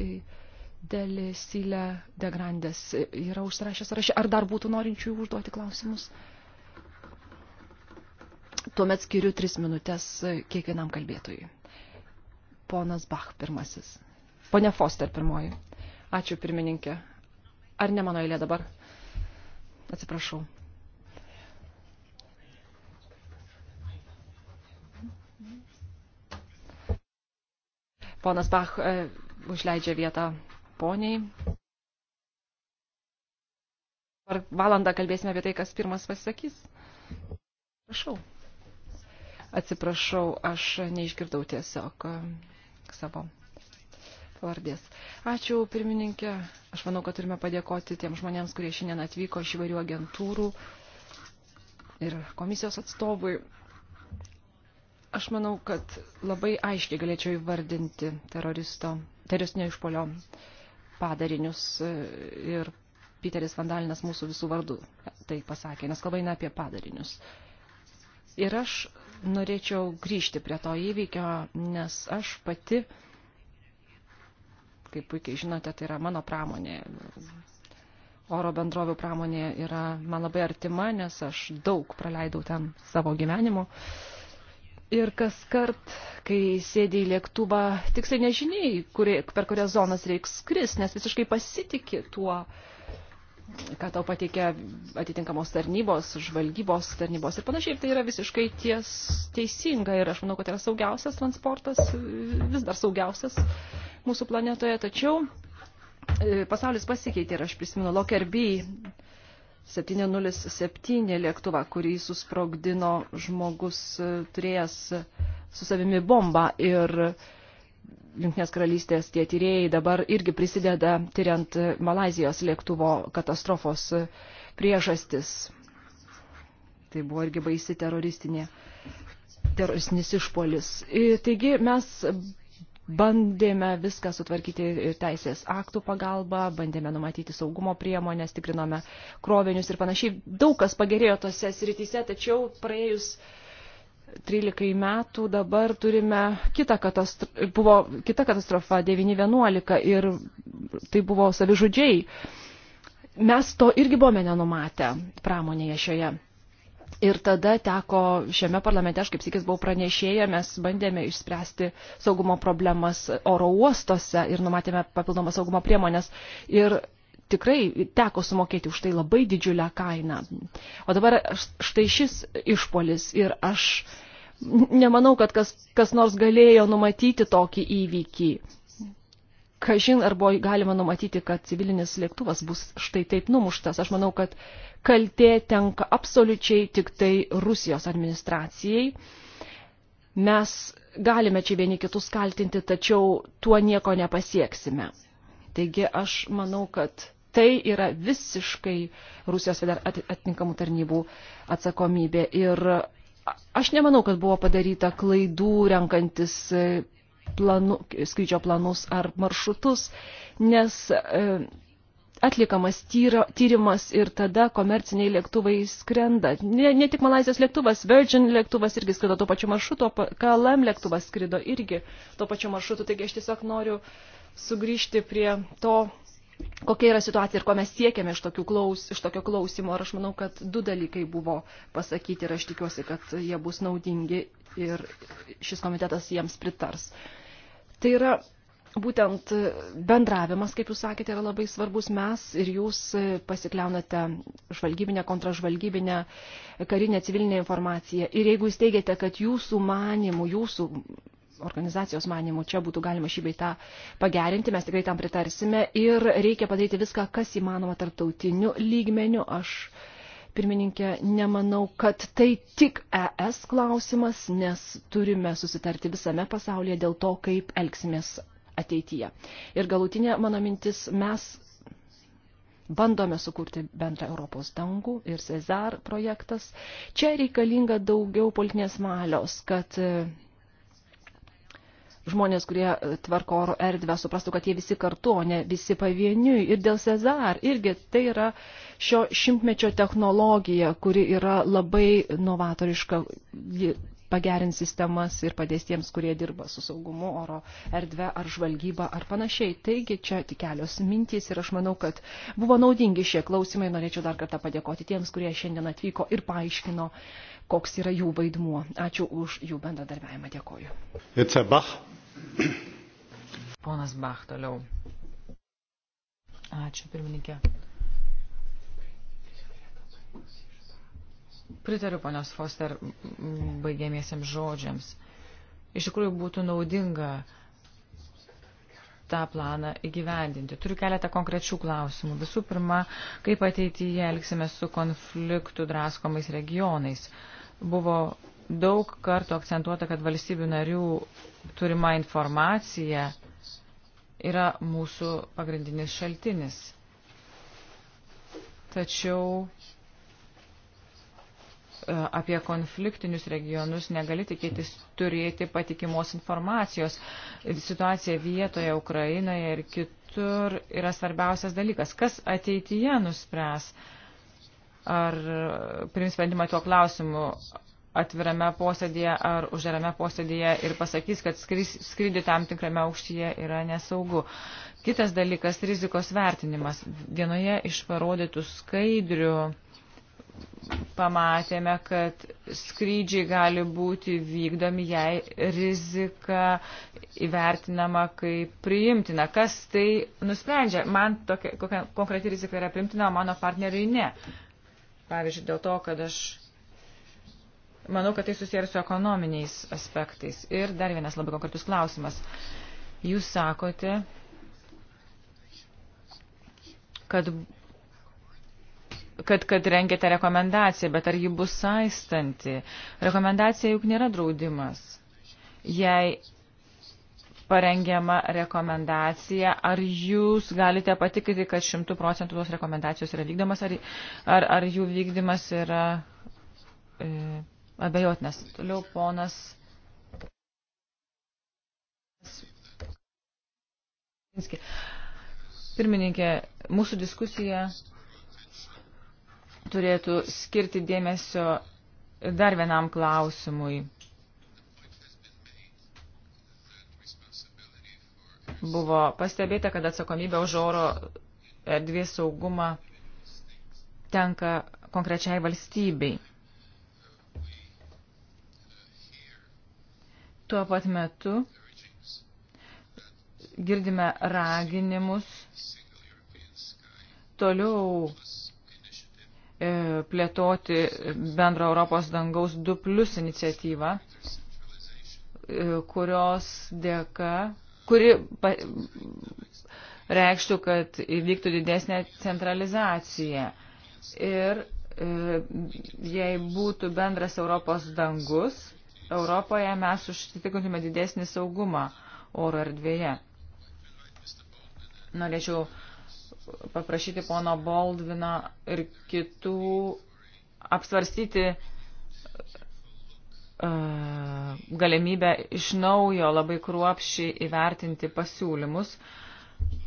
Deli Silė de Grandes yra užsirašęs rašė, ar dar būtų norinčių užduoti klausimus? Tuomet skiriu tris minutės kiekvienam kalbėtojui. Ponas Bach pirmasis. Pone Foster pirmoji. Ačiū pirmininkė. Ar ne mano eilė dabar? Atsiprašau. Ponas Bach e, užleidžia vietą poniai. Ar valandą kalbėsime apie tai, kas pirmas pasisakys? Prašau. Atsiprašau, aš neišgirdau tiesiog e, savo pavardės. Ačiū, pirmininkė. Aš manau, kad turime padėkoti tiem žmonėms, kurie šiandien atvyko iš įvairių agentūrų ir komisijos atstovui. Aš manau, kad labai aiškiai galėčiau įvardinti teroristo, teroristinio išpolio padarinius e, ir Piteris Vandalinas mūsų visų vardų tai pasakė, nes kalba eina apie padarinius. Ir aš norėčiau grįžti prie to įvykio, nes aš pati, kaip puikiai žinote, tai yra mano pramonė. Oro bendrovių pramonė yra man labai artima, nes aš daug praleidau ten savo gyvenimo. Uh, Ir kas kart, kai sėdė į lėktuvą, tiksliai nežiniai, kurie, per kurias zonas reiks skris, nes visiškai pasitikė tuo, ką tau pateikia atitinkamos tarnybos, žvalgybos tarnybos ir panašiai. Ir tai yra visiškai ties, teisinga ir aš manau, kad tai yra saugiausias transportas, vis dar saugiausias mūsų planetoje. Tačiau e, pasaulis pasikeitė ir aš prisimenu Lockerbie 707 lėktuvą, kurį susprogdino žmogus e, turėjęs su savimi bombą ir Junktinės karalystės tie tyrėjai dabar irgi prisideda tyriant Malazijos lėktuvo katastrofos priežastis. Tai buvo irgi baisi teroristinė, teroristinis išpolis. Taigi mes bandėme viską sutvarkyti ir teisės aktų pagalba, bandėme numatyti saugumo priemonės, tikrinome krovinius ir panašiai. Daug kas pagerėjo tose srityse, tačiau praėjus 13 metų dabar turime kitą katastrofą, buvo kita katastrofa 9.11 ir tai buvo savižudžiai. Mes to irgi buvome nenumatę pramonėje šioje Ir tada teko šiame parlamente, aš kaip sikis buvau pranešėję, mes bandėme išspręsti saugumo problemas oro uostose ir numatėme papildomas saugumo priemonės. Ir tikrai teko sumokėti už tai labai didžiulę kainą. O dabar štai šis išpolis ir aš nemanau, kad kas, kas nors galėjo numatyti tokį įvykį kažin ar buvo galima numatyti, kad civilinis lėktuvas bus štai taip numuštas. Aš manau, kad kaltė tenka absoliučiai tik tai Rusijos administracijai. Mes galime čia vieni kitus kaltinti, tačiau tuo nieko nepasieksime. Taigi aš manau, kad tai yra visiškai Rusijos atitinkamų tarnybų atsakomybė. Ir aš nemanau, kad buvo padaryta klaidų renkantis planu, skrydžio planus ar maršrutus, nes e, atlikamas tyra, tyrimas ir tada komerciniai lėktuvai skrenda. Ne, ne tik Malazijos lėktuvas, Virgin lėktuvas irgi skrido tuo pačiu maršrutu, KLM lėktuvas skrido irgi tuo pačiu maršrutu. Taigi aš tiesiog noriu sugrįžti prie to kokia yra situacija ir ko mes siekiame iš, klaus, iš tokio klausimo. Ir aš manau, kad du dalykai buvo pasakyti ir aš tikiuosi, kad jie bus naudingi ir šis komitetas jiems pritars. Tai yra būtent bendravimas, kaip jūs sakėte, yra labai svarbus. Mes ir jūs pasikliaunate žvalgybinę, kontražvalgybinę, karinę, civilinę informaciją. Ir jeigu jūs teigiate, kad jūsų manimų, jūsų organizacijos manimų čia būtų galima šį beitą pagerinti, mes tikrai tam pritarsime ir reikia padaryti viską, kas įmanoma tarptautiniu lygmeniu. Aš, pirmininkė, nemanau, kad tai tik ES klausimas, nes turime susitarti visame pasaulyje dėl to, kaip elgsimės ateityje. Ir galutinė mano mintis, mes bandome sukurti bendrą Europos dangų ir Cezar projektas. Čia reikalinga daugiau politinės valios, kad žmonės, kurie e, tvarko oro erdvę, suprastų, kad jie visi kartu, o ne visi pavieniui. Ir dėl Cezar irgi tai yra šio šimtmečio technologija, kuri yra labai novatoriška, ji pagerins sistemas ir padės tiems, kurie dirba su saugumu oro erdve ar žvalgyba ar panašiai. Taigi čia tik kelios mintys ir aš manau, kad buvo naudingi šie klausimai. Norėčiau dar kartą padėkoti tiems, kurie šiandien atvyko ir paaiškino koks yra jų vaidmuo. Ačiū už jų bendradarbiavimą. Dėkoju. Bach. Ponas Bach toliau. Ačiū, pirmininkė. Pritariu ponios Foster baigėmiesiems žodžiams. Iš tikrųjų būtų naudinga tą planą įgyvendinti. Turiu keletą konkrečių klausimų. Visų pirma, kaip ateityje elgsime su konfliktų draskomais regionais. Uh, Buvo daug kartų akcentuota, kad valstybių narių turima informacija yra mūsų pagrindinis šaltinis. Tačiau e, apie konfliktinius regionus negali tikėtis turėti patikimos informacijos. Situacija vietoje, Ukrainoje ir kitur yra svarbiausias dalykas. Kas ateityje nuspręs? Uh, ar e, priims sprendimą tuo klausimu atvirame posėdėje ar uždarame posėdėje ir pasakys, kad skrydį tam tikrame aukštyje yra nesaugu. Kitas dalykas - rizikos vertinimas. Vienoje iš parodytų skaidrių pamatėme, kad skrydžiai gali būti vykdomi, jei rizika įvertinama kaip priimtina. Kas tai nusprendžia? Man tokia, kokia konkreti rizika yra priimtina, o mano partneriui ne. Pavyzdžiui, dėl to, kad aš manau, kad tai susiję su ekonominiais aspektais. Ir dar vienas labai konkretus klausimas. Jūs sakote, kad, kad, kad rengiate rekomendaciją, bet ar ji bus saistanti? Rekomendacija juk nėra draudimas. Jei parengiama rekomendacija, ar jūs galite patikinti, kad šimtų procentų tos rekomendacijos yra vykdomas, ar, ar, ar jų vykdymas yra e, abejotinas. Toliau ponas. Pirmininkė, mūsų diskusija turėtų skirti dėmesio dar vienam klausimui Buvo pastebėta, kad atsakomybė už oro erdvės saugumą tenka konkrečiai valstybei. Tuo pat metu girdime raginimus toliau e, plėtoti bendro Europos dangaus 2 plus iniciatyvą, e, kurios dėka kuri pa, reikštų, kad įvyktų didesnė centralizacija. Ir e, jei būtų bendras Europos dangus, Europoje mes užtikrintume didesnį saugumą oro erdvėje. Norėčiau paprašyti pono Boldvino ir kitų apsvarstyti E, galimybę iš naujo labai kruopšiai įvertinti pasiūlymus,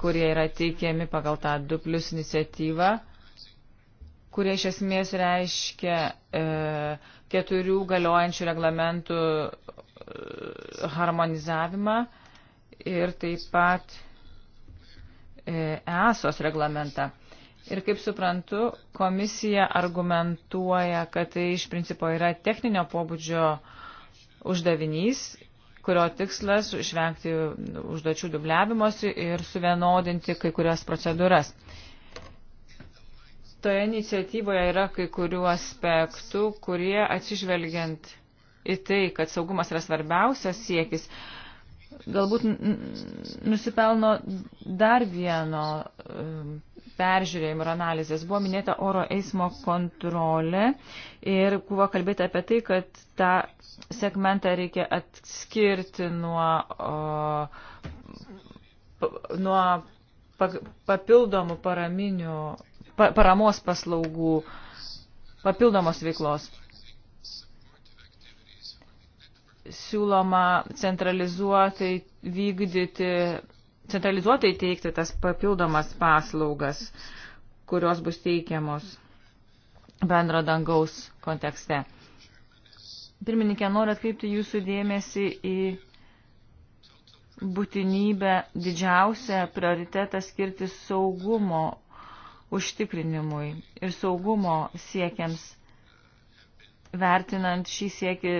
kurie yra teikiami pagal tą 2 plus iniciatyvą, kurie iš esmės reiškia e, keturių galiojančių reglamentų e, harmonizavimą ir taip pat e, ESOS reglamentą. Ir kaip suprantu, komisija argumentuoja, kad tai iš principo yra techninio pobūdžio uždavinys, kurio tikslas išvengti užduočių dubliavimosi ir suvienodinti kai kurias procedūras. Toje iniciatyvoje yra kai kurių aspektų, kurie atsižvelgiant į tai, kad saugumas yra svarbiausias siekis, galbūt nusipelno dar vieno um, peržiūrėjimo ir analizės. Buvo minėta oro eismo kontrolė ir buvo kalbėta apie tai, kad tą segmentą reikia atskirti nuo, o, nuo papildomų paraminių, pa, paramos paslaugų, papildomos veiklos siūloma centralizuotai vykdyti centralizuotai teikti tas papildomas paslaugas, kurios bus teikiamos bendro dangaus kontekste. Pirmininkė, noriu atkreipti jūsų dėmesį į būtinybę didžiausią prioritetą skirti saugumo užtikrinimui ir saugumo siekiams vertinant šį siekį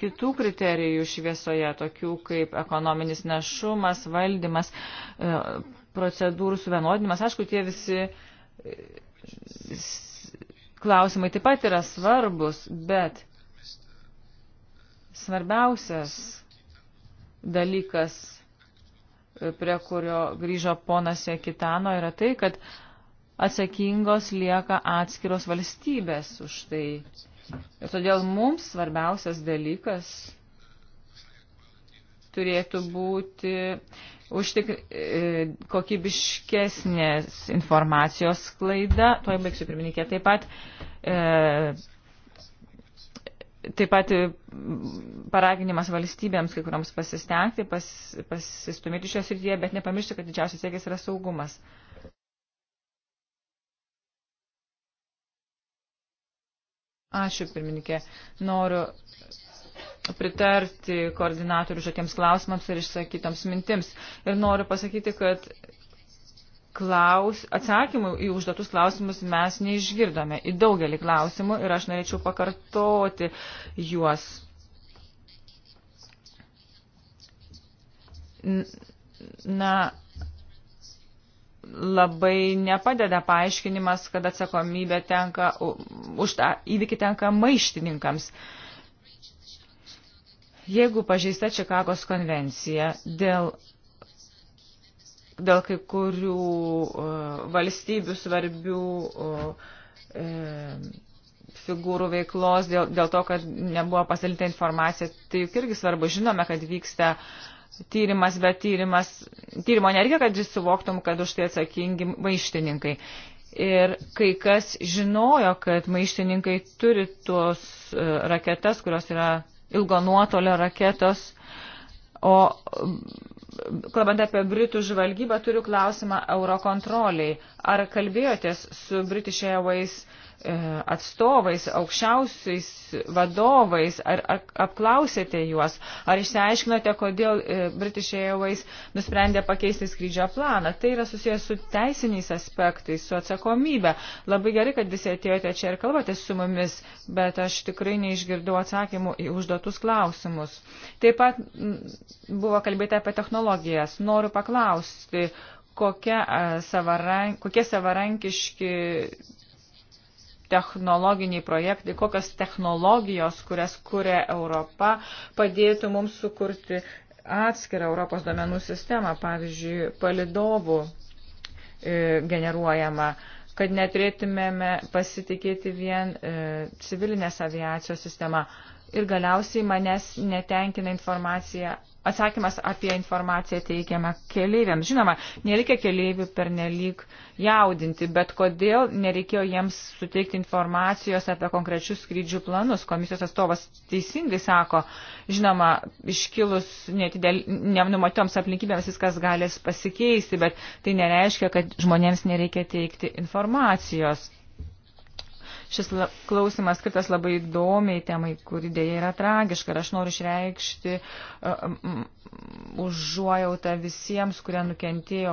kitų kriterijų šviesoje, tokių kaip ekonominis našumas, valdymas, e, procedūrų suvienodinimas. Aišku, tie visi e, klausimai taip pat yra svarbus, bet svarbiausias dalykas, e, prie kurio grįžo ponas Kitano, yra tai, kad atsakingos lieka atskiros valstybės už tai. Ir todėl mums svarbiausias dalykas turėtų būti užtikr... E, kokybiškesnės informacijos klaida. Tuoj baigsiu pirmininkė. Taip pat, e, taip pat paraginimas valstybėms, kai kuriams pasistengti, pas, pasistumėti šios rytyje, bet nepamiršti, kad didžiausias siekis yra saugumas. E, Ačiū, pirmininkė. Noriu pritarti koordinatorių žokiems klausimams ir išsakytoms mintims. Ir noriu pasakyti, kad klaus, atsakymų į užduotus klausimus mes neišgirdome į daugelį klausimų ir aš norėčiau pakartoti juos. Na, labai nepadeda paaiškinimas, kad atsakomybė tenka, už tą įvykį tenka maištininkams. Jeigu pažeista Čikagos konvencija dėl, dėl kai kurių uh, valstybių svarbių uh, e, figūrų veiklos, dėl, dėl to, kad nebuvo pasidalinta informacija, tai juk irgi svarbu, žinome, kad vyksta uh, tyrimas, bet tyrimas, tyrimo nereikia, kad jis suvoktum, kad už tai atsakingi maištininkai. Ir kai kas žinojo, kad maištininkai turi tuos e, raketas, kurios yra ilgo nuotolio raketos, o kalbant apie Britų žvalgybą, turiu klausimą Eurokontroliai. Ar kalbėjotės su British Airways uh, E, atstovais, aukščiausiais vadovais, ar, ar apklausėte juos, ar išsiaiškinote, kodėl e, British Airways nusprendė pakeisti skrydžio planą. Tai yra susijęs su teisiniais aspektais, su atsakomybė. Labai gerai, kad visi atėjote čia ir kalbate su mumis, bet aš tikrai neišgirdau atsakymų į užduotus klausimus. Taip pat buvo kalbėta apie technologijas. Noriu paklausti, kokia e, savarank, kokie savarankiški technologiniai projektai, kokios technologijos, kurias kuria Europa, padėtų mums sukurti atskirą Europos domenų sistemą, pavyzdžiui, palidovų e, generuojama, kad neturėtumėme pasitikėti vien e, civilinės aviacijos sistema. Ir galiausiai manęs netenkina informacija atsakymas apie informaciją teikiamą keleiviams. Žinoma, nereikia keleivių per nelik jaudinti, bet kodėl nereikėjo jiems suteikti informacijos apie konkrečius skrydžių planus. Komisijos atstovas teisingai sako, žinoma, iškilus nenumatytoms aplinkybėms viskas gali pasikeisti, bet tai nereiškia, kad žmonėms nereikia teikti informacijos. Šis klausimas skirtas labai įdomiai temai, kuri dėja yra tragiška ir aš noriu išreikšti uh, um, užuojautą visiems, kurie nukentėjo,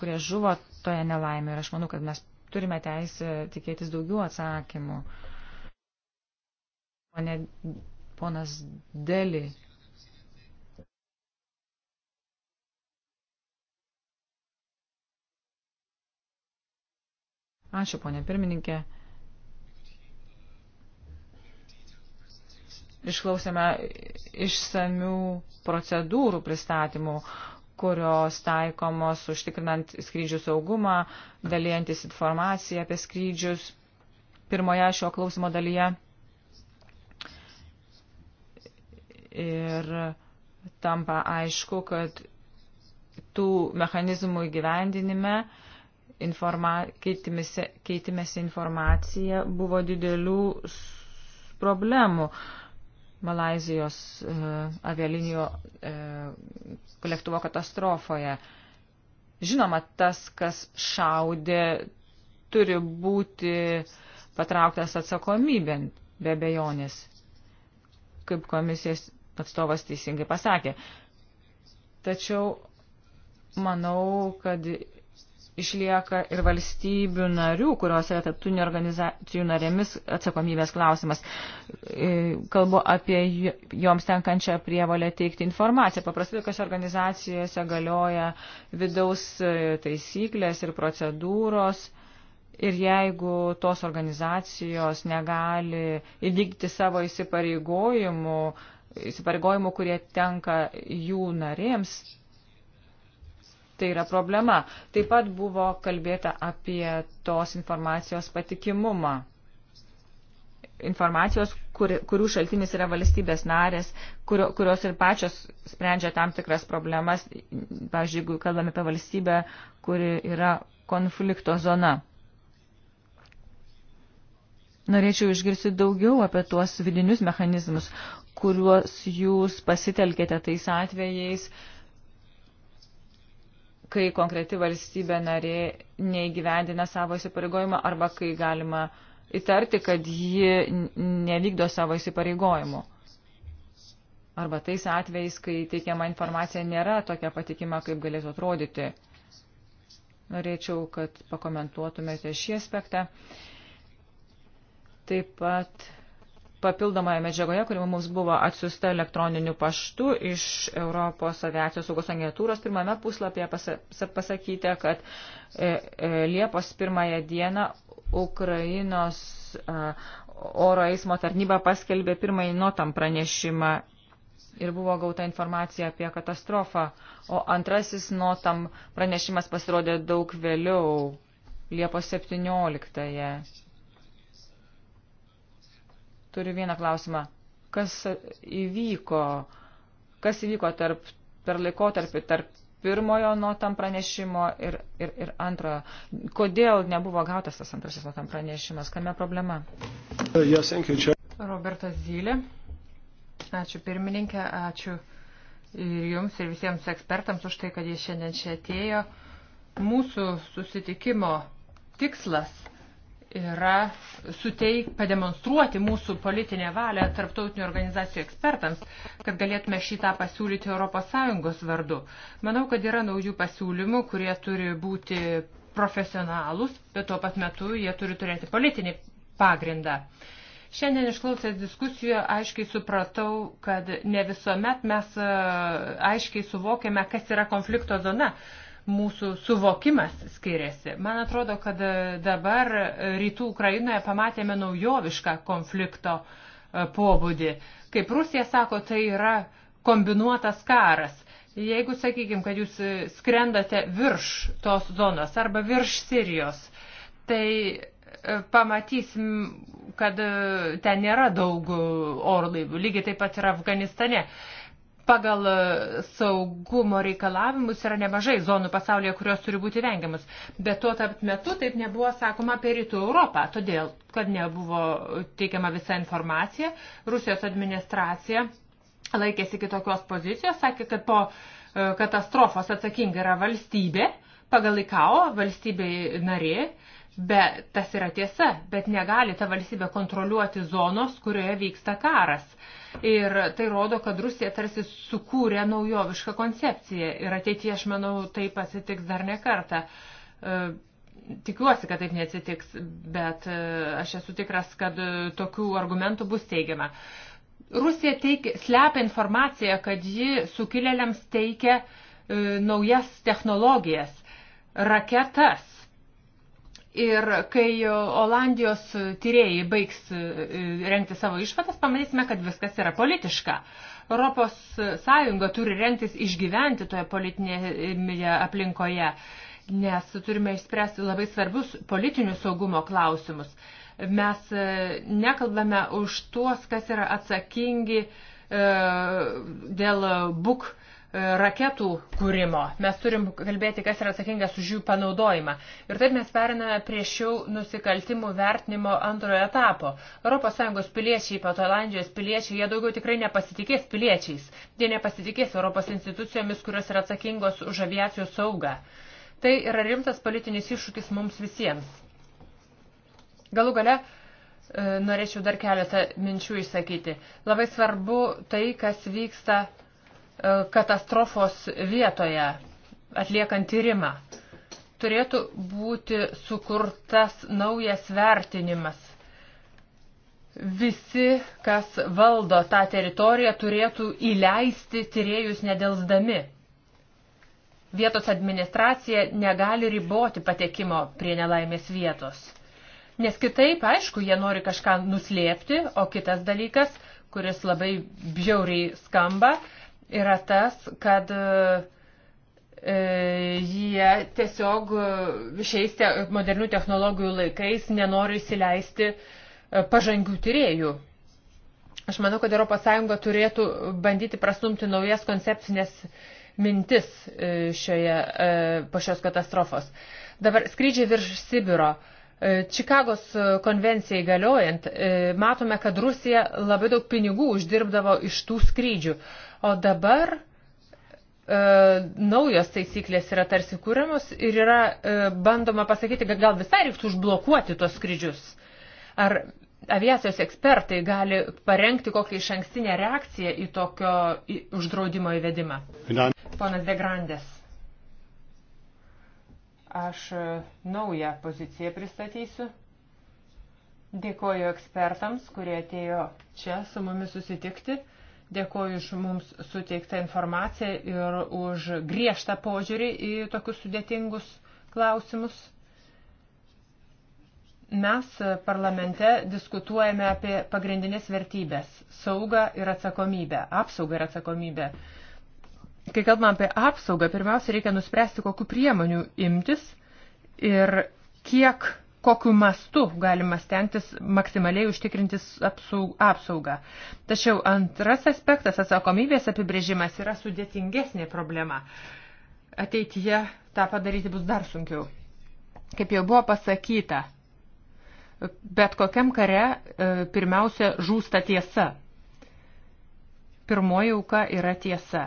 kurie žuvo toje nelaimėje ir aš manau, kad mes turime teisę tikėtis daugiau atsakymų. Pone, ponas Deli. Ačiū, ponė pirmininkė. išklausėme išsamių procedūrų pristatymų, kurios taikomos užtikrinant skrydžių saugumą, dalyjantis informaciją apie skrydžius. Pirmoje šio klausimo dalyje ir tampa aišku, kad tų mechanizmų įgyvendinime informa, keitimėsi informacija buvo didelių problemų. Malazijos e, avialinijų e, lėktuvo katastrofoje. Žinoma, tas, kas šaudė, turi būti patrauktas atsakomybėn be bejonės, kaip komisijos atstovas teisingai pasakė. Tačiau manau, kad išlieka ir valstybių narių, kurios yra taptunių organizacijų narėmis atsakomybės klausimas. E, kalbu apie joms tenkančią prievalę teikti informaciją. Paprastai, kas organizacijose galioja vidaus e, taisyklės ir procedūros. Ir jeigu tos organizacijos negali įvykdyti savo įsipareigojimų, įsipareigojimų, kurie tenka jų narėms, tai yra problema. Taip pat buvo kalbėta apie tos informacijos patikimumą. Informacijos, kur, kurių šaltinis yra valstybės narės, kur, kurios ir pačios sprendžia tam tikras problemas, pavyzdžiui, jeigu kalbame apie valstybę, kuri yra konflikto zona. Norėčiau išgirsti daugiau apie tuos vidinius mechanizmus, kuriuos jūs pasitelkėte tais atvejais, uh, kai konkreti valstybė narė neįgyvendina savo įsipareigojimą arba kai galima įtarti, kad ji nevykdo savo įsipareigojimų. Arba tais atvejais, kai teikiama informacija nėra tokia patikima, kaip galėtų atrodyti. Norėčiau, kad pakomentuotumėte šį aspektą. Taip pat papildomoje medžiagoje, kuri mums buvo atsiusta elektroniniu paštu iš Europos aviacijos saugos agentūros. Pirmame puslapyje pasakyta, kad e, e, Liepos pirmąją dieną Ukrainos oro eismo tarnyba paskelbė pirmąjį notam pranešimą ir buvo gauta informacija apie katastrofą, o antrasis notam pranešimas pasirodė daug vėliau, Liepos 17. -ąją Turiu vieną klausimą. Kas įvyko, kas įvyko tarp, per laikotarpį tarp pirmojo nuotam pranešimo ir, ir, ir antrojo? Kodėl nebuvo gautas tas antrasis nuotam pranešimas? Kame problema? Uh, Robertas Zylė. Ačiū pirmininkė, ačiū ir jums ir visiems ekspertams už tai, kad jie šiandien čia atėjo. Mūsų susitikimo tikslas yra suteik, pademonstruoti mūsų politinę valią tarptautinių organizacijų ekspertams, kad galėtume šitą pasiūlyti ES vardu. Manau, kad yra naujų pasiūlymų, kurie turi būti profesionalūs, bet tuo pat metu jie turi turėti politinį pagrindą. Šiandien išklausęs diskusijoje aiškiai supratau, kad ne visuomet mes e, aiškiai suvokiame, kas yra konflikto zona mūsų suvokimas skiriasi. Man atrodo, kad dabar rytų Ukrainoje pamatėme naujovišką konflikto e, pobūdį. Kaip Rusija sako, tai yra kombinuotas karas. Jeigu, sakykime, kad jūs e, skrendate virš tos zonos arba virš Sirijos, tai e, pamatysim, kad ten nėra daug orlaivių. Lygiai taip pat ir Afganistane pagal e, saugumo reikalavimus yra nemažai zonų pasaulyje, kurios turi būti vengiamas. Bet tuo tarp metu taip nebuvo sakoma apie rytų Europą, todėl, kad nebuvo teikiama visa informacija. Rusijos administracija laikėsi kitokios pozicijos, sakė, kad po e, katastrofos atsakinga yra valstybė, pagal IKAO valstybė narė. Bet tas yra tiesa, bet negali ta valstybė kontroliuoti zonos, kurioje vyksta karas. Uh, Ir tai rodo, kad Rusija tarsi sukūrė naujovišką koncepciją ir ateityje, aš manau, taip atsitiks dar ne kartą. E, tikiuosi, kad taip neatsitiks, bet e, aš esu tikras, kad e, tokių argumentų bus teigiama. Rusija teikia, slepia informaciją, kad ji sukilėliams teikia naujas technologijas, raketas, Ir kai Olandijos tyrėjai baigs e, e, renkti savo išvadas, pamatysime, kad viskas yra politiška. Europos Sąjunga turi renktis išgyventi toje politinėje aplinkoje, nes turime išspręsti labai svarbius politinių saugumo klausimus. Mes e, nekalbame už tuos, kas yra atsakingi dėl buk E, raketų kūrimo. Mes turim kalbėti, kas yra atsakingas už jų panaudojimą. Ir taip mes periname prie šių nusikaltimų vertinimo antrojo etapo. ES piliečiai, pato Olandijos piliečiai, jie daugiau tikrai nepasitikės piliečiais. Jie nepasitikės Europos institucijomis, kurios yra atsakingos už aviacijos saugą. Tai yra rimtas politinis iššūkis mums visiems. Galų gale, e, norėčiau dar keletą minčių išsakyti. Labai svarbu tai, kas vyksta E, katastrofos vietoje atliekant tyrimą. Turėtų būti sukurtas naujas vertinimas. Visi, kas valdo tą teritoriją, turėtų įleisti tyriejus nedelsdami. Vietos administracija negali riboti patekimo prie nelaimės vietos. Nes kitaip, aišku, jie nori kažką nuslėpti, o kitas dalykas, kuris labai bjauriai skamba, yra tas, kad e, jie tiesiog šiais modernių technologijų laikais nenori įsileisti e, pažangių tyriejų. Aš manau, kad ES turėtų bandyti prastumti naujas koncepcinės mintis e, šioje, po šios katastrofos. Dabar skrydžiai virš Sibiro. Uh, E, Čikagos e, konvencijai galiojant, e, matome, kad Rusija labai daug pinigų uždirbdavo iš tų skrydžių. O dabar e, naujos taisyklės yra tarsi kūriamos ir yra e, bandoma pasakyti, kad gal visai reiktų užblokuoti tos skrydžius. Ar aviacijos ekspertai gali parengti kokią iš ankstinę reakciją į tokio uždraudimo įvedimą? Ponas Degrandės. Aš e, naują poziciją pristatysiu. Dėkoju ekspertams, kurie atėjo čia su mumis susitikti. Dėkoju už mums suteiktą informaciją ir už griežtą požiūrį į tokius sudėtingus klausimus. Mes parlamente diskutuojame apie pagrindinės vertybės - saugą ir atsakomybę, apsaugą ir atsakomybę kai kalbam apie apsaugą, pirmiausia, reikia nuspręsti, kokiu priemonių imtis ir kiek, kokiu mastu galima stengtis maksimaliai užtikrintis apsaugą. Tačiau antras aspektas, atsakomybės apibrėžimas, yra sudėtingesnė problema. Ateityje tą padaryti bus dar sunkiau. Kaip jau buvo pasakyta, bet kokiam kare e, pirmiausia žūsta tiesa. Pirmoji auka yra tiesa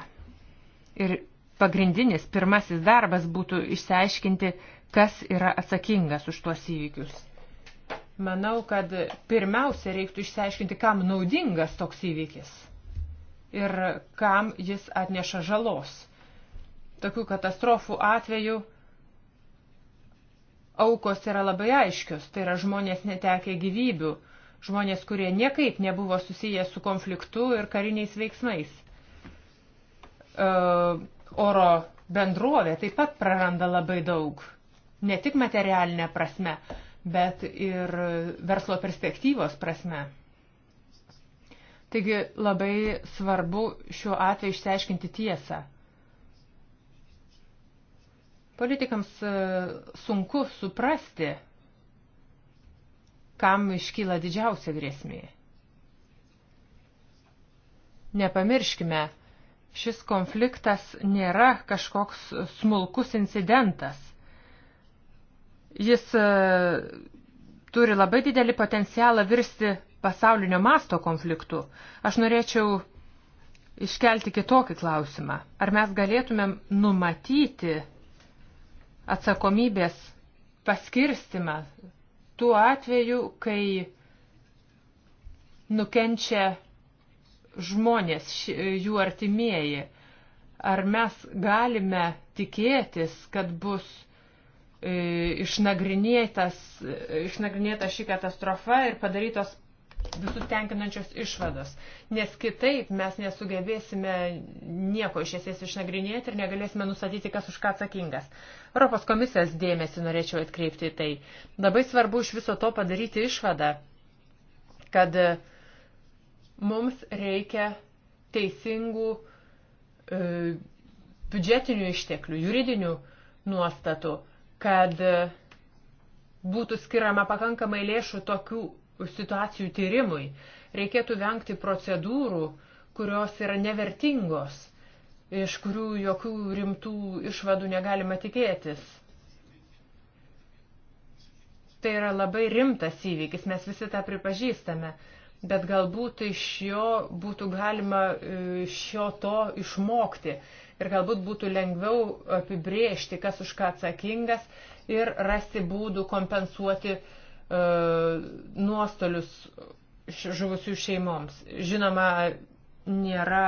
Ir pagrindinis, pirmasis darbas būtų išsiaiškinti, kas yra atsakingas už tuos įvykius. Manau, kad pirmiausia reiktų išsiaiškinti, kam naudingas toks įvykis ir kam jis atneša žalos. Tokių katastrofų atveju aukos yra labai aiškios, tai yra žmonės netekę gyvybių, žmonės, kurie niekaip nebuvo susiję su konfliktu ir kariniais veiksmais. E, oro bendrovė taip pat praranda labai daug. Ne tik materialinė prasme, bet ir verslo perspektyvos prasme. Taigi labai svarbu šiuo atveju išsiaiškinti tiesą. Politikams e, sunku suprasti, kam iškyla didžiausia grėsmė. Nepamirškime, Šis konfliktas nėra kažkoks smulkus incidentas. Jis e, turi labai didelį potencialą virsti pasaulinio masto konfliktu. Aš norėčiau iškelti kitokį klausimą. Ar mes galėtumėm numatyti atsakomybės paskirstimą tuo atveju, kai nukenčia žmonės, jų artimieji. Ar mes galime tikėtis, kad bus e, išnagrinėta ši katastrofa ir padarytos visus tenkinančios išvados. Nes kitaip mes nesugebėsime nieko iš esės išnagrinėti ir negalėsime nustatyti, kas už ką atsakingas. Europos komisijos dėmesį norėčiau atkreipti į tai. Labai svarbu iš viso to padaryti išvadą, kad uh, Mums reikia teisingų e, biudžetinių išteklių, juridinių nuostatų, kad e, būtų skiriama pakankamai lėšų tokių situacijų tyrimui. Reikėtų vengti procedūrų, kurios yra nevertingos, iš kurių jokių rimtų išvadų negalima tikėtis. Tai yra labai rimtas įvykis, mes visi tą pripažįstame bet galbūt iš jo būtų galima e, šio to išmokti ir galbūt būtų lengviau apibriežti, kas už ką atsakingas ir rasti būdų kompensuoti uh, nuostolius žuvusių šeimoms. Žinoma, nėra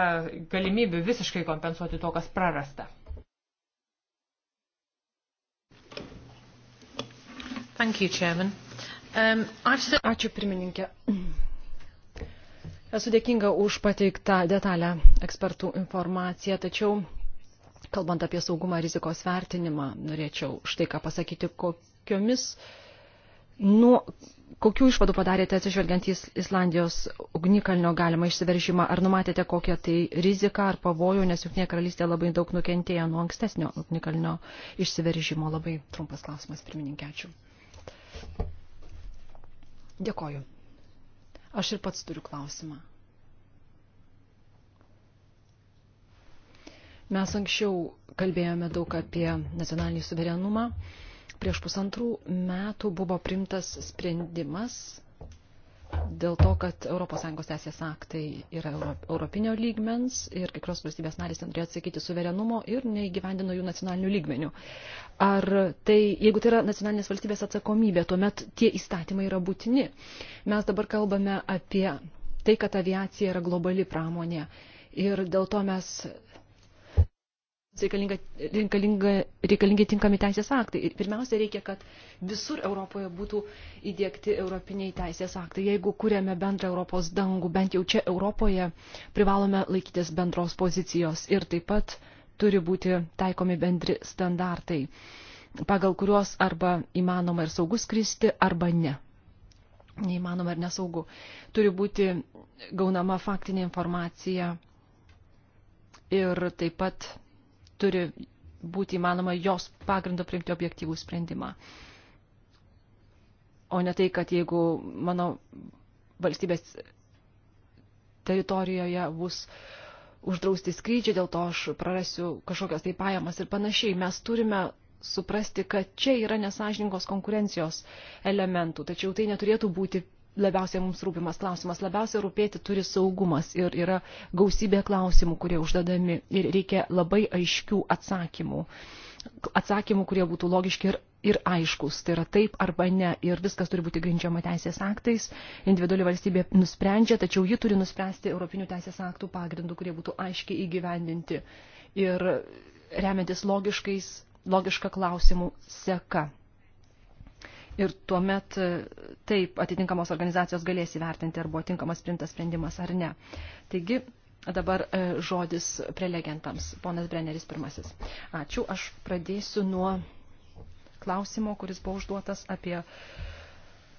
galimybių visiškai kompensuoti to, kas prarasta. Thank you, Chairman. Um, Ačiū pirmininkė. Esu dėkinga už pateiktą detalę ekspertų informaciją, tačiau kalbant apie saugumą rizikos vertinimą, norėčiau štai ką pasakyti, kokiomis Nu, kokių išvadų padarėte atsižvelgiant į Islandijos ugnikalnio galimą išsiveržimą? Ar numatėte kokią tai riziką ar pavojų, nes Junktinė karalystė labai daug nukentėjo nuo ankstesnio ugnikalnio išsiveržimo? Labai trumpas klausimas, pirmininkė, ačiū. Dėkoju, Aš ir pats turiu klausimą. Mes anksčiau kalbėjome daug apie nacionalinį suverenumą. Prieš pusantrų metų buvo primtas sprendimas dėl to, kad ES teisės aktai yra europinio lygmens ir kai kurios valstybės narys ten turėjo atsakyti suverenumo ir neįgyvendino jų nacionalinių lygmenių. Ar tai, jeigu tai yra nacionalinės valstybės atsakomybė, tuomet tie įstatymai yra būtini. Mes dabar kalbame apie tai, kad aviacija yra globali pramonė ir dėl to mes reikalinga, reikalinga, reikalingi tinkami teisės aktai. Ir pirmiausia, reikia, kad visur Europoje būtų įdėkti europiniai teisės aktai. Jeigu kūrėme bendrą Europos dangų, bent jau čia Europoje, privalome laikytis bendros pozicijos ir taip pat turi būti taikomi bendri standartai, pagal kuriuos arba įmanoma ir saugus kristi, arba ne. Neįmanoma ir nesaugu. Turi būti gaunama faktinė informacija ir taip pat turi būti įmanoma jos pagrindo priimti objektyvų sprendimą. O ne tai, kad jeigu mano valstybės teritorijoje bus uždrausti skrydžiai, dėl to aš prarasiu kažkokias tai pajamas ir panašiai. Mes turime suprasti, kad čia yra nesažiningos konkurencijos elementų, tačiau tai neturėtų būti labiausiai mums rūpimas klausimas. Labiausiai rūpėti turi saugumas ir yra gausybė klausimų, kurie uždadami ir reikia labai aiškių atsakymų. Atsakymų, kurie būtų logiški ir, ir aiškus. Tai yra taip arba ne. Ir viskas turi būti grindžiama teisės aktais. Individuali valstybė nusprendžia, tačiau ji turi nuspręsti Europinių teisės aktų pagrindų, kurie būtų aiškiai įgyvendinti. Ir remiantis logiškais, logiška klausimų seka Ir tuomet e, taip atitinkamos organizacijos galės įvertinti, ar buvo tinkamas printas sprendimas ar ne. Taigi dabar e, žodis prelegentams. Ponas Brenneris pirmasis. Ačiū. Aš pradėsiu nuo klausimo, kuris buvo užduotas apie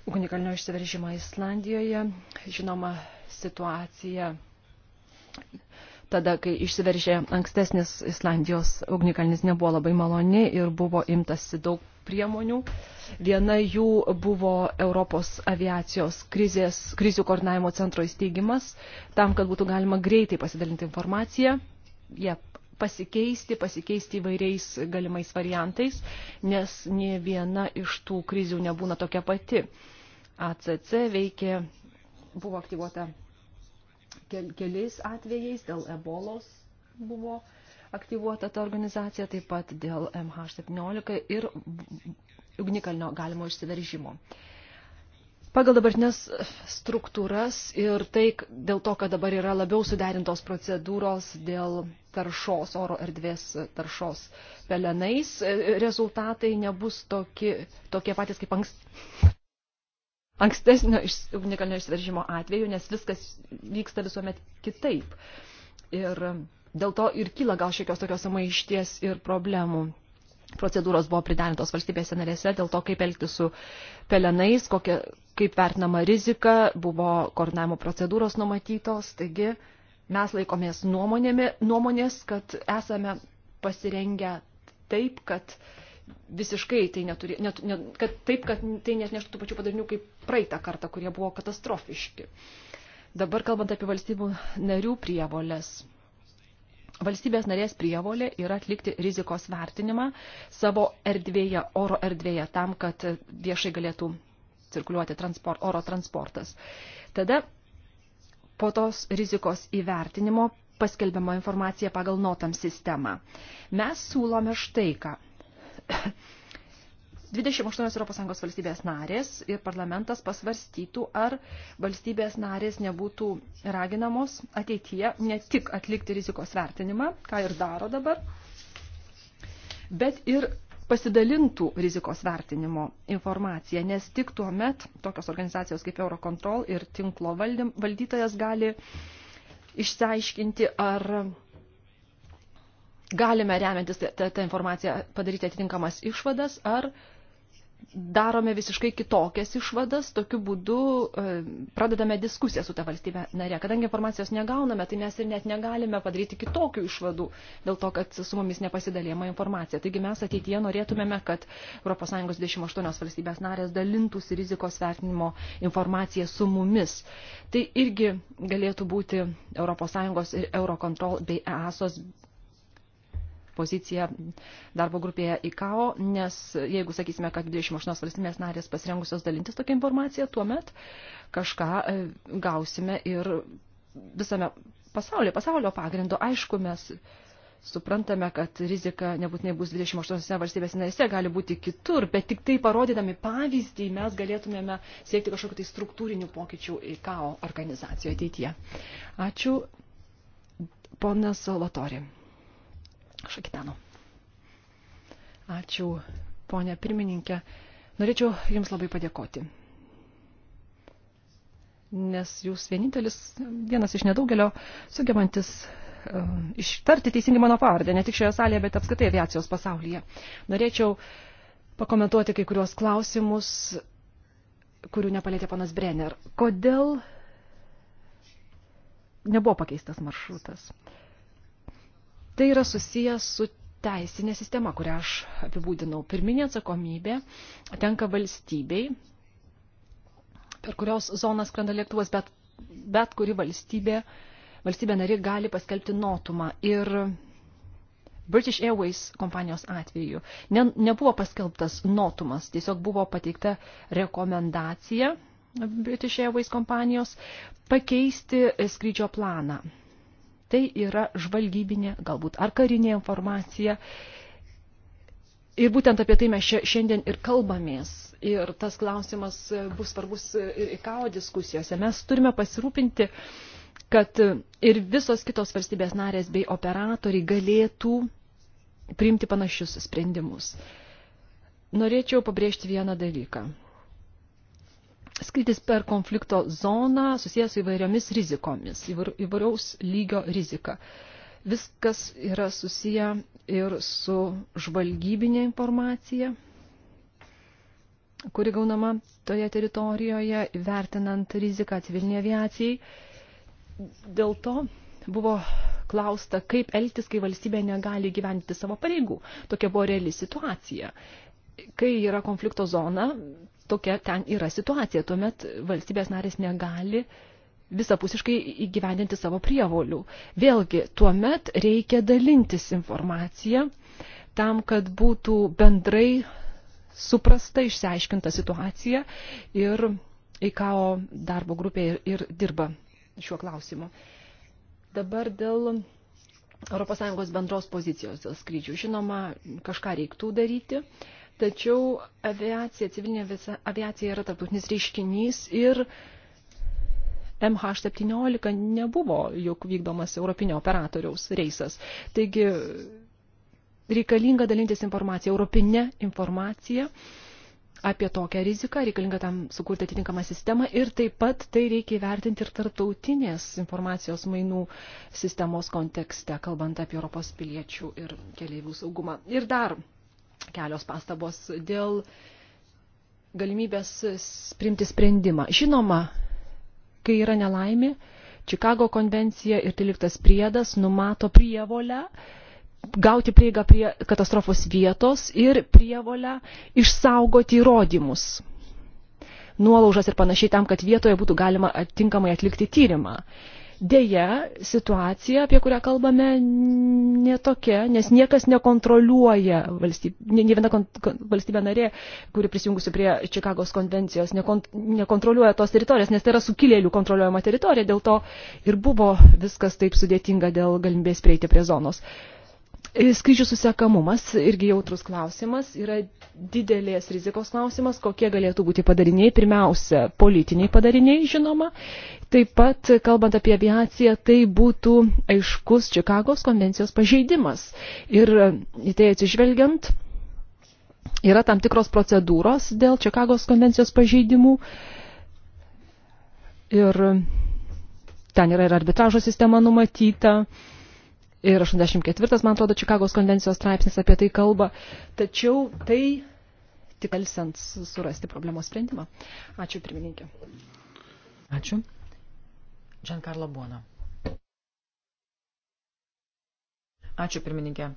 ugnikalnio išsiveržimą Islandijoje. Žinoma, situacija tada, kai išsiveržė ankstesnis Islandijos ugnikalnis, nebuvo labai maloni ir buvo imtasi daug priemonių. Viena jų buvo Europos aviacijos krizės, krizių koordinavimo centro įsteigimas, tam, kad būtų galima greitai pasidalinti informaciją, ją pasikeisti, pasikeisti įvairiais galimais variantais, nes nie viena iš tų krizių nebūna tokia pati. ACC veikė, buvo aktyvuota keliais atvejais, dėl ebolos buvo uh, aktyvuota ta organizacija, taip pat dėl MH17 ir ugnikalnio galimo išsiveržimo. Pagal dabartinės struktūras ir tai dėl to, kad dabar yra labiau suderintos procedūros dėl taršos, oro erdvės taršos pelenais, e, rezultatai nebus tokie, tokie patys kaip anks, ankstesnio iš, ugnikalnio išsiveržimo atveju, nes viskas vyksta visuomet kitaip. Ir Dėl to ir kyla gal šiokios tokios maišties ir problemų. Procedūros buvo pridarintos valstybėse narėse dėl to, kaip elgti su pelenais, kokia, kaip vertinama rizika, buvo koordinavimo procedūros numatytos. Taigi mes laikomės nuomonėmi, nuomonės, kad esame pasirengę taip, kad visiškai tai neturi, net, net, kad taip, kad tai net neštų tų pačių padarinių kaip praeitą kartą, kurie buvo katastrofiški. Dabar kalbant apie valstybių narių prievolės, Valstybės narės prievolė yra atlikti rizikos vertinimą savo erdvėje, oro erdvėje, tam, kad viešai galėtų cirkuliuoti transport, oro transportas. Tada po tos rizikos įvertinimo paskelbiama informacija pagal notam sistemą. Mes siūlome štai ką. 28 ES valstybės narės ir parlamentas pasvarstytų, ar valstybės narės nebūtų raginamos ateityje ne tik atlikti rizikos vertinimą, ką ir daro dabar, bet ir pasidalintų rizikos vertinimo informaciją, nes tik tuo met tokios organizacijos kaip Eurocontrol ir tinklo valdym, valdytojas gali išsiaiškinti, ar galime remiantis tą informaciją padaryti atitinkamas išvadas, ar darome visiškai kitokias išvadas, tokiu būdu e, pradedame diskusiją su ta valstybė narė. Kadangi informacijos negauname, tai mes ir net negalime padaryti kitokių išvadų, dėl to, kad su mumis nepasidalėma informacija. Taigi mes ateityje norėtumėme, kad ES 28 valstybės narės dalintųsi rizikos vertinimo informaciją su mumis. Tai irgi galėtų būti ES ir Eurocontrol bei EASOS poziciją darbo grupėje ICAO, nes jeigu sakysime, kad 28 valstybės narės pasirengusios dalintis tokią informaciją, tuomet kažką e, gausime ir visame pasaulyje, pasaulio pagrindo, aišku, mes suprantame, kad rizika nebūtinai bus 28 valstybės narėse, gali būti kitur, bet tik tai parodydami pavyzdį mes galėtumėme siekti kažkokiu tai struktūrinių pokyčių ICAO organizacijoje ateityje. Ačiū, ponas Lotori. Šakitano. Ačiū, ponė pirmininkė. Norėčiau Jums labai padėkoti. Nes Jūs vienintelis, vienas iš nedaugelio, sugebantis uh, ištarti teisingai mano pavardę, ne tik šioje salėje, bet apskritai aviacijos pasaulyje. Norėčiau pakomentuoti kai kuriuos klausimus, kurių nepalėtė panas Brenner. Kodėl nebuvo pakeistas maršrutas? Uh, Tai yra susijęs su teisinė sistema, kurią aš apibūdinau. Pirminė atsakomybė tenka valstybei, per kurios zoną skrenda lėktuvas, bet, bet kuri valstybė, valstybė nari gali paskelbti notumą. Ir British Airways kompanijos atveju ne, nebuvo paskelbtas notumas, tiesiog buvo pateikta rekomendacija British Airways kompanijos pakeisti skrydžio planą. Tai yra žvalgybinė, galbūt ar karinė informacija. Ir būtent apie tai mes šiandien ir kalbamės. Ir tas klausimas bus svarbus ir IKAO diskusijose. Mes turime pasirūpinti, kad ir visos kitos valstybės narės bei operatoriai galėtų priimti panašius sprendimus. Norėčiau pabrėžti vieną dalyką skrydis per konflikto zoną susijęs su įvairiomis rizikomis, įvairiaus lygio rizika. Viskas yra susiję ir su žvalgybinė informacija, kuri gaunama toje teritorijoje, vertinant riziką civilinė aviacijai. Dėl to buvo klausta, kaip elgtis, kai valstybė negali gyventi savo pareigų. Tokia buvo reali situacija. Kai yra konflikto zona, tokia ten yra situacija. Tuomet valstybės narės negali visapusiškai įgyvendinti savo prievolių. Vėlgi, tuomet reikia dalintis informaciją tam, kad būtų bendrai suprasta, išsiaiškinta situacija ir IKO darbo grupė ir, ir dirba šiuo klausimu. Dabar dėl ES bendros pozicijos dėl skrydžių. Žinoma, kažką reiktų daryti. Uh, Tačiau aviacija, civilinė aviacija yra tarptautinis reiškinys ir MH17 nebuvo juk vykdomas europinio operatoriaus reisas. Taigi reikalinga dalintis informaciją, europinė informacija apie tokią riziką, reikalinga tam sukurti atitinkamą sistemą ir taip pat tai reikia įvertinti ir tartautinės informacijos mainų sistemos kontekste, kalbant apie Europos piliečių ir keleivių saugumą. Ir dar kelios pastabos dėl galimybės priimti sprendimą. Žinoma, kai yra nelaimė, Čikago konvencija ir 13 priedas numato prievolę gauti prieigą prie katastrofos vietos ir prievolę išsaugoti įrodymus nuolaužas ir panašiai tam, kad vietoje būtų galima tinkamai atlikti tyrimą. Deja, situacija, apie kurią kalbame, netokia, nes niekas nekontroliuoja valstybė, ne, ne viena kon, kon, valstybė narė, kuri prisijungusi prie Čikagos konvencijos, nekont, nekontroliuoja tos teritorijos, nes tai yra sukilėlių kontroliuojama teritorija, dėl to ir buvo viskas taip sudėtinga dėl galimybės prieiti prie zonos. Uh, E, skrydžių susekamumas irgi jautrus klausimas, yra didelės rizikos klausimas, kokie galėtų būti padariniai, pirmiausia, politiniai padariniai, žinoma. Taip pat, kalbant apie aviaciją, tai būtų aiškus Čikagos konvencijos pažeidimas. Ir į tai atsižvelgiant, yra tam tikros procedūros dėl Čikagos konvencijos pažeidimų. Ir ten yra ir arbitražo sistema numatyta ir 84, man atrodo, Čikagos konvencijos straipsnis apie tai kalba. Tačiau tai tik alsens surasti problemos sprendimą. Ačiū, pirmininkė. Ačiū. Giancarlo Buona. Ačiū, pirmininkė.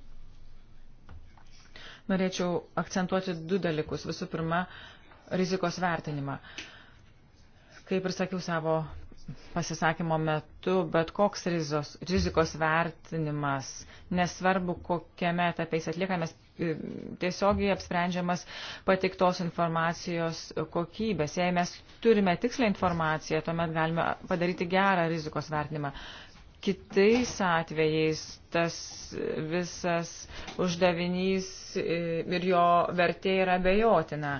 Norėčiau akcentuoti du dalykus. Visų pirma, rizikos vertinimą. Kaip ir sakiau savo pasisakymo metu, bet koks rizos, rizikos vertinimas, nesvarbu, kokiame etape jis atliekamas, e, tiesiogiai apsprendžiamas patiktos informacijos kokybės. Jei mes turime tikslę informaciją, tuomet galime padaryti gerą rizikos vertinimą. Kitais atvejais tas visas uždavinys e, ir jo vertė yra bejotina.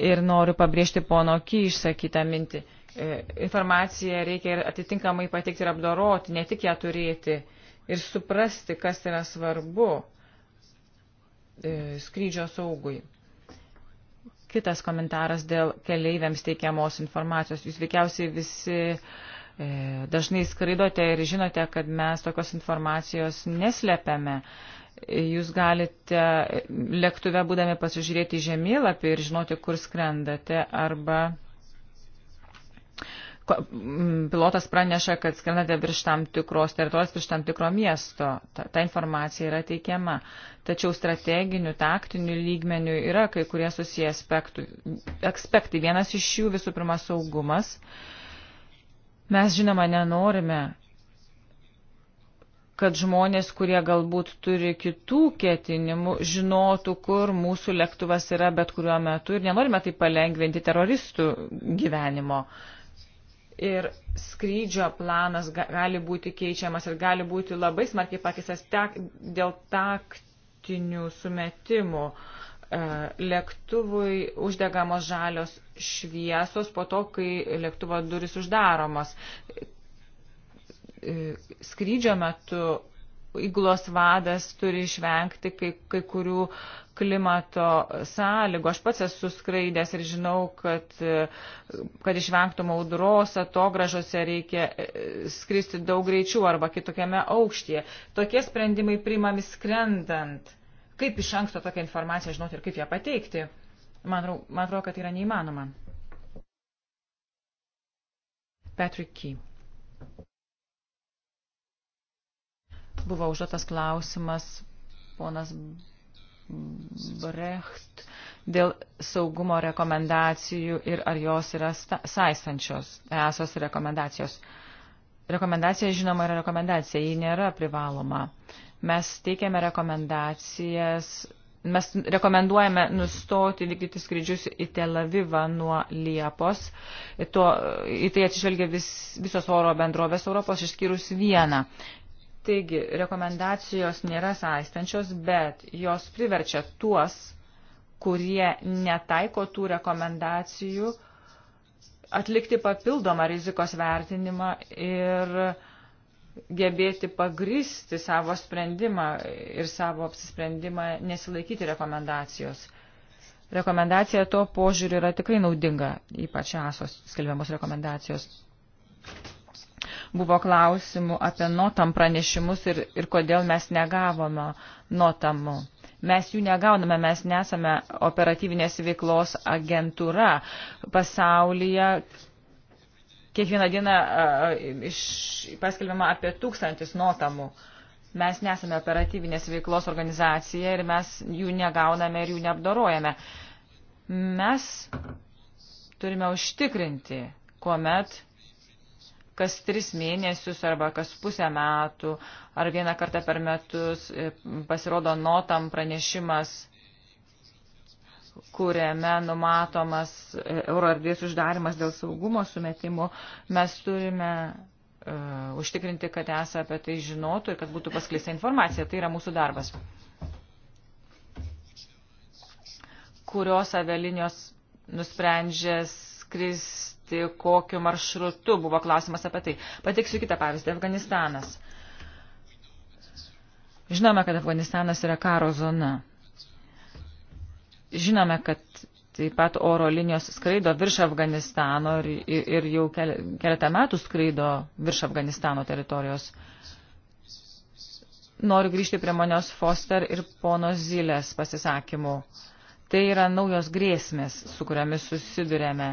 Ir noriu pabrėžti pono Ky išsakytą mintį E, informaciją reikia ir atitinkamai pateikti ir apdoroti, ne tik ją turėti ir suprasti, kas yra svarbu e, skrydžio saugui. Kitas komentaras dėl keleiviams teikiamos informacijos. Jūs veikiausiai visi e, dažnai skraidote ir žinote, kad mes tokios informacijos neslepiame jūs galite lėktuve būdami pasižiūrėti žemėlapį ir žinoti, kur skrendate, arba Mm, pilotas praneša, kad skrendate virš tam tikros teritorijos, virš tam tikro miesto. Ta, ta informacija yra teikiama. Tačiau strateginių, taktinių lygmenių yra kai kurie susiję aspektų. aspektai. Vienas iš jų visų pirma saugumas. Mes žinoma nenorime, kad žmonės, kurie galbūt turi kitų ketinimų, žinotų, kur mūsų lėktuvas yra bet kuriuo metu ir nenorime tai palengventi teroristų gyvenimo. Uh, ir skrydžio planas gali būti keičiamas ir gali būti labai smarkiai pakeistas dėl taktinių sumetimų. E, lėktuvui uždegamos žalios šviesos po to, kai lėktuvo duris uždaromos. E, skrydžio metu įgulos vadas turi išvengti kai, kai kurių klimato sąlygų. Aš pats esu skraidęs ir žinau, kad, kad išvengtum audros, atogražose reikia e, skristi daug greičiau arba kitokiame aukštyje. Tokie sprendimai priimami skrendant. Kaip iš anksto tokią informaciją žinoti ir kaip ją pateikti? Man, man atrodo, kad tai yra neįmanoma. Patrick Key. Buvo užduotas klausimas ponas Brecht dėl saugumo rekomendacijų ir ar jos yra saistančios, esos rekomendacijos. Rekomendacija, žinoma, yra rekomendacija, ji nėra privaloma. Mes teikiame rekomendacijas, mes rekomenduojame nustoti vykdyti skrydžius į Tel Avivą nuo Liepos. Tuo, į tai atsižvelgia vis, visos oro bendrovės Europos išskyrus vieną. Taigi, rekomendacijos nėra saistančios, bet jos priverčia tuos, kurie netaiko tų rekomendacijų, atlikti papildomą rizikos vertinimą ir gebėti pagristi savo sprendimą ir savo apsisprendimą nesilaikyti rekomendacijos. Rekomendacija to požiūriu yra tikrai naudinga, ypač esos skelbiamos rekomendacijos buvo klausimų apie notam pranešimus ir, ir kodėl mes negavome notamų. Mes jų negauname, mes nesame operatyvinės veiklos agentūra pasaulyje. Kiekvieną dieną iš, paskelbima apie tūkstantis notamų. Mes nesame operatyvinės veiklos organizacija ir mes jų negauname ir jų neapdorojame. Mes turime užtikrinti, kuomet kas tris mėnesius arba kas pusę metų ar vieną kartą per metus e, pasirodo notam pranešimas, kuriame numatomas e, euroardės uždarimas dėl saugumo sumetimų, mes turime uh, užtikrinti, kad esą apie tai žinotų ir kad būtų paskleista informacija. Tai yra mūsų darbas. kurios avialinijos nusprendžia skristi skristi, kokiu maršrutu, buvo klausimas apie tai. Pateiksiu kitą pavyzdį, Afganistanas. Žinome, kad Afganistanas yra karo zona. Žinome, kad taip pat oro linijos skraido virš Afganistano ir, ir jau keletą metų skraido virš Afganistano teritorijos. Noriu grįžti prie monios Foster ir pono Zilės pasisakymų. Uh, Tai yra naujos grėsmės, su kuriamis susidurėme.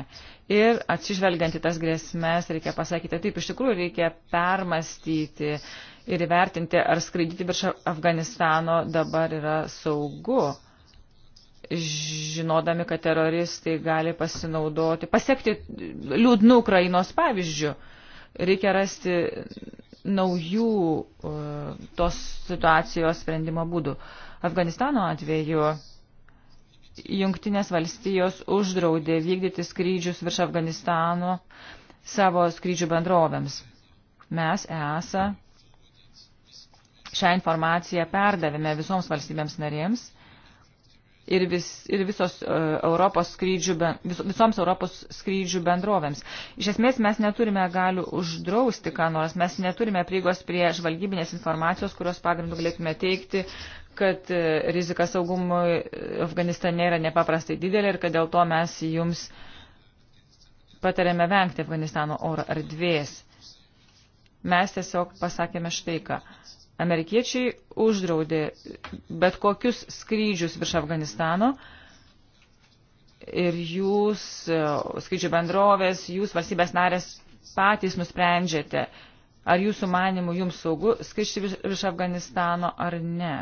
Ir atsižvelgiant į tas grėsmės, reikia pasakyti, taip, iš tikrųjų reikia permastyti ir įvertinti, ar skraidyti virš Afganistano dabar yra saugu, žinodami, kad teroristai gali pasinaudoti, pasiekti liūdnų Ukrainos pavyzdžių. Reikia rasti naujų uh, tos situacijos sprendimo būdų. Afganistano atveju Jungtinės valstijos uždraudė vykdyti skrydžius virš Afganistano savo skrydžių bendrovėms. Mes esą šią informaciją perdavėme visoms valstybėms narėms ir, vis, ir visos, uh, Europos skrydžių, vis, visoms Europos skrydžių bendrovėms. Iš esmės mes neturime galių uždrausti, ką nors mes neturime prieigos prie žvalgybinės informacijos, kurios pagrindų galėtume teikti, kad e, rizika saugumui Afganistane yra nepaprastai didelė ir kad dėl to mes jums patarėme vengti Afganistano oro erdvės. Mes tiesiog pasakėme štai ką. Amerikiečiai uždraudė bet kokius skrydžius virš Afganistano ir jūs, e, skrydžių bendrovės, jūs valstybės narės patys nusprendžiate, ar jūsų manimų jums saugu skristi virš Afganistano ar ne.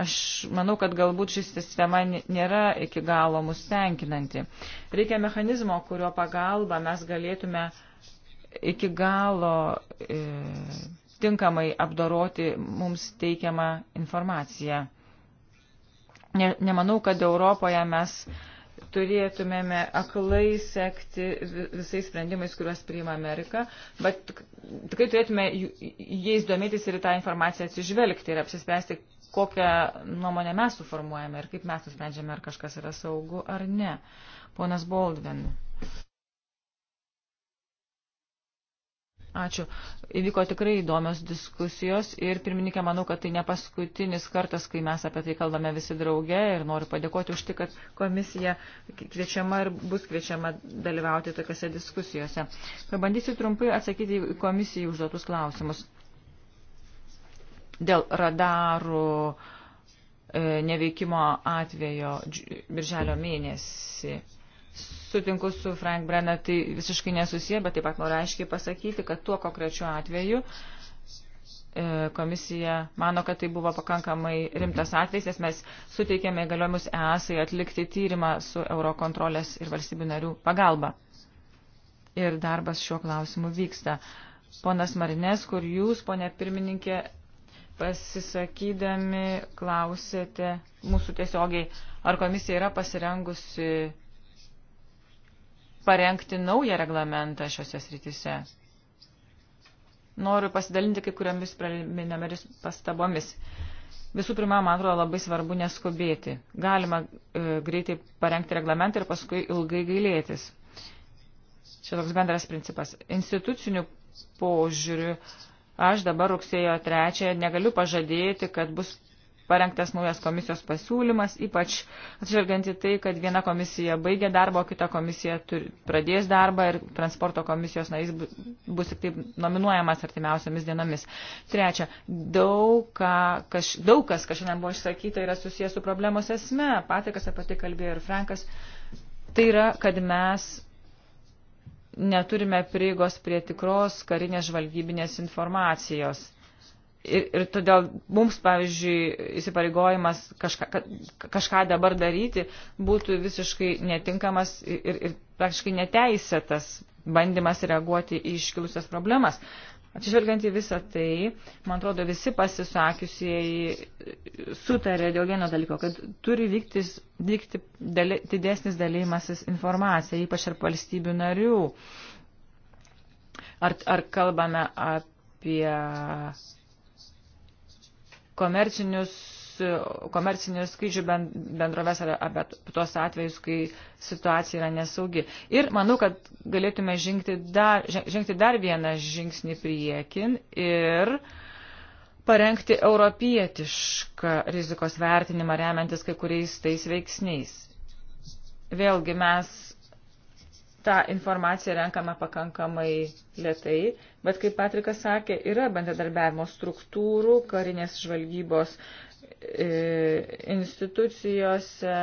Aš manau, kad galbūt ši sistema nėra iki galo mus tenkinanti. Reikia mechanizmo, kurio pagalba mes galėtume iki galo e, tinkamai apdoroti mums teikiamą informaciją. Ne, nemanau, kad Europoje mes turėtumėme aklai sekti visais sprendimais, kuriuos priima Amerika, bet tikrai turėtume jais domėtis ir tą informaciją atsižvelgti ir apsispręsti, kokią nuomonę mes suformuojame ir kaip mes nusprendžiame, ar kažkas yra saugu ar ne. Ponas Baldvin. Ačiū. Įvyko tikrai įdomios diskusijos ir pirmininkė, manau, kad tai ne paskutinis kartas, kai mes apie tai kalbame visi drauge ir noriu padėkoti už tai, kad komisija kviečiama ir bus kviečiama dalyvauti tokiuose diskusijose. Pabandysiu trumpai atsakyti komisijai užduotus klausimus dėl radarų e, neveikimo atvejo birželio mėnesį. Sutinku su Frank Brenna, tai visiškai nesusiję, bet taip pat noriu aiškiai pasakyti, kad tuo konkrečiu atveju e, komisija mano, kad tai buvo pakankamai rimtas atvejs, nes mes suteikėme įgaliojimus EASai atlikti tyrimą su Eurokontrolės ir valstybių narių pagalba. Ir darbas šiuo klausimu vyksta. Ponas Marines, kur jūs, ponė pirmininkė, pasisakydami klausėte mūsų tiesiogiai, ar komisija yra pasirengusi parengti naują reglamentą šiuose srityse. Noriu pasidalinti kai kuriomis preliminariamis pastabomis. Visų pirma, man atrodo labai svarbu neskubėti. Galima e, greitai parengti reglamentą ir paskui ilgai gailėtis. Čia toks bendras principas. Institucinių požiūrių Aš dabar rugsėjo 3 negaliu pažadėti, kad bus parengtas naujas komisijos pasiūlymas, ypač atsižvelgiant į tai, kad viena komisija baigė darbą, o kita komisija turi, pradės darbą ir transporto komisijos narys bus tik taip nominuojamas artimiausiamis dienomis. Trečia, daug, ką, kaž, daug kas, kas šiandien buvo išsakyta, yra susijęs su problemos esme. Patikas apie tai kalbėjo ir Frankas. Tai yra, kad mes neturime prieigos prie tikros karinės žvalgybinės informacijos. Ir, ir todėl mums, pavyzdžiui, įsipareigojimas kažką, kažką dabar daryti būtų visiškai netinkamas ir, ir praktiškai neteisėtas bandymas reaguoti į iškilusias problemas. Atsižvelgiant į visą tai, man atrodo, visi pasisakiusieji sutarė dėl vieno dalyko, kad turi vykti, vykti dalė, didesnis dalymasis informacija, ypač ar valstybių narių. Ar, ar kalbame apie komercinius komercinių skrydžių bendrovės ar apie tuos atvejus, kai situacija yra nesaugi. Ir manau, kad galėtume žengti dar, žengti dar vieną žingsnį priekin ir parengti europietišką rizikos vertinimą remiantis kai kuriais tais veiksniais. Vėlgi mes tą informaciją renkame pakankamai lietai, bet kaip Patrikas sakė, yra bendradarbiavimo struktūrų, karinės žvalgybos E, institucijose,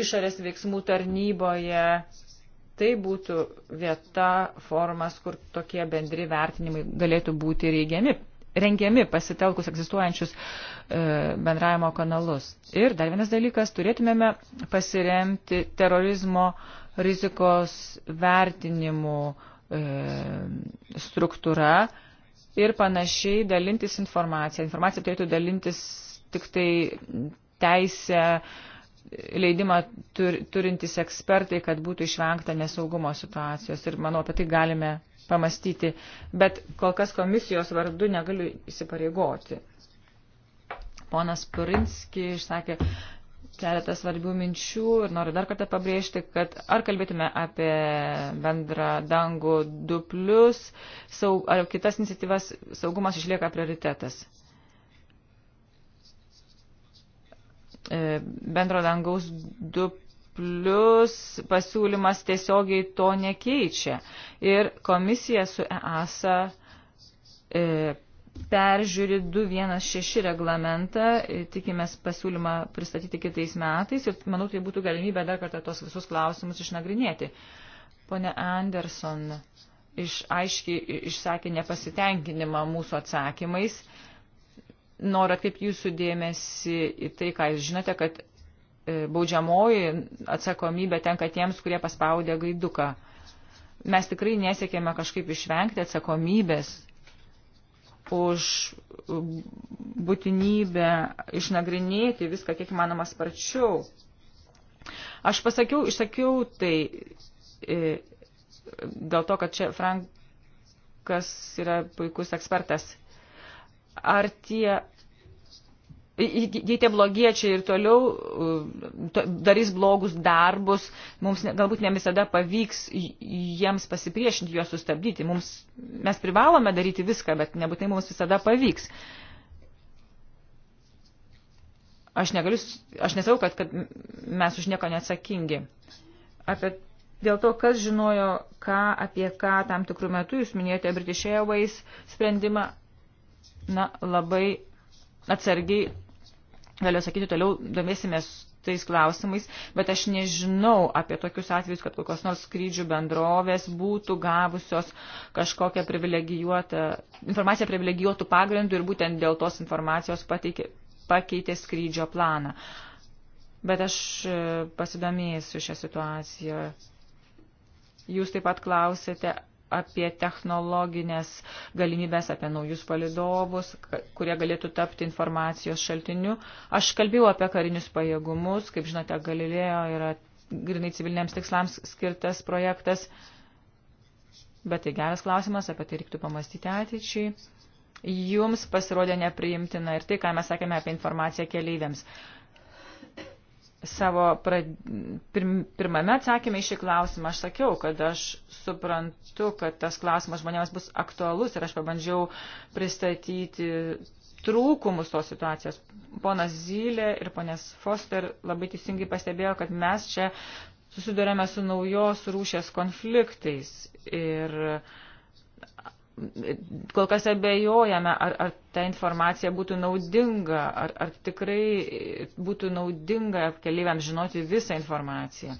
išorės veiksmų tarnyboje. Tai būtų vieta, formas, kur tokie bendri vertinimai galėtų būti reigiami, rengiami pasitelkus egzistuojančius e, bendravimo kanalus. Ir dar vienas dalykas, turėtumėme pasiremti terorizmo rizikos vertinimų e, struktūra, ir panašiai dalintis informaciją. Informacija turėtų dalintis tik tai teisę leidimą tur, turintys ekspertai, kad būtų išvengta nesaugumo situacijos. Ir manau, apie tai galime pamastyti. Bet kol kas komisijos vardu negaliu įsipareigoti. Ponas Purinski išsakė keletą svarbių minčių ir noriu dar kartą pabrėžti, kad ar kalbėtume apie bendrą dangų 2, saug, ar kitas iniciatyvas saugumas išlieka prioritetas. E, bendro dangaus 2 plus pasiūlymas tiesiogiai to nekeičia. Ir komisija su EASA e, peržiūri 216 reglamentą, e, tikimės pasiūlymą pristatyti kitais metais ir manau, tai būtų galimybė dar kartą tos visus klausimus išnagrinėti. Pone Anderson iš, aiškiai išsakė nepasitenkinimą mūsų atsakymais noriu atkreipti jūsų dėmesį į tai, ką jūs žinote, kad e, baudžiamoji atsakomybė tenka tiems, kurie paspaudė gaiduką. Mes tikrai nesiekėme kažkaip išvengti atsakomybės už būtinybę išnagrinėti viską kiek įmanoma sparčiau. Aš pasakiau, išsakiau tai e, dėl to, kad čia Frankas yra puikus ekspertas ar tie, jei tie blogiečiai ir toliau darys blogus darbus, mums galbūt ne visada pavyks jiems pasipriešinti, juos sustabdyti. Mums, mes privalome daryti viską, bet nebūtinai mums visada pavyks. Aš negaliu, aš nesau, kad, kad mes už nieko neatsakingi. Apie Dėl to, kas žinojo, ką apie ką tam tikrų metų, jūs minėjote British Airways sprendimą, na, labai atsargiai, galiu sakyti, toliau domėsimės tais klausimais, bet aš nežinau apie tokius atvejus, kad kokios nors skrydžių bendrovės būtų gavusios kažkokią privilegijuotą informaciją privilegijuotų pagrindų ir būtent dėl tos informacijos pateikė, pakeitė skrydžio planą. Bet aš e, pasidomėsiu šią situaciją. Jūs taip pat klausėte apie technologinės galimybės, apie naujus palidovus, kurie galėtų tapti informacijos šaltiniu. Aš kalbėjau apie karinius pajėgumus, kaip žinote, Galilėjo yra grinai civiliniams tikslams skirtas projektas, bet tai geras klausimas, apie tai reiktų pamastyti ateičiai. Jums pasirodė nepriimtina ir tai, ką mes sakėme apie informaciją keleiviams savo prad... pirm... pirmame atsakymė į šį klausimą aš sakiau, kad aš suprantu, kad tas klausimas žmonėms bus aktualus ir aš pabandžiau pristatyti trūkumus tos situacijos. Ponas Zylė ir ponas Foster labai teisingai pastebėjo, kad mes čia susidurėme su naujos rūšės konfliktais ir uh, kol kas abejojame, ar, ar ta informacija būtų naudinga, ar, ar tikrai būtų naudinga keliaiviams žinoti visą informaciją.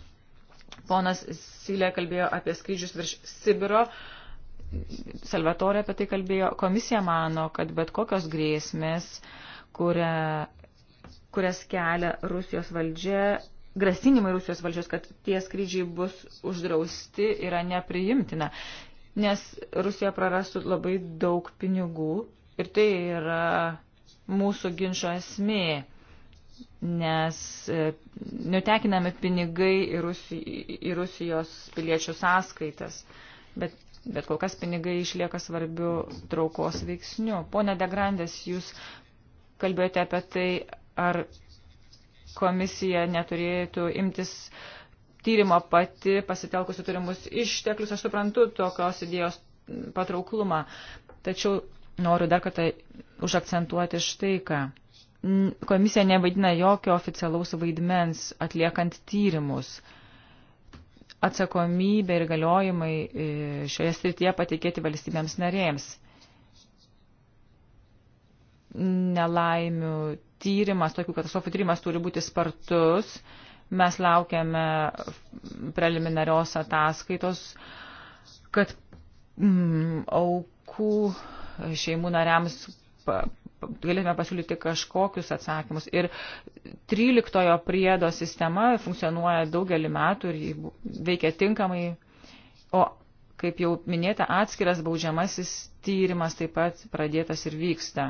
Ponas Silė kalbėjo apie skrydžius virš Sibiro, Salvatorė apie tai kalbėjo. Komisija mano, kad bet kokios grėsmės, kuria, kurias kelia Rusijos valdžia, grasinimai Rusijos valdžios, kad tie skrydžiai bus uždrausti, yra nepriimtina nes Rusija prarastų labai daug pinigų ir tai yra mūsų ginčio esmė, nes e, nutekinami pinigai į, Rusi, į Rusijos piliečių sąskaitas, bet, bet kol kas pinigai išlieka svarbių traukos veiksnių. Pone Degrandės, jūs kalbėjote apie tai, ar komisija neturėtų imtis uh, tyrimo pati, pasitelkusi turimus išteklius, aš suprantu tokios idėjos patrauklumą. Tačiau noriu dar kartą užakcentuoti štai ką. Komisija nevaidina jokio oficialaus vaidmens atliekant tyrimus. Atsakomybė ir galiojimai e, šioje srityje patikėti valstybėms narėms. Nelaimių tyrimas, tokių katastrofų tyrimas turi būti spartus Mes laukiame preliminarios ataskaitos, kad mm, aukų šeimų nariams pa, galėtume pasiūlyti kažkokius atsakymus. Ir 13 priedo sistema funkcionuoja daugelį metų ir veikia tinkamai, o kaip jau minėta, atskiras baudžiamasis tyrimas taip pat pradėtas ir vyksta.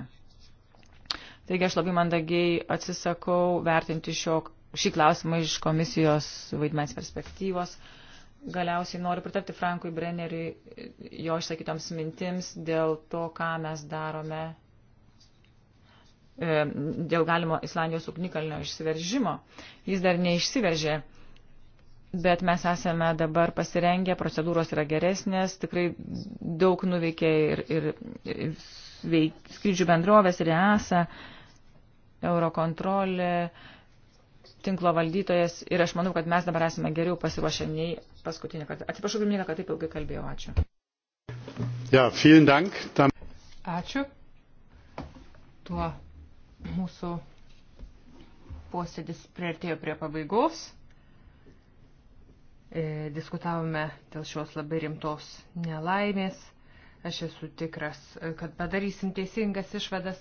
Taigi aš labai mandagiai atsisakau vertinti šio šį klausimą iš komisijos vaidmens perspektyvos. Galiausiai noriu pritarti Frankui Brenneriui jo išsakytoms mintims dėl to, ką mes darome e, dėl galimo Islandijos ugnikalnio išsiveržimo. Jis dar neišsiveržė, bet mes esame dabar pasirengę, procedūros yra geresnės, tikrai daug nuveikė ir, ir, ir veik, skrydžių bendrovės, ir EASA, Eurokontrolė, tinklo valdytojas ir aš manau, kad mes dabar esame geriau pasiruošę nei paskutinį kartą. Atsiprašau, pirmininką, kad taip ilgai kalbėjau. Ačiū. Ja, dank. Tam... Ačiū. Tuo mūsų posėdis prieartėjo prie pabaigos. E, diskutavome dėl šios labai rimtos nelaimės. Aš esu tikras, kad padarysim teisingas išvadas.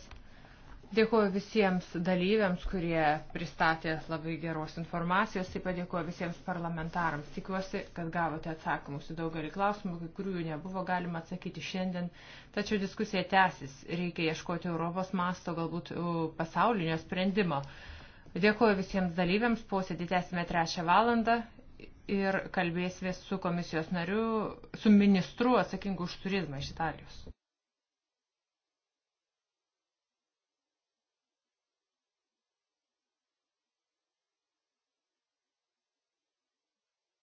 Dėkuoju visiems dalyviams, kurie pristatė labai geros informacijos, taip pat dėkuoju visiems parlamentarams. Tikiuosi, kad gavote atsakymus į daugelį klausimų, kai kurių jų nebuvo galima atsakyti šiandien, tačiau diskusija tęsis, reikia ieškoti Europos masto, galbūt pasaulinio sprendimo. Dėkuoju visiems dalyviams, posėdį tęsime trečią valandą ir kalbėsime su komisijos nariu, su ministru atsakingu už turizmą iš Italijos.